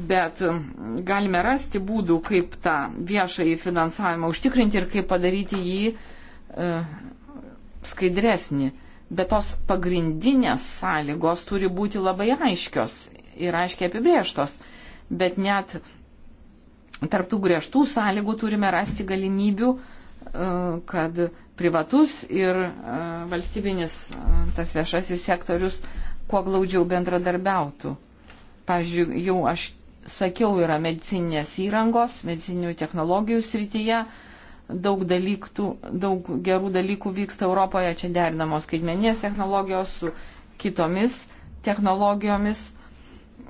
Bet e, galime rasti būdų, kaip tą viešąjį finansavimą užtikrinti ir kaip padaryti jį e, skaidresnį. Bet tos pagrindinės sąlygos turi būti labai aiškios yra aiškiai apibrieštos, bet net tarptų griežtų sąlygų turime rasti galimybių, e, kad privatus ir e, valstybinis e, tas viešasis sektorius kuo glaudžiau bendradarbiautų. Pavyzdžiui, jau aš sakiau, yra medicinės įrangos, medicininių technologijų srityje, daug, dalyktų, daug gerų dalykų vyksta Europoje, čia derinamos skaitmeninės technologijos su kitomis technologijomis.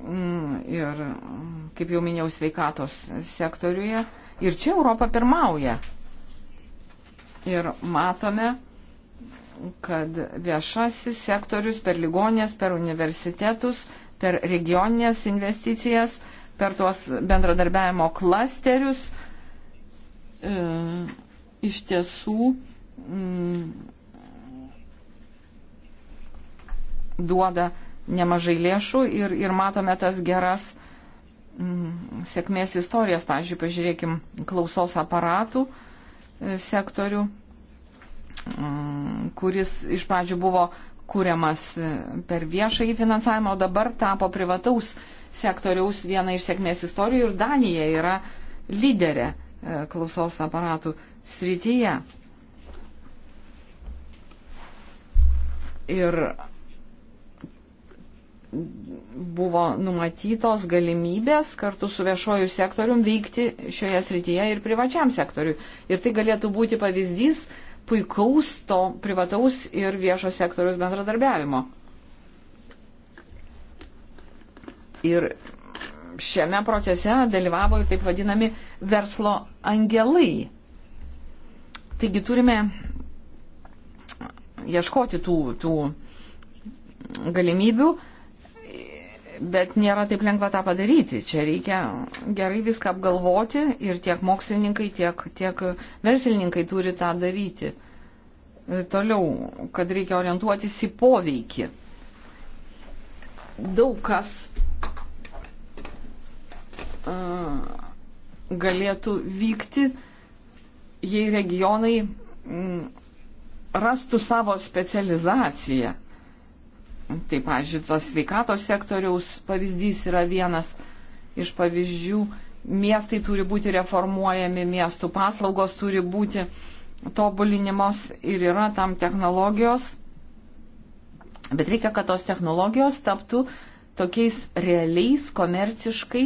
Mm, ir, mm, kaip jau minėjau, sveikatos sektoriuje. Ir čia Europa pirmauja. Ir matome, kad viešasis sektorius per ligonės, per universitetus, per regioninės investicijas, per tuos bendradarbiavimo klasterius e, iš tiesų mm, duoda nemažai lėšų ir, ir matome tas geras mm, sėkmės istorijas. Pavyzdžiui, pažiūrėkim klausos aparatų e, sektorių, mm, kuris iš pradžių buvo kūriamas e, per viešąjį finansavimą, o dabar tapo privataus sektoriaus viena iš sėkmės istorijų ir Danija yra lyderė e, klausos aparatų srityje. Ir buvo numatytos galimybės kartu su viešoju sektorium veikti šioje srityje ir privačiam sektoriui. Ir tai galėtų būti pavyzdys puikaus to privataus ir viešo sektoriaus bendradarbiavimo. Ir šiame procese dalyvavo ir taip vadinami verslo angelai. Taigi turime ieškoti tų, tų galimybių Bet nėra taip lengva tą padaryti. Čia reikia gerai viską apgalvoti ir tiek mokslininkai, tiek, tiek verslininkai turi tą daryti. Toliau, kad reikia orientuotis į poveikį. Daug kas uh, galėtų vykti, jei regionai mm, rastų savo specializaciją. Uh, Tai, pavyzdžiui, tos sveikatos sektoriaus pavyzdys yra vienas iš pavyzdžių. Miestai turi būti reformuojami, miestų paslaugos turi būti tobulinimos ir yra tam technologijos. Bet reikia, kad tos technologijos taptų tokiais realiais, komerciškai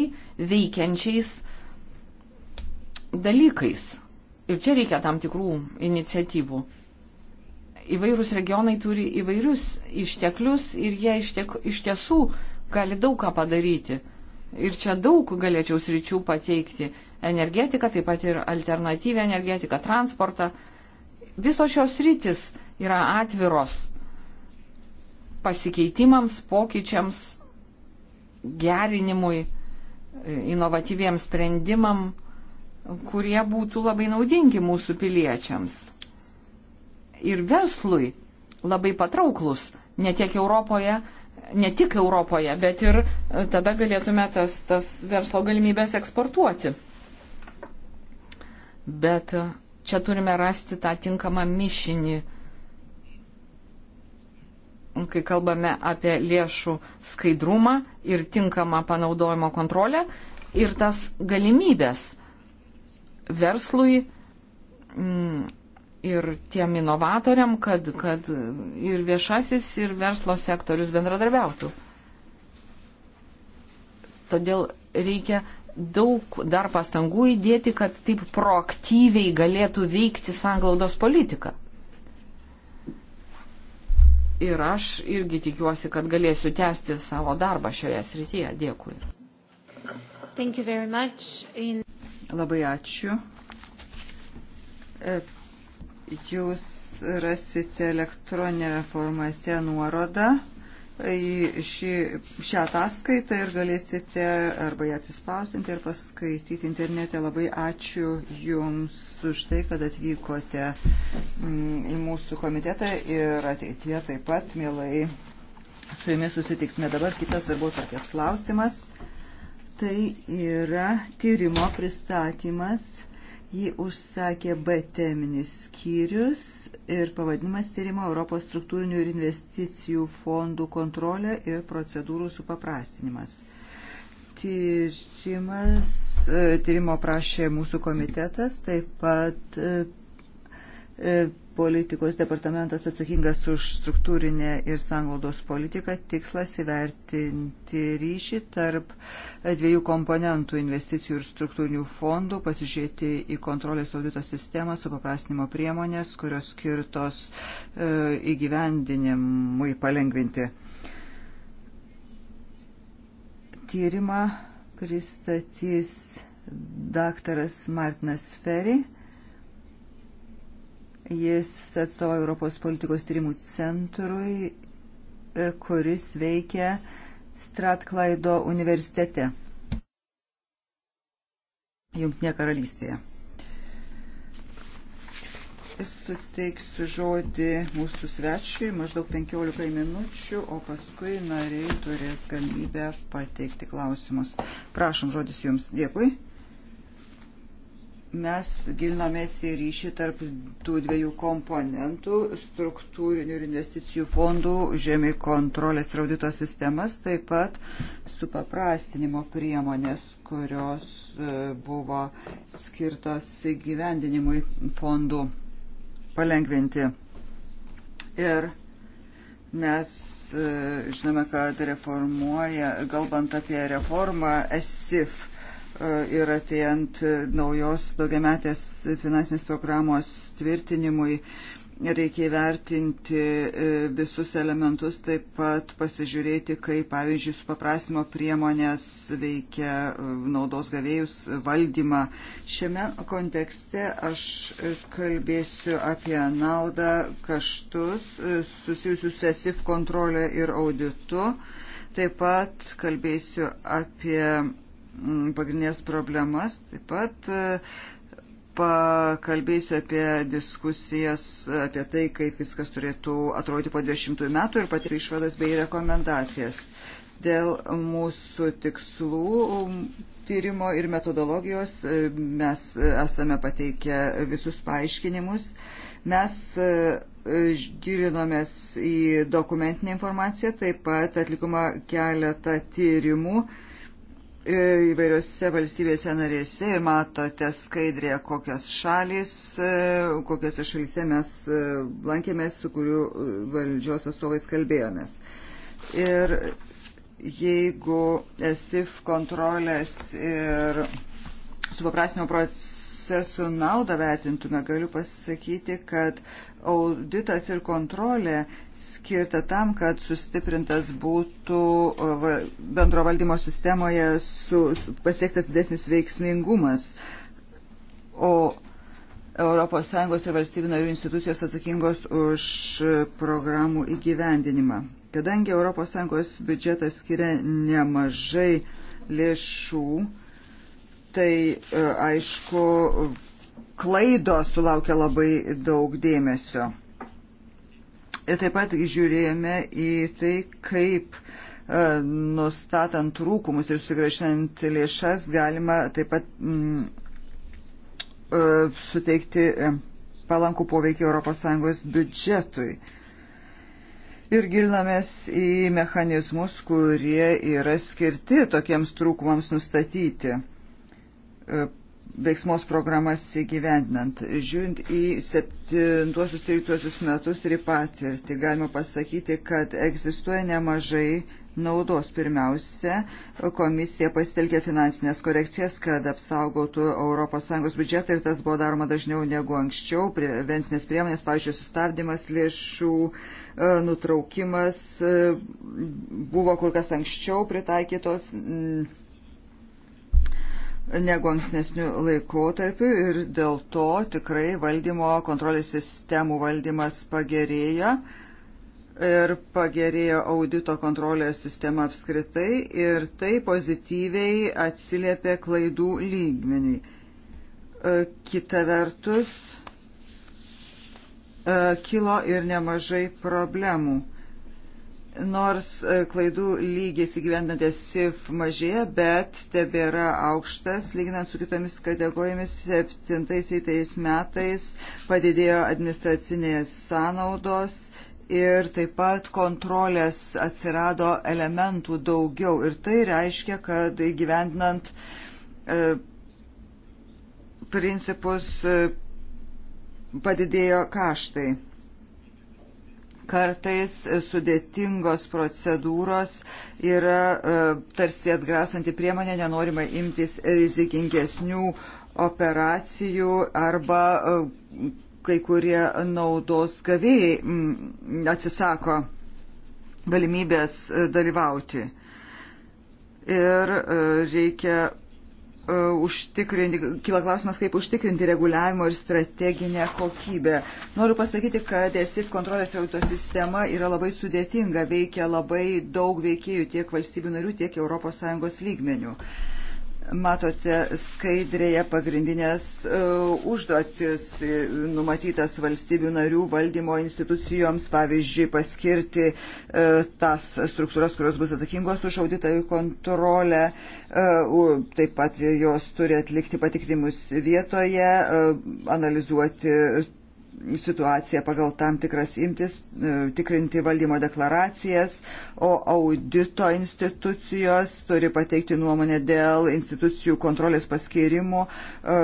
veikiančiais dalykais. Ir čia reikia tam tikrų iniciatyvų įvairūs regionai turi įvairius išteklius ir jie iš, tiek, iš tiesų gali daug ką padaryti. Ir čia daug galėčiau sričių pateikti. Energetika, taip pat ir alternatyvė energetika, transportą. Visos šios rytis yra atviros pasikeitimams, pokyčiams, gerinimui, inovatyviems sprendimam, kurie būtų labai naudingi mūsų piliečiams ir verslui labai patrauklus, ne tiek Europoje, ne tik Europoje, bet ir e, tada galėtume tas, tas verslo galimybės eksportuoti. Bet e, čia turime rasti tą tinkamą mišinį, kai kalbame apie lėšų skaidrumą ir tinkamą panaudojimo kontrolę ir tas galimybės verslui. Mm, ir tiem inovatoriam, kad, kad ir viešasis, ir verslo sektorius bendradarbiautų. Todėl reikia daug dar pastangų įdėti, kad taip proaktyviai galėtų veikti sanglaudos politika. Ir aš irgi tikiuosi, kad galėsiu tęsti savo darbą šioje srityje. Dėkui. In... Labai ačiū. E, Jūs rasite elektroninėme formate nuorodą į šį, šią ataskaitą ir galėsite arba ją atsispausdinti ir paskaityti internete. Labai ačiū Jums už tai, kad atvykote mm, į mūsų komitetą ir ateityje taip pat, mielai, su Jumis susitiksime. Dabar kitas darbo tvarkės klausimas. Tai yra tyrimo pristatymas. Jį užsakė B teminis skyrius ir pavadinimas tyrimo Europos struktūrinių ir investicijų fondų kontrolė ir procedūrų supaprastinimas. Tyrimas, e, tyrimo prašė mūsų komitetas, taip pat e, E, politikos departamentas atsakingas už struktūrinę ir sanglaudos politiką. Tikslas įvertinti ryšį tarp dviejų komponentų investicijų ir struktūrinių fondų, pasižiūrėti į kontrolės audito sistemą, supaprastinimo priemonės, kurios skirtos e, įgyvendinimui palengvinti. Tyrimą pristatys daktaras Martinas Ferry Jis atstovauja Europos politikos tyrimų centrui, e, kuris veikia Stratklaido universitete Junktinėje karalystėje. Suteiksiu žodį mūsų svečiui maždaug 15 minučių, o paskui nariai turės galimybę pateikti klausimus. Prašom žodis jums. Dėkui. Mes gilinomės į ryšį tarp tų dviejų komponentų - struktūrinių ir investicijų fondų, žemė kontrolės ir audito sistemas, taip pat supaprastinimo priemonės, kurios e, buvo skirtos gyvendinimui fondų palengventi. Ir mes e, žinome, kad reformuoja, galbant apie reformą, ESIF E, ir atėjant naujos daugiametės finansinės programos tvirtinimui reikia įvertinti e, visus elementus, taip pat pasižiūrėti, kaip, pavyzdžiui, supaprasimo priemonės veikia e, naudos gavėjus valdymą. Šiame kontekste aš kalbėsiu apie naudą kaštus susijusius su SIF kontrolė ir auditu. Taip pat kalbėsiu apie Mm, pagrindinės problemas. Taip pat e, pakalbėsiu apie diskusijas, apie tai, kaip viskas turėtų atrodyti po 20 metų ir patiriu išvadas bei rekomendacijas. Dėl mūsų tikslų tyrimo ir metodologijos e, mes esame pateikę visus paaiškinimus. Mes e, gilinomės į dokumentinę informaciją, taip pat atlikoma keletą tyrimų E, įvairiose valstybėse narėse ir matote skaidrėje, kokios šalys, e, kokiose šalyse mes e, lankėmės, su kuriu valdžios atstovais kalbėjomės. Ir jeigu esif kontrolės ir supaprastinimo procesų naudą vertintume, galiu pasakyti, kad auditas ir kontrolė skirta tam, kad sustiprintas būtų e, bendro valdymo sistemoje su, su pasiektas didesnis veiksmingumas, o ES ir valstybių narių institucijos atsakingos už e, programų įgyvendinimą. Kadangi ES biudžetas skiria nemažai lėšų, tai e, aišku, klaido sulaukia labai daug dėmesio Taip pat žiūrėjome į tai, kaip e, nustatant rūkumus ir sugražinant lėšas galima taip pat mm, e, suteikti palankų poveikį ES biudžetui. Ir gilinamės į mechanizmus, kurie yra skirti tokiems trūkumams nustatyti. E, veiksmos programas įgyvendinant. Žiūrint į 7-13 metus ir į patirtį, galima pasakyti, kad egzistuoja nemažai naudos. Pirmiausia, komisija pasitelkė finansinės korekcijas, kad apsaugotų ES biudžetą ir tas buvo daroma dažniau negu anksčiau. Prevencinės priemonės, pavyzdžiui, sustabdymas lėšų, e, nutraukimas e, buvo kur kas anksčiau pritaikytos negu ankstesnių laikotarpių ir dėl to tikrai valdymo kontrolės sistemų valdymas pagerėjo ir pagerėjo audito kontrolės sistema apskritai ir tai pozityviai atsiliepė klaidų lygmeniai. E, kita vertus, e, kilo ir nemažai problemų Nors e, klaidų lygis įgyvendantės SIF mažėja, bet tebėra aukštas, lyginant su kitomis kategorijomis, septintaisiais metais padidėjo administracinės sąnaudos ir taip pat kontrolės atsirado elementų daugiau. Ir tai reiškia, kad įgyvendinant e, principus e, padidėjo kaštai. Kartais e, sudėtingos procedūros yra e, tarsi atgrasanti priemonė, nenorima imtis rizikingesnių operacijų arba e, kai kurie naudos gavėjai mm, atsisako galimybės dalyvauti. Ir reikia E, užtikrinti, kyla klausimas, kaip užtikrinti reguliavimo ir strateginę kokybę. Noriu pasakyti, kad ESIF kontrolės rauto sistema yra labai sudėtinga, veikia labai daug veikėjų tiek valstybių narių, tiek ES lygmenių. Uh, Matote skaidrėje pagrindinės e, užduotis e, numatytas valstybių narių valdymo institucijoms, pavyzdžiui, paskirti e, tas struktūras, kurios bus atsakingos už auditojų kontrolę, taip pat jos turi atlikti patikrinimus vietoje, analizuoti situaciją pagal tam tikras imtis, e, tikrinti valdymo deklaracijas, o audito institucijos turi pateikti nuomonę dėl institucijų kontrolės paskirimų, e,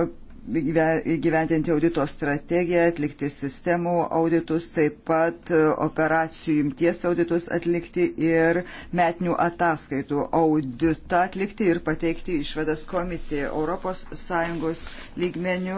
įgyvendinti audito strategiją, atlikti sistemų auditus, taip pat e, operacijų imties auditus atlikti ir metinių ataskaitų auditą atlikti ir pateikti išvadas komisijai. ES lygmenių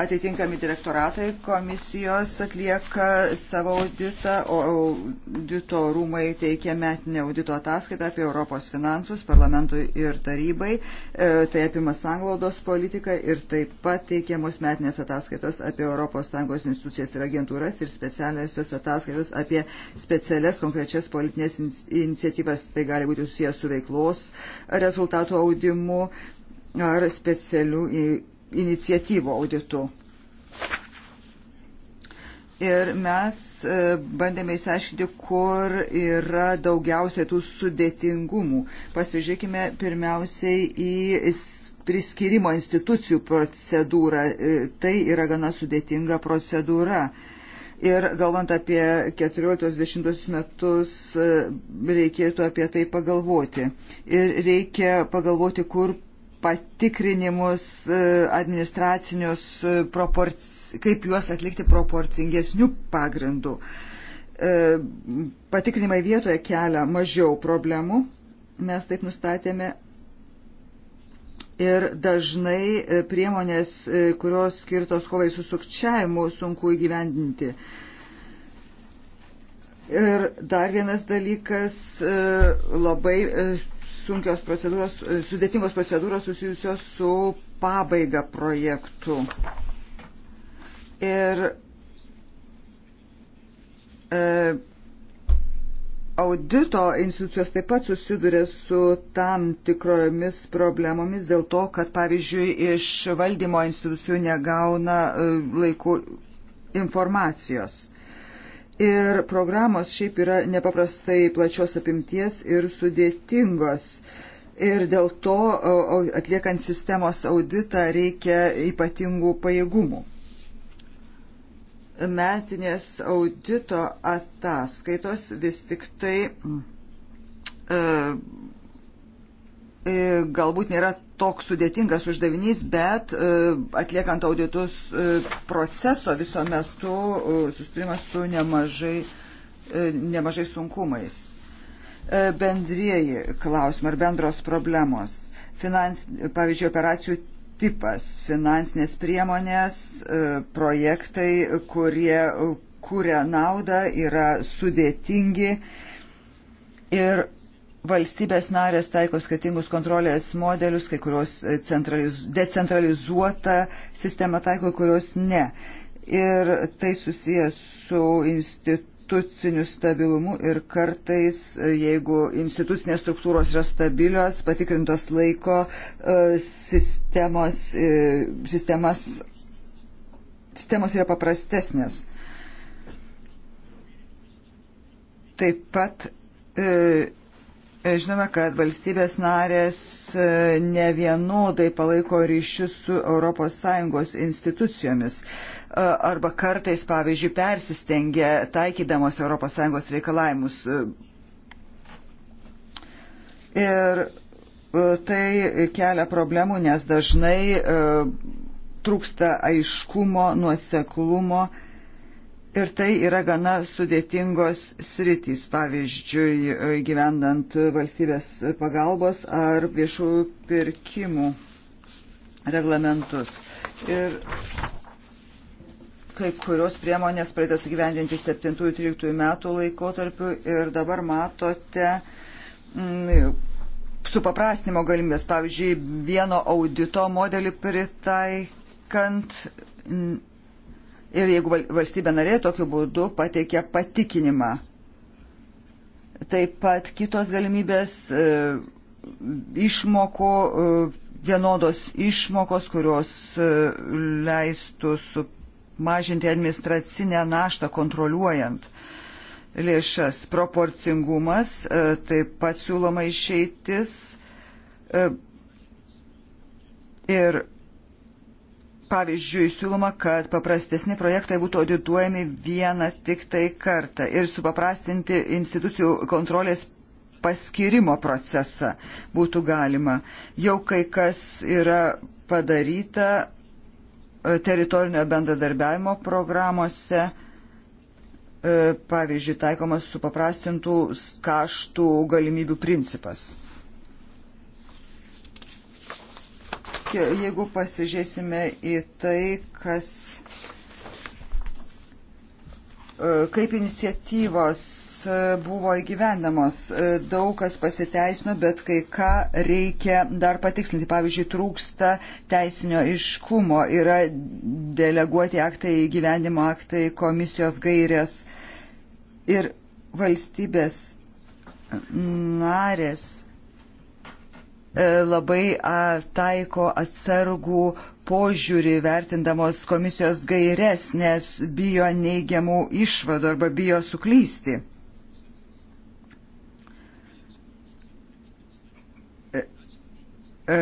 atitinkami direktoratai komisijos atlieka savo auditą, o audito rūmai teikia metinę audito ataskaitą apie Europos finansus parlamentui ir tarybai. E, tai apima sanglaudos politiką ir taip pat teikiamos metinės ataskaitos apie ES institucijas ir agentūras ir specialiosios ataskaitos apie specialias konkrečias politinės iniciatyvas. Tai gali būti susijęs su veiklos rezultatų audimu ar specialių iniciatyvų auditu. Ir mes e, bandėme įsiaiškinti, kur yra daugiausiai tų sudėtingumų. Pasižiūrėkime pirmiausiai į priskirimo institucijų procedūrą. E, tai yra gana sudėtinga procedūra. Ir galvant apie 14-20 metus, e, reikėtų apie tai pagalvoti. Ir reikia pagalvoti, kur patikrinimus e, administracinius, kaip juos atlikti proporcingesnių pagrindų. Patikrinimai vietoje kelia mažiau problemų. Mes taip nustatėme Ir dažnai e, priemonės, e, kurios skirtos kovai su sukčiavimu, sunku įgyvendinti. Ir dar vienas dalykas e, - labai sunkios procedūros, sudėtingos procedūros susijusios su pabaiga projektų. Ir e, audito institucijos taip pat susiduria su tam tikromis problemomis dėl to, kad pavyzdžiui iš valdymo institucijų negauna e, laiku informacijos. Ir programos šiaip yra nepaprastai plačios apimties ir sudėtingos. Ir dėl to atliekant sistemos auditą reikia ypatingų pajėgumų metinės audito ataskaitos vis tik tai e, e, galbūt nėra toks sudėtingas uždavinys, bet e, atliekant auditus proceso viso metu susidurimas su nemažai, nemažai sunkumais. Bendrieji klausimai ar bendros problemos. Finans, pavyzdžiui, operacijų tipas - finansinės priemonės, e, projektai, kurie kūrė naudą, yra sudėtingi ir valstybės narės taiko skirtingus kontrolės modelius, kai kurios e, decentralizuota sistema taiko, kurios ne. Ir tai susijęs su institucijų instituciniu stabilumu ir kartais, e, jeigu institucinės struktūros yra stabilios, patikrintos laiko e, sistemos, e, sistemas, sistemos yra paprastesnės. Taip pat Žinome, kad valstybės narės ne vienodai palaiko ryšius su ES institucijomis arba kartais, pavyzdžiui, persistengia taikydamos ES reikalavimus. Ir tai kelia problemų, nes dažnai trūksta aiškumo, nuoseklumo ir tai yra gana sudėtingos sritys, pavyzdžiui, gyvendant valstybės pagalbos ar viešųjų pirkimų reglamentus. Ir kai kurios priemonės pradės gyvendinti 7-13 metų laikotarpiu ir dabar matote mm, supaprastinimo galimybės, pavyzdžiui, vieno audito modelį pritaikant mm, ir jeigu valstybė narė tokiu būdu pateikia patikinimą. Taip pat kitos galimybės e, išmokų e, vienodos išmokos, kurios e, leistų su mažinti administracinę naštą kontroliuojant lėšas. Proporcingumas, e, taip pat siūloma išeitis e, ir Pavyzdžiui, siūloma, kad paprastesni projektai būtų audituojami vieną tik tai kartą ir supaprastinti institucijų kontrolės paskirimo procesą būtų galima. Jau kai kas yra padaryta, teritorinio bendradarbiavimo programuose, e, pavyzdžiui, taikomas supaprastintų kaštų galimybių principas. Jeigu pasižiūrėsime į tai, kas, e, kaip iniciatyvos E, buvo įgyvendamos. E, daug kas pasiteisino, bet kai ką reikia dar patikslinti. Pavyzdžiui, trūksta teisinio iškumo, yra deleguoti aktai, įgyvendimo aktai, komisijos gairės ir valstybės narės e, labai taiko atsargų požiūrį vertindamos komisijos gaires, nes bijo neigiamų išvadų arba bijo suklysti. E,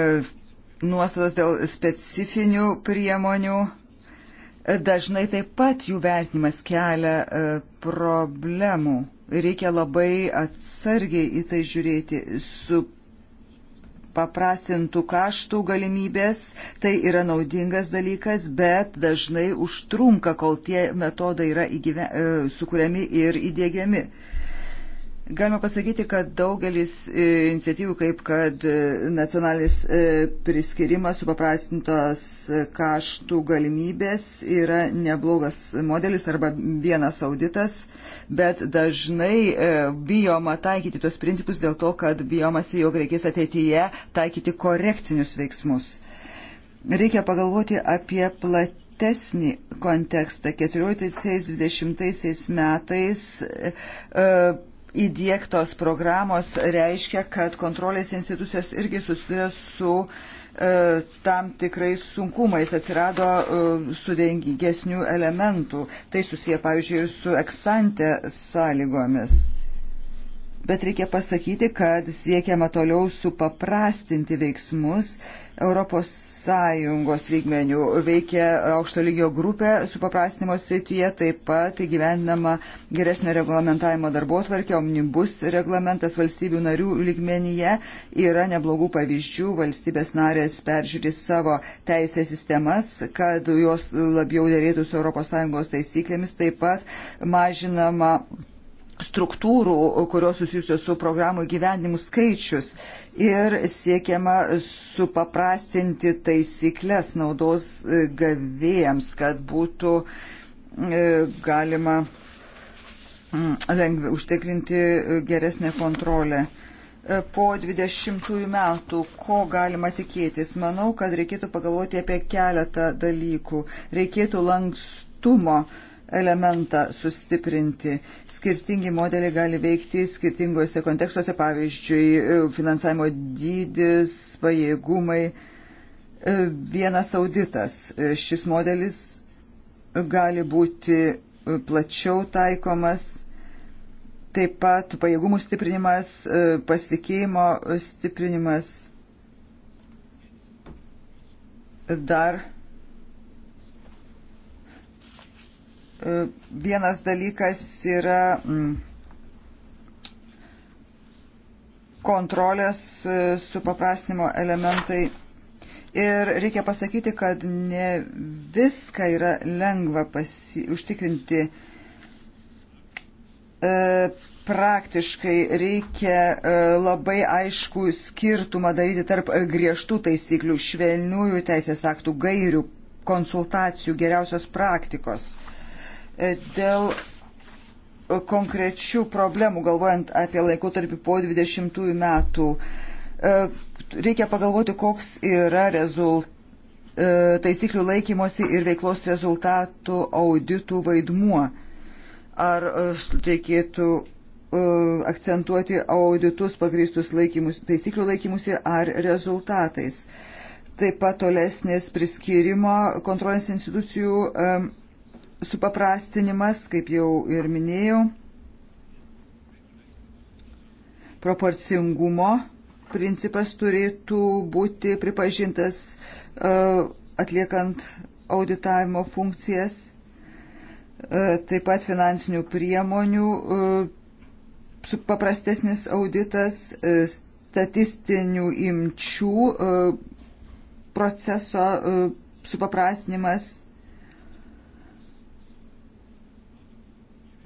nuostatos dėl specifinių priemonių. E, dažnai taip pat jų vertinimas kelia e, problemų. Reikia labai atsargiai į tai žiūrėti su paprastintų kaštų galimybės, tai yra naudingas dalykas, bet dažnai užtrunka, kol tie metodai yra įgyve, sukūriami ir įdėgiami. Galima pasakyti, kad daugelis e, iniciatyvų, kaip kad e, nacionalinis e, priskirimas, supaprastintos kaštų galimybės, yra neblogas modelis arba vienas auditas, bet dažnai bijoma taikyti tos principus dėl to, kad bijomasi, jog reikės ateityje taikyti korekcinius veiksmus. Reikia pagalvoti apie platį platesnį kontekstą. 14-20 metais įdėktos programos reiškia, kad kontrolės institucijos irgi susiduria su e, tam tikrais sunkumais, atsirado e, sudėngesnių elementų. Tai susiję, pavyzdžiui, ir su eksante sąlygomis. Bet reikia pasakyti, kad siekiama toliau supaprastinti veiksmus ES lygmenių. Veikia aukšto lygio grupė su paprastinimo srityje, taip pat įgyvendinama geresnio reglamentavimo darbo tvarkė, omnibus reglamentas valstybių narių lygmenyje. Yra neblogų pavyzdžių, valstybės narės peržiūri savo teisės sistemas, kad jos labiau dėrėtų su ES taisyklėmis, taip pat mažinama struktūrų, kurios susijusios su programų gyvenimu skaičius ir siekiama supaprastinti taisyklės naudos e, gavėjams, kad būtų e, galima mm, lengviau užtikrinti e, geresnę kontrolę. Po 20 metų, ko galima tikėtis? Manau, kad reikėtų pagalvoti apie keletą dalykų. Reikėtų lankstumo elementą sustiprinti. Skirtingi modeliai gali veikti skirtingose kontekstuose, pavyzdžiui, finansavimo dydis, pajėgumai. Vienas auditas. Šis modelis gali būti plačiau taikomas. Taip pat pajėgumų stiprinimas, pasitikėjimo stiprinimas. Dar E, vienas dalykas yra mm, kontrolės e, supaprastinimo elementai. Ir reikia pasakyti, kad ne viską yra lengva pasi... užtikrinti e, praktiškai. Reikia e, labai aišku skirtumą daryti tarp griežtų taisyklių, švelniųjų teisės aktų, gairių, konsultacijų, geriausios praktikos. E, E, dėl konkrečių problemų, galvojant apie laikotarpį po 20 metų. E, reikia pagalvoti, koks yra rezult, e, taisyklių laikymosi ir veiklos rezultatų auditų vaidmuo. Ar reikėtų akcentuoti auditus pagrįstus laikymus, taisyklių laikymusi ar rezultatais. Taip pat tolesnės priskirimo kontrolės institucijų supaprastinimas, kaip jau ir minėjau, proporcingumo principas turėtų būti pripažintas e, atliekant auditavimo funkcijas, e, taip pat finansinių priemonių e, paprastesnis auditas, statistinių imčių proceso supaprastinimas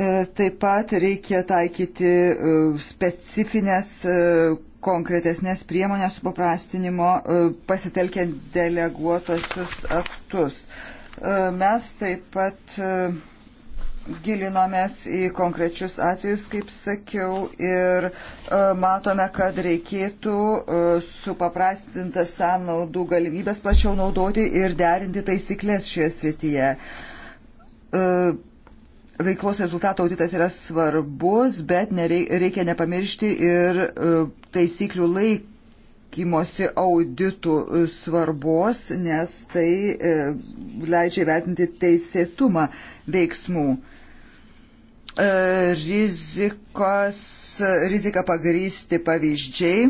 E, taip pat reikia taikyti e, specifines e, konkretesnės priemonės supaprastinimo pasitelkiant deleguotosius aktus. Mes taip pat gilinomės į konkrečius atvejus, kaip sakiau, ir matome, kad reikėtų supaprastintas sąnaudų galimybės plačiau naudoti ir derinti taisyklės šioje srityje veiklos rezultato auditas yra svarbus, bet reikia nepamiršti ir e, taisyklių laikymosi auditų e, svarbos, nes tai e, leidžia vertinti teisėtumą veiksmų. Rizikos, rizika pagrysti pavyzdžiai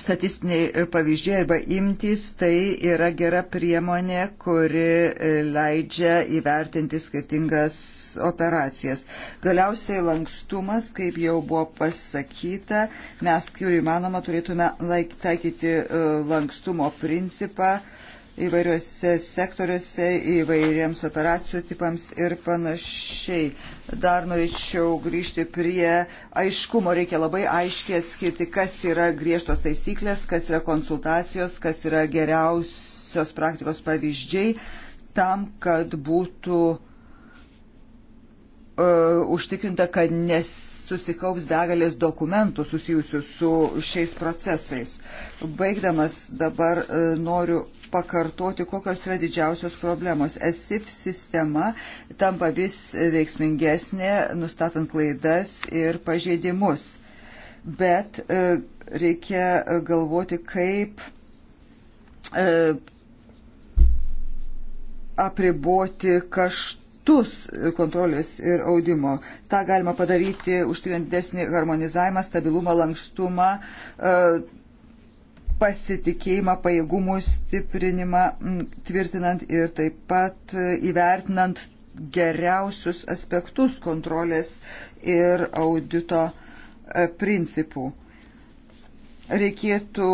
Statistiniai e, pavyzdžiai arba imtys tai yra gera priemonė, kuri e, leidžia įvertinti skirtingas operacijas. Galiausiai lankstumas, kaip jau buvo pasakyta, mes, kur įmanoma, turėtume laik, taikyti e, lankstumo principą. Uh, įvairiuose sektoriuose, įvairiems operacijų tipams ir panašiai. Dar norėčiau grįžti prie aiškumo. Reikia labai aiškiai skirti, kas yra griežtos taisyklės, kas yra konsultacijos, kas yra geriausios praktikos pavyzdžiai tam, kad būtų uh, užtikrinta, kad nes susikaups begalės dokumentų susijusių su šiais procesais. Baigdamas dabar e, noriu pakartoti, kokios yra didžiausios problemos. ESIF sistema tampa vis veiksmingesnė, nustatant klaidas ir pažeidimus. Bet e, reikia galvoti, kaip e, apriboti kaštų kitus kontrolės ir audimo. Ta galima padaryti užtikrinti didesnį harmonizavimą, stabilumą, lankstumą, e, pasitikėjimą, pajėgumų stiprinimą, tvirtinant ir taip pat e, įvertinant geriausius aspektus kontrolės ir audito e, principų. Reikėtų,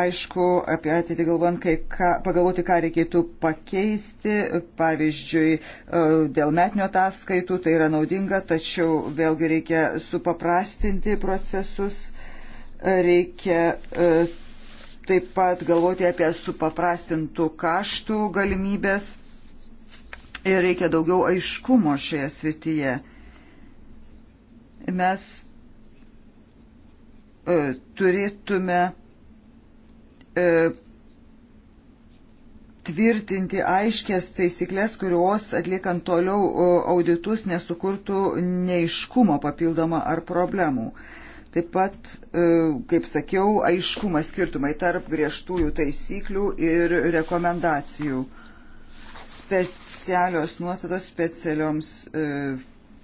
aišku, apie ateitį galvant, kai ką, pagalvoti, ką reikėtų pakeisti, pavyzdžiui, e, dėl metinio ataskaitų, tai yra naudinga, tačiau vėlgi reikia supaprastinti procesus, reikia taip pat galvoti apie supaprastintų kaštų galimybės ir reikia daugiau aiškumo šioje srityje. Mes e, turėtume e, tvirtinti aiškias taisyklės, kurios atliekant toliau e, auditus nesukurtų neiškumo papildomą ar problemų. E, Taip pat, e, kaip sakiau, aiškumas skirtumai tarp griežtųjų taisyklių ir rekomendacijų. Specialios nuostatos specialioms e,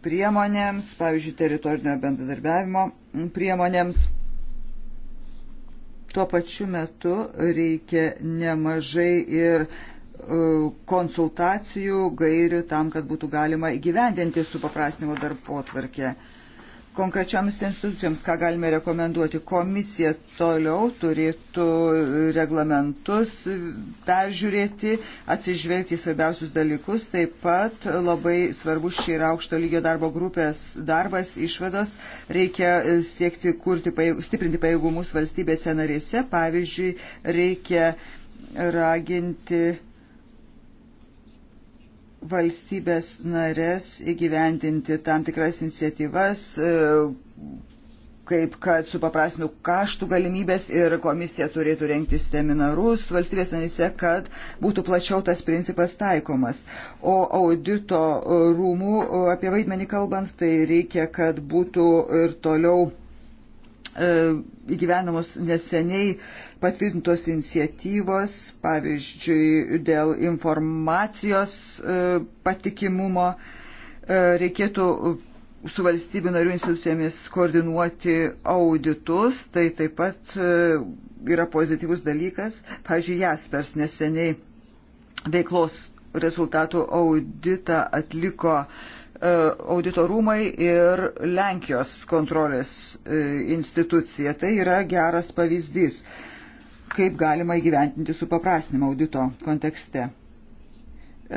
priemonėms, pavyzdžiui, teritorinio bendradarbiavimo priemonėms. Tuo pačiu metu reikia nemažai ir e, konsultacijų, gairių tam, kad būtų galima įgyvendinti su paprastinimo darbo tvarkė konkrečioms institucijoms, ką galime rekomenduoti. Komisija toliau turėtų reglamentus peržiūrėti, atsižvelgti į svarbiausius dalykus. Taip pat labai svarbus čia yra aukšto lygio darbo grupės darbas, išvados. Reikia siekti kurti, stiprinti pajėgumus valstybėse narėse. Pavyzdžiui, reikia raginti valstybės narės įgyvendinti tam tikras iniciatyvas, e, kaip kad su paprasnių kaštų galimybės ir komisija turėtų renkti seminarus valstybės narise, kad būtų plačiau tas principas taikomas. O audito rūmų e, apie vaidmenį kalbant, tai reikia, kad būtų ir toliau e, įgyvenamos neseniai patvirtintos iniciatyvos, pavyzdžiui, dėl informacijos e, patikimumo. E, reikėtų su valstybių narių institucijomis koordinuoti auditus, tai taip pat e, yra pozityvus dalykas. Pavyzdžiui, Jaspers neseniai veiklos rezultatų auditą atliko audito rūmai ir Lenkijos kontrolės institucija. Tai yra geras pavyzdys kaip galima įgyventinti su paprastinimo audito kontekste.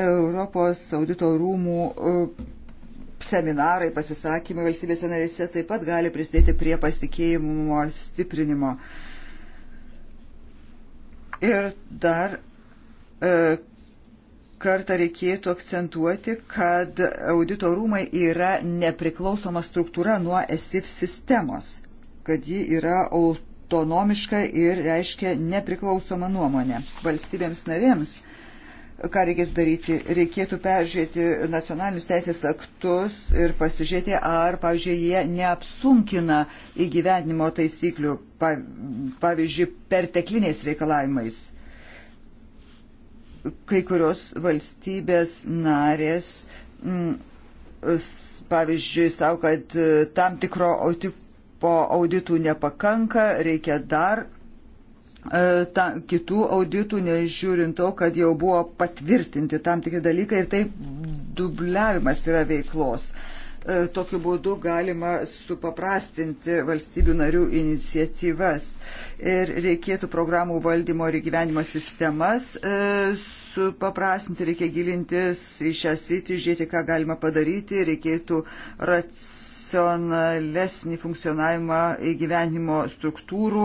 Europos audito rūmų e, seminarai, pasisakymai valstybėse narėse taip pat gali prisidėti prie pasitikėjimo stiprinimo. Ir dar e, kartą reikėtų akcentuoti, kad audito rūmai yra nepriklausoma struktūra nuo ESIF sistemos, kad ji yra autonomiška ir reiškia nepriklausomą nuomonę. Valstybėms narėms, ką reikėtų daryti, reikėtų peržiūrėti nacionalinius teisės aktus ir pasižiūrėti, ar, pavyzdžiui, jie neapsunkina įgyvendinimo taisyklių, pavyzdžiui, pertekliniais reikalavimais. Kai kurios valstybės narės. Mm, pavyzdžiui, savo, kad e, tam tikro po auditų nepakanka, reikia dar e, ta, kitų auditų, nežiūrint to, kad jau buvo patvirtinti tam tikri dalykai ir taip dubliavimas yra veiklos. E, tokiu būdu galima supaprastinti valstybių narių iniciatyvas ir reikėtų programų valdymo ir gyvenimo sistemas e, supaprastinti, reikia gilintis į šią sritį, žiūrėti, ką galima padaryti, reikėtų racionalizuoti racionalesnį funkcionavimą įgyvenimo struktūrų,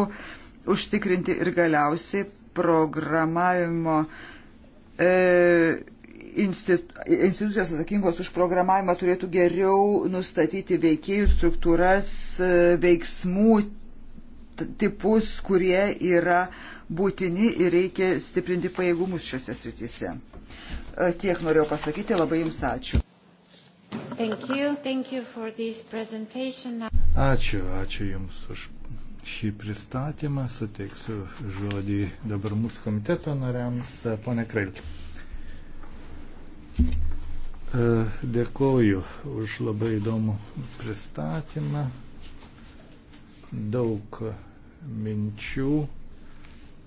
užtikrinti ir galiausiai programavimo e, institucijos atsakingos už programavimą turėtų geriau nustatyti veikėjų struktūras, e, veiksmų tipus, kurie yra būtini ir reikia stiprinti pajėgumus šiuose srityse. E, tiek norėjau pasakyti, labai Jums ačiū. Thank you. Thank you for this presentation. Ačiū, ačiū Jums už šį pristatymą. Suteiksiu žodį dabar mūsų komiteto nariams, ponė Krail. E, dėkoju už labai įdomų pristatymą. Daug minčių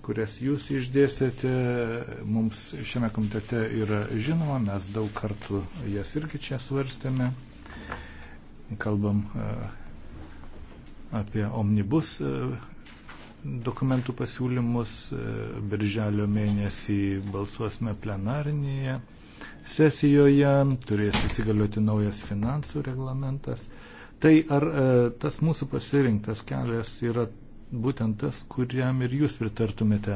kurias jūs išdėstėte, mums šiame komitete yra žinoma, mes daug kartų jas irgi čia svarstėme. Kalbam e, apie omnibus e, dokumentų pasiūlymus. E, birželio mėnesį balsuosime plenarinėje sesijoje, turės įsigalioti naujas finansų reglamentas. Tai ar tas mūsų pasirinktas kelias yra būtent tas, kuriam ir jūs pritartumėte.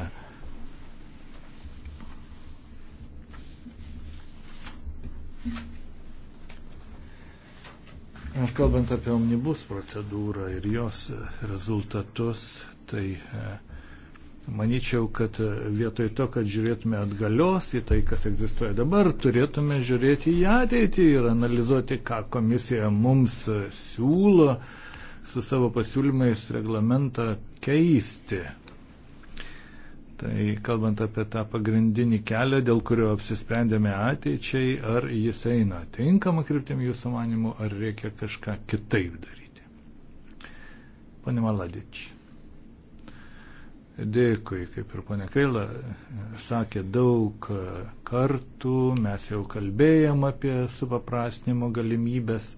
Ar kalbant apie omnibus procedūrą ir jos rezultatus, tai e, manyčiau, kad e, vietoj to, kad žiūrėtume atgalios į tai, kas egzistuoja dabar, turėtume žiūrėti į ateitį ir analizuoti, ką komisija mums e, siūlo, uh, su savo pasiūlymais reglamentą keisti. Tai kalbant apie tą pagrindinį kelią, dėl kurio apsisprendėme ateičiai, ar jis eina tinkama kryptim jūsų manimu, ar reikia kažką kitaip daryti. Pane Maladič. Dėkui, kaip ir ponė Kreila sakė daug kartų, mes jau kalbėjom apie supaprastinimo galimybės.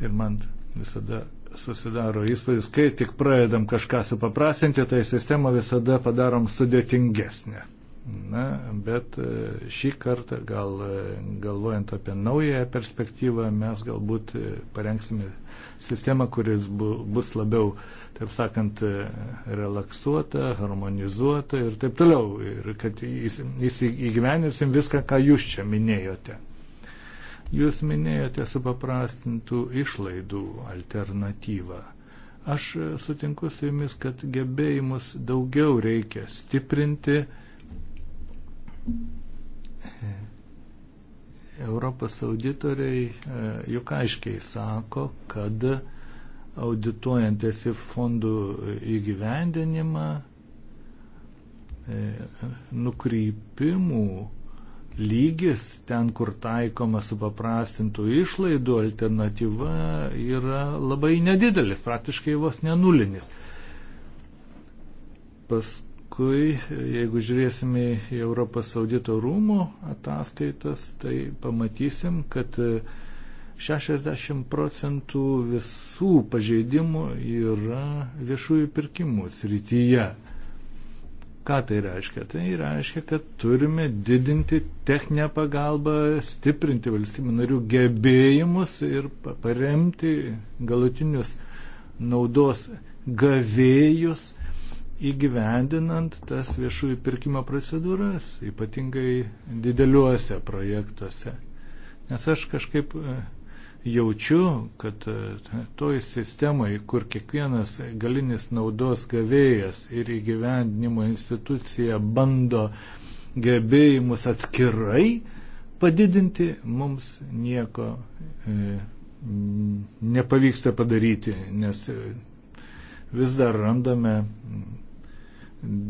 Ir man Visada susidaro įspūdis, kai tik pradedam kažką supaprasinti, tai sistemą visada padarom sudėtingesnę. Na, bet e, šį kartą, gal e, galvojant apie naują perspektyvą, mes galbūt e, parengsime sistemą, kuris bu, bus labiau, taip sakant, relaksuota, harmonizuota ir taip toliau. Ir kad įs, įs, įgyveninsim viską, ką jūs čia minėjote. Jūs minėjote supaprastintų išlaidų alternatyvą. Aš sutinku su jumis, kad gebėjimus daugiau reikia stiprinti. Europos auditoriai e, juk aiškiai sako, kad audituojantis į fondų įgyvendinimą e, nukrypimų lygis ten, kur taikoma supaprastintų išlaidų alternatyva yra labai nedidelis, praktiškai vos nenulinis. Paskui, jeigu žiūrėsime į Europos audito rūmų ataskaitas, tai pamatysim, kad 60 procentų visų pažeidimų yra viešųjų pirkimų srityje. Ką tai reiškia? Tai reiškia, kad turime didinti techninę pagalbą, stiprinti valstybių narių gebėjimus ir paremti galutinius naudos gavėjus įgyvendinant tas viešųjų pirkimo procedūras, ypatingai dideliuose projektuose. Nes aš kažkaip e, jaučiu, kad e, toj sistemai, kur kiekvienas galinis naudos gavėjas ir įgyvendinimo institucija bando gebėjimus atskirai padidinti, mums nieko e, nepavyksta padaryti, nes e, vis dar randame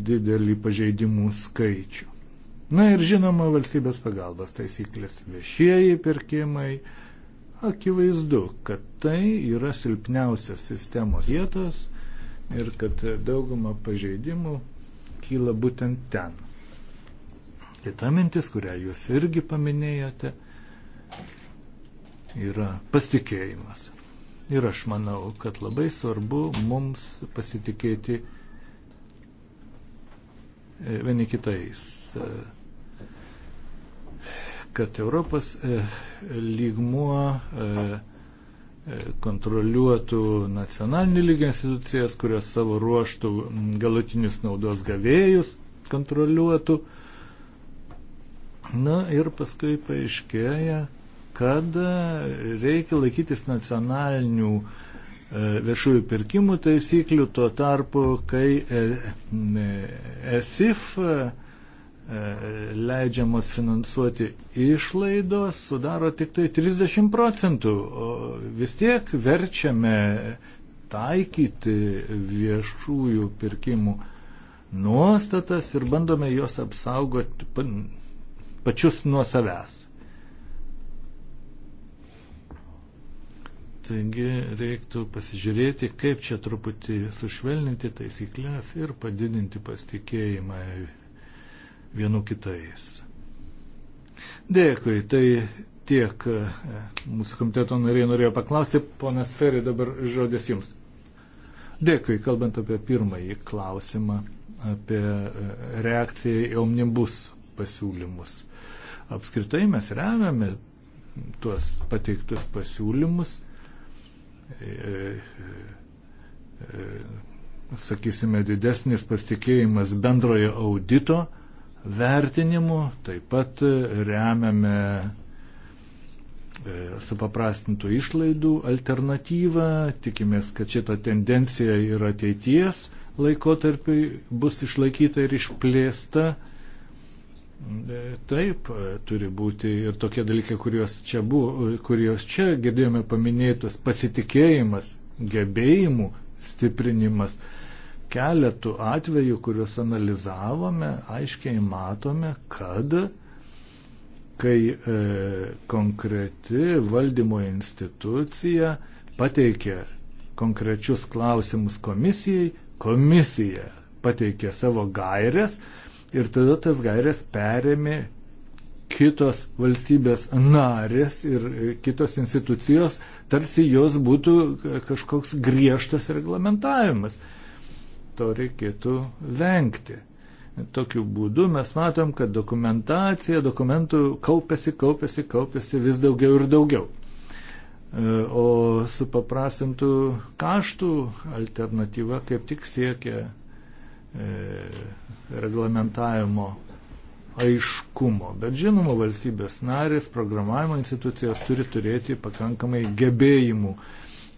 didelį pažeidimų skaičių. Na ir žinoma, valstybės pagalbos taisyklės viešieji pirkimai, Akivaizdu, kad tai yra silpniausias sistemos vietos ir kad dauguma pažeidimų kyla būtent ten. Kita mintis, kurią jūs irgi paminėjote, yra pasitikėjimas. Ir aš manau, kad labai svarbu mums pasitikėti e, vieni kitais. E, kad Europos e, lygmuo e, e, kontroliuotų nacionalinių lygio institucijas, kurios savo ruoštų galutinius naudos gavėjus kontroliuotų. Na ir paskui paaiškėja, kad reikia laikytis nacionalinių viešųjų pirkimų taisyklių, tuo tarpu, kai ESIF e, e, E, leidžiamas finansuoti išlaidos sudaro tik tai 30 procentų, o vis tiek verčiame taikyti viešųjų pirkimų nuostatas ir bandome juos apsaugoti pačius nuo savęs. Taigi reiktų pasižiūrėti, kaip čia truputį sušvelninti taisyklės ir padidinti pasitikėjimą vienu kitais. Dėkui, tai tiek e, mūsų komiteto nariai norėjo paklausti. Ponas Ferė, dabar žodis jums. Dėkui, kalbant apie pirmąjį klausimą, apie e, reakciją į omnibus pasiūlymus. Apskritai mes remiame tuos pateiktus pasiūlymus. E, sakysime, didesnis pasitikėjimas bendrojo audito vertinimu, taip pat e, remiame e, supaprastintų išlaidų alternatyvą, tikimės, kad šita tendencija ir ateities laikotarpiai bus išlaikyta ir išplėsta. E, taip, turi būti ir tokie dalykai, kuriuos čia, buvo, kuriuos čia girdėjome paminėtus - pasitikėjimas, gebėjimų stiprinimas keletų atvejų, kuriuos analizavome, aiškiai matome, kad kai e, konkreti valdymo institucija pateikė konkrečius klausimus komisijai, komisija pateikė savo gairias ir tada tas gairias perėmė kitos valstybės narės ir e, kitos institucijos, tarsi jos būtų e, kažkoks griežtas reglamentavimas. E, to reikėtų vengti. Tokiu būdu mes matom, kad dokumentacija, dokumentų kaupėsi, kaupėsi, kaupėsi vis daugiau ir daugiau. E, o su paprastintų kaštų alternatyva kaip tik siekia e, reglamentavimo aiškumo. Bet žinoma, valstybės narės, programavimo institucijos turi turėti pakankamai gebėjimų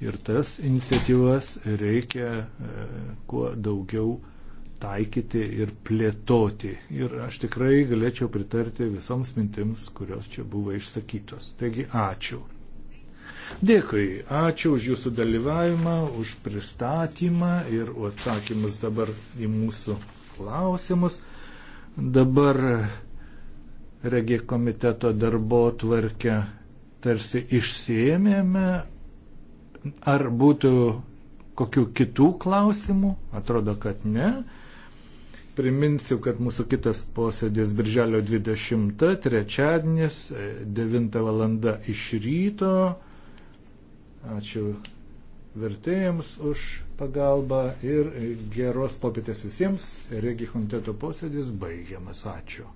ir tas iniciatyvas reikia e, kuo daugiau taikyti ir plėtoti. Ir aš tikrai galėčiau pritarti visoms mintims, kurios čia buvo išsakytos. Taigi ačiū. Dėkui, ačiū už jūsų dalyvavimą, už pristatymą ir atsakymus dabar į mūsų klausimus. Dabar regė komiteto darbo tvarkę tarsi išsėmėme, Ar būtų kokių kitų klausimų? Atrodo, kad ne. Priminsiu, kad mūsų kitas posėdis birželio 20, trečiadienis, 9 e, val. iš ryto. Ačiū vertėjams už pagalbą ir geros popietės visiems. Regi komiteto posėdis baigiamas. Ačiū.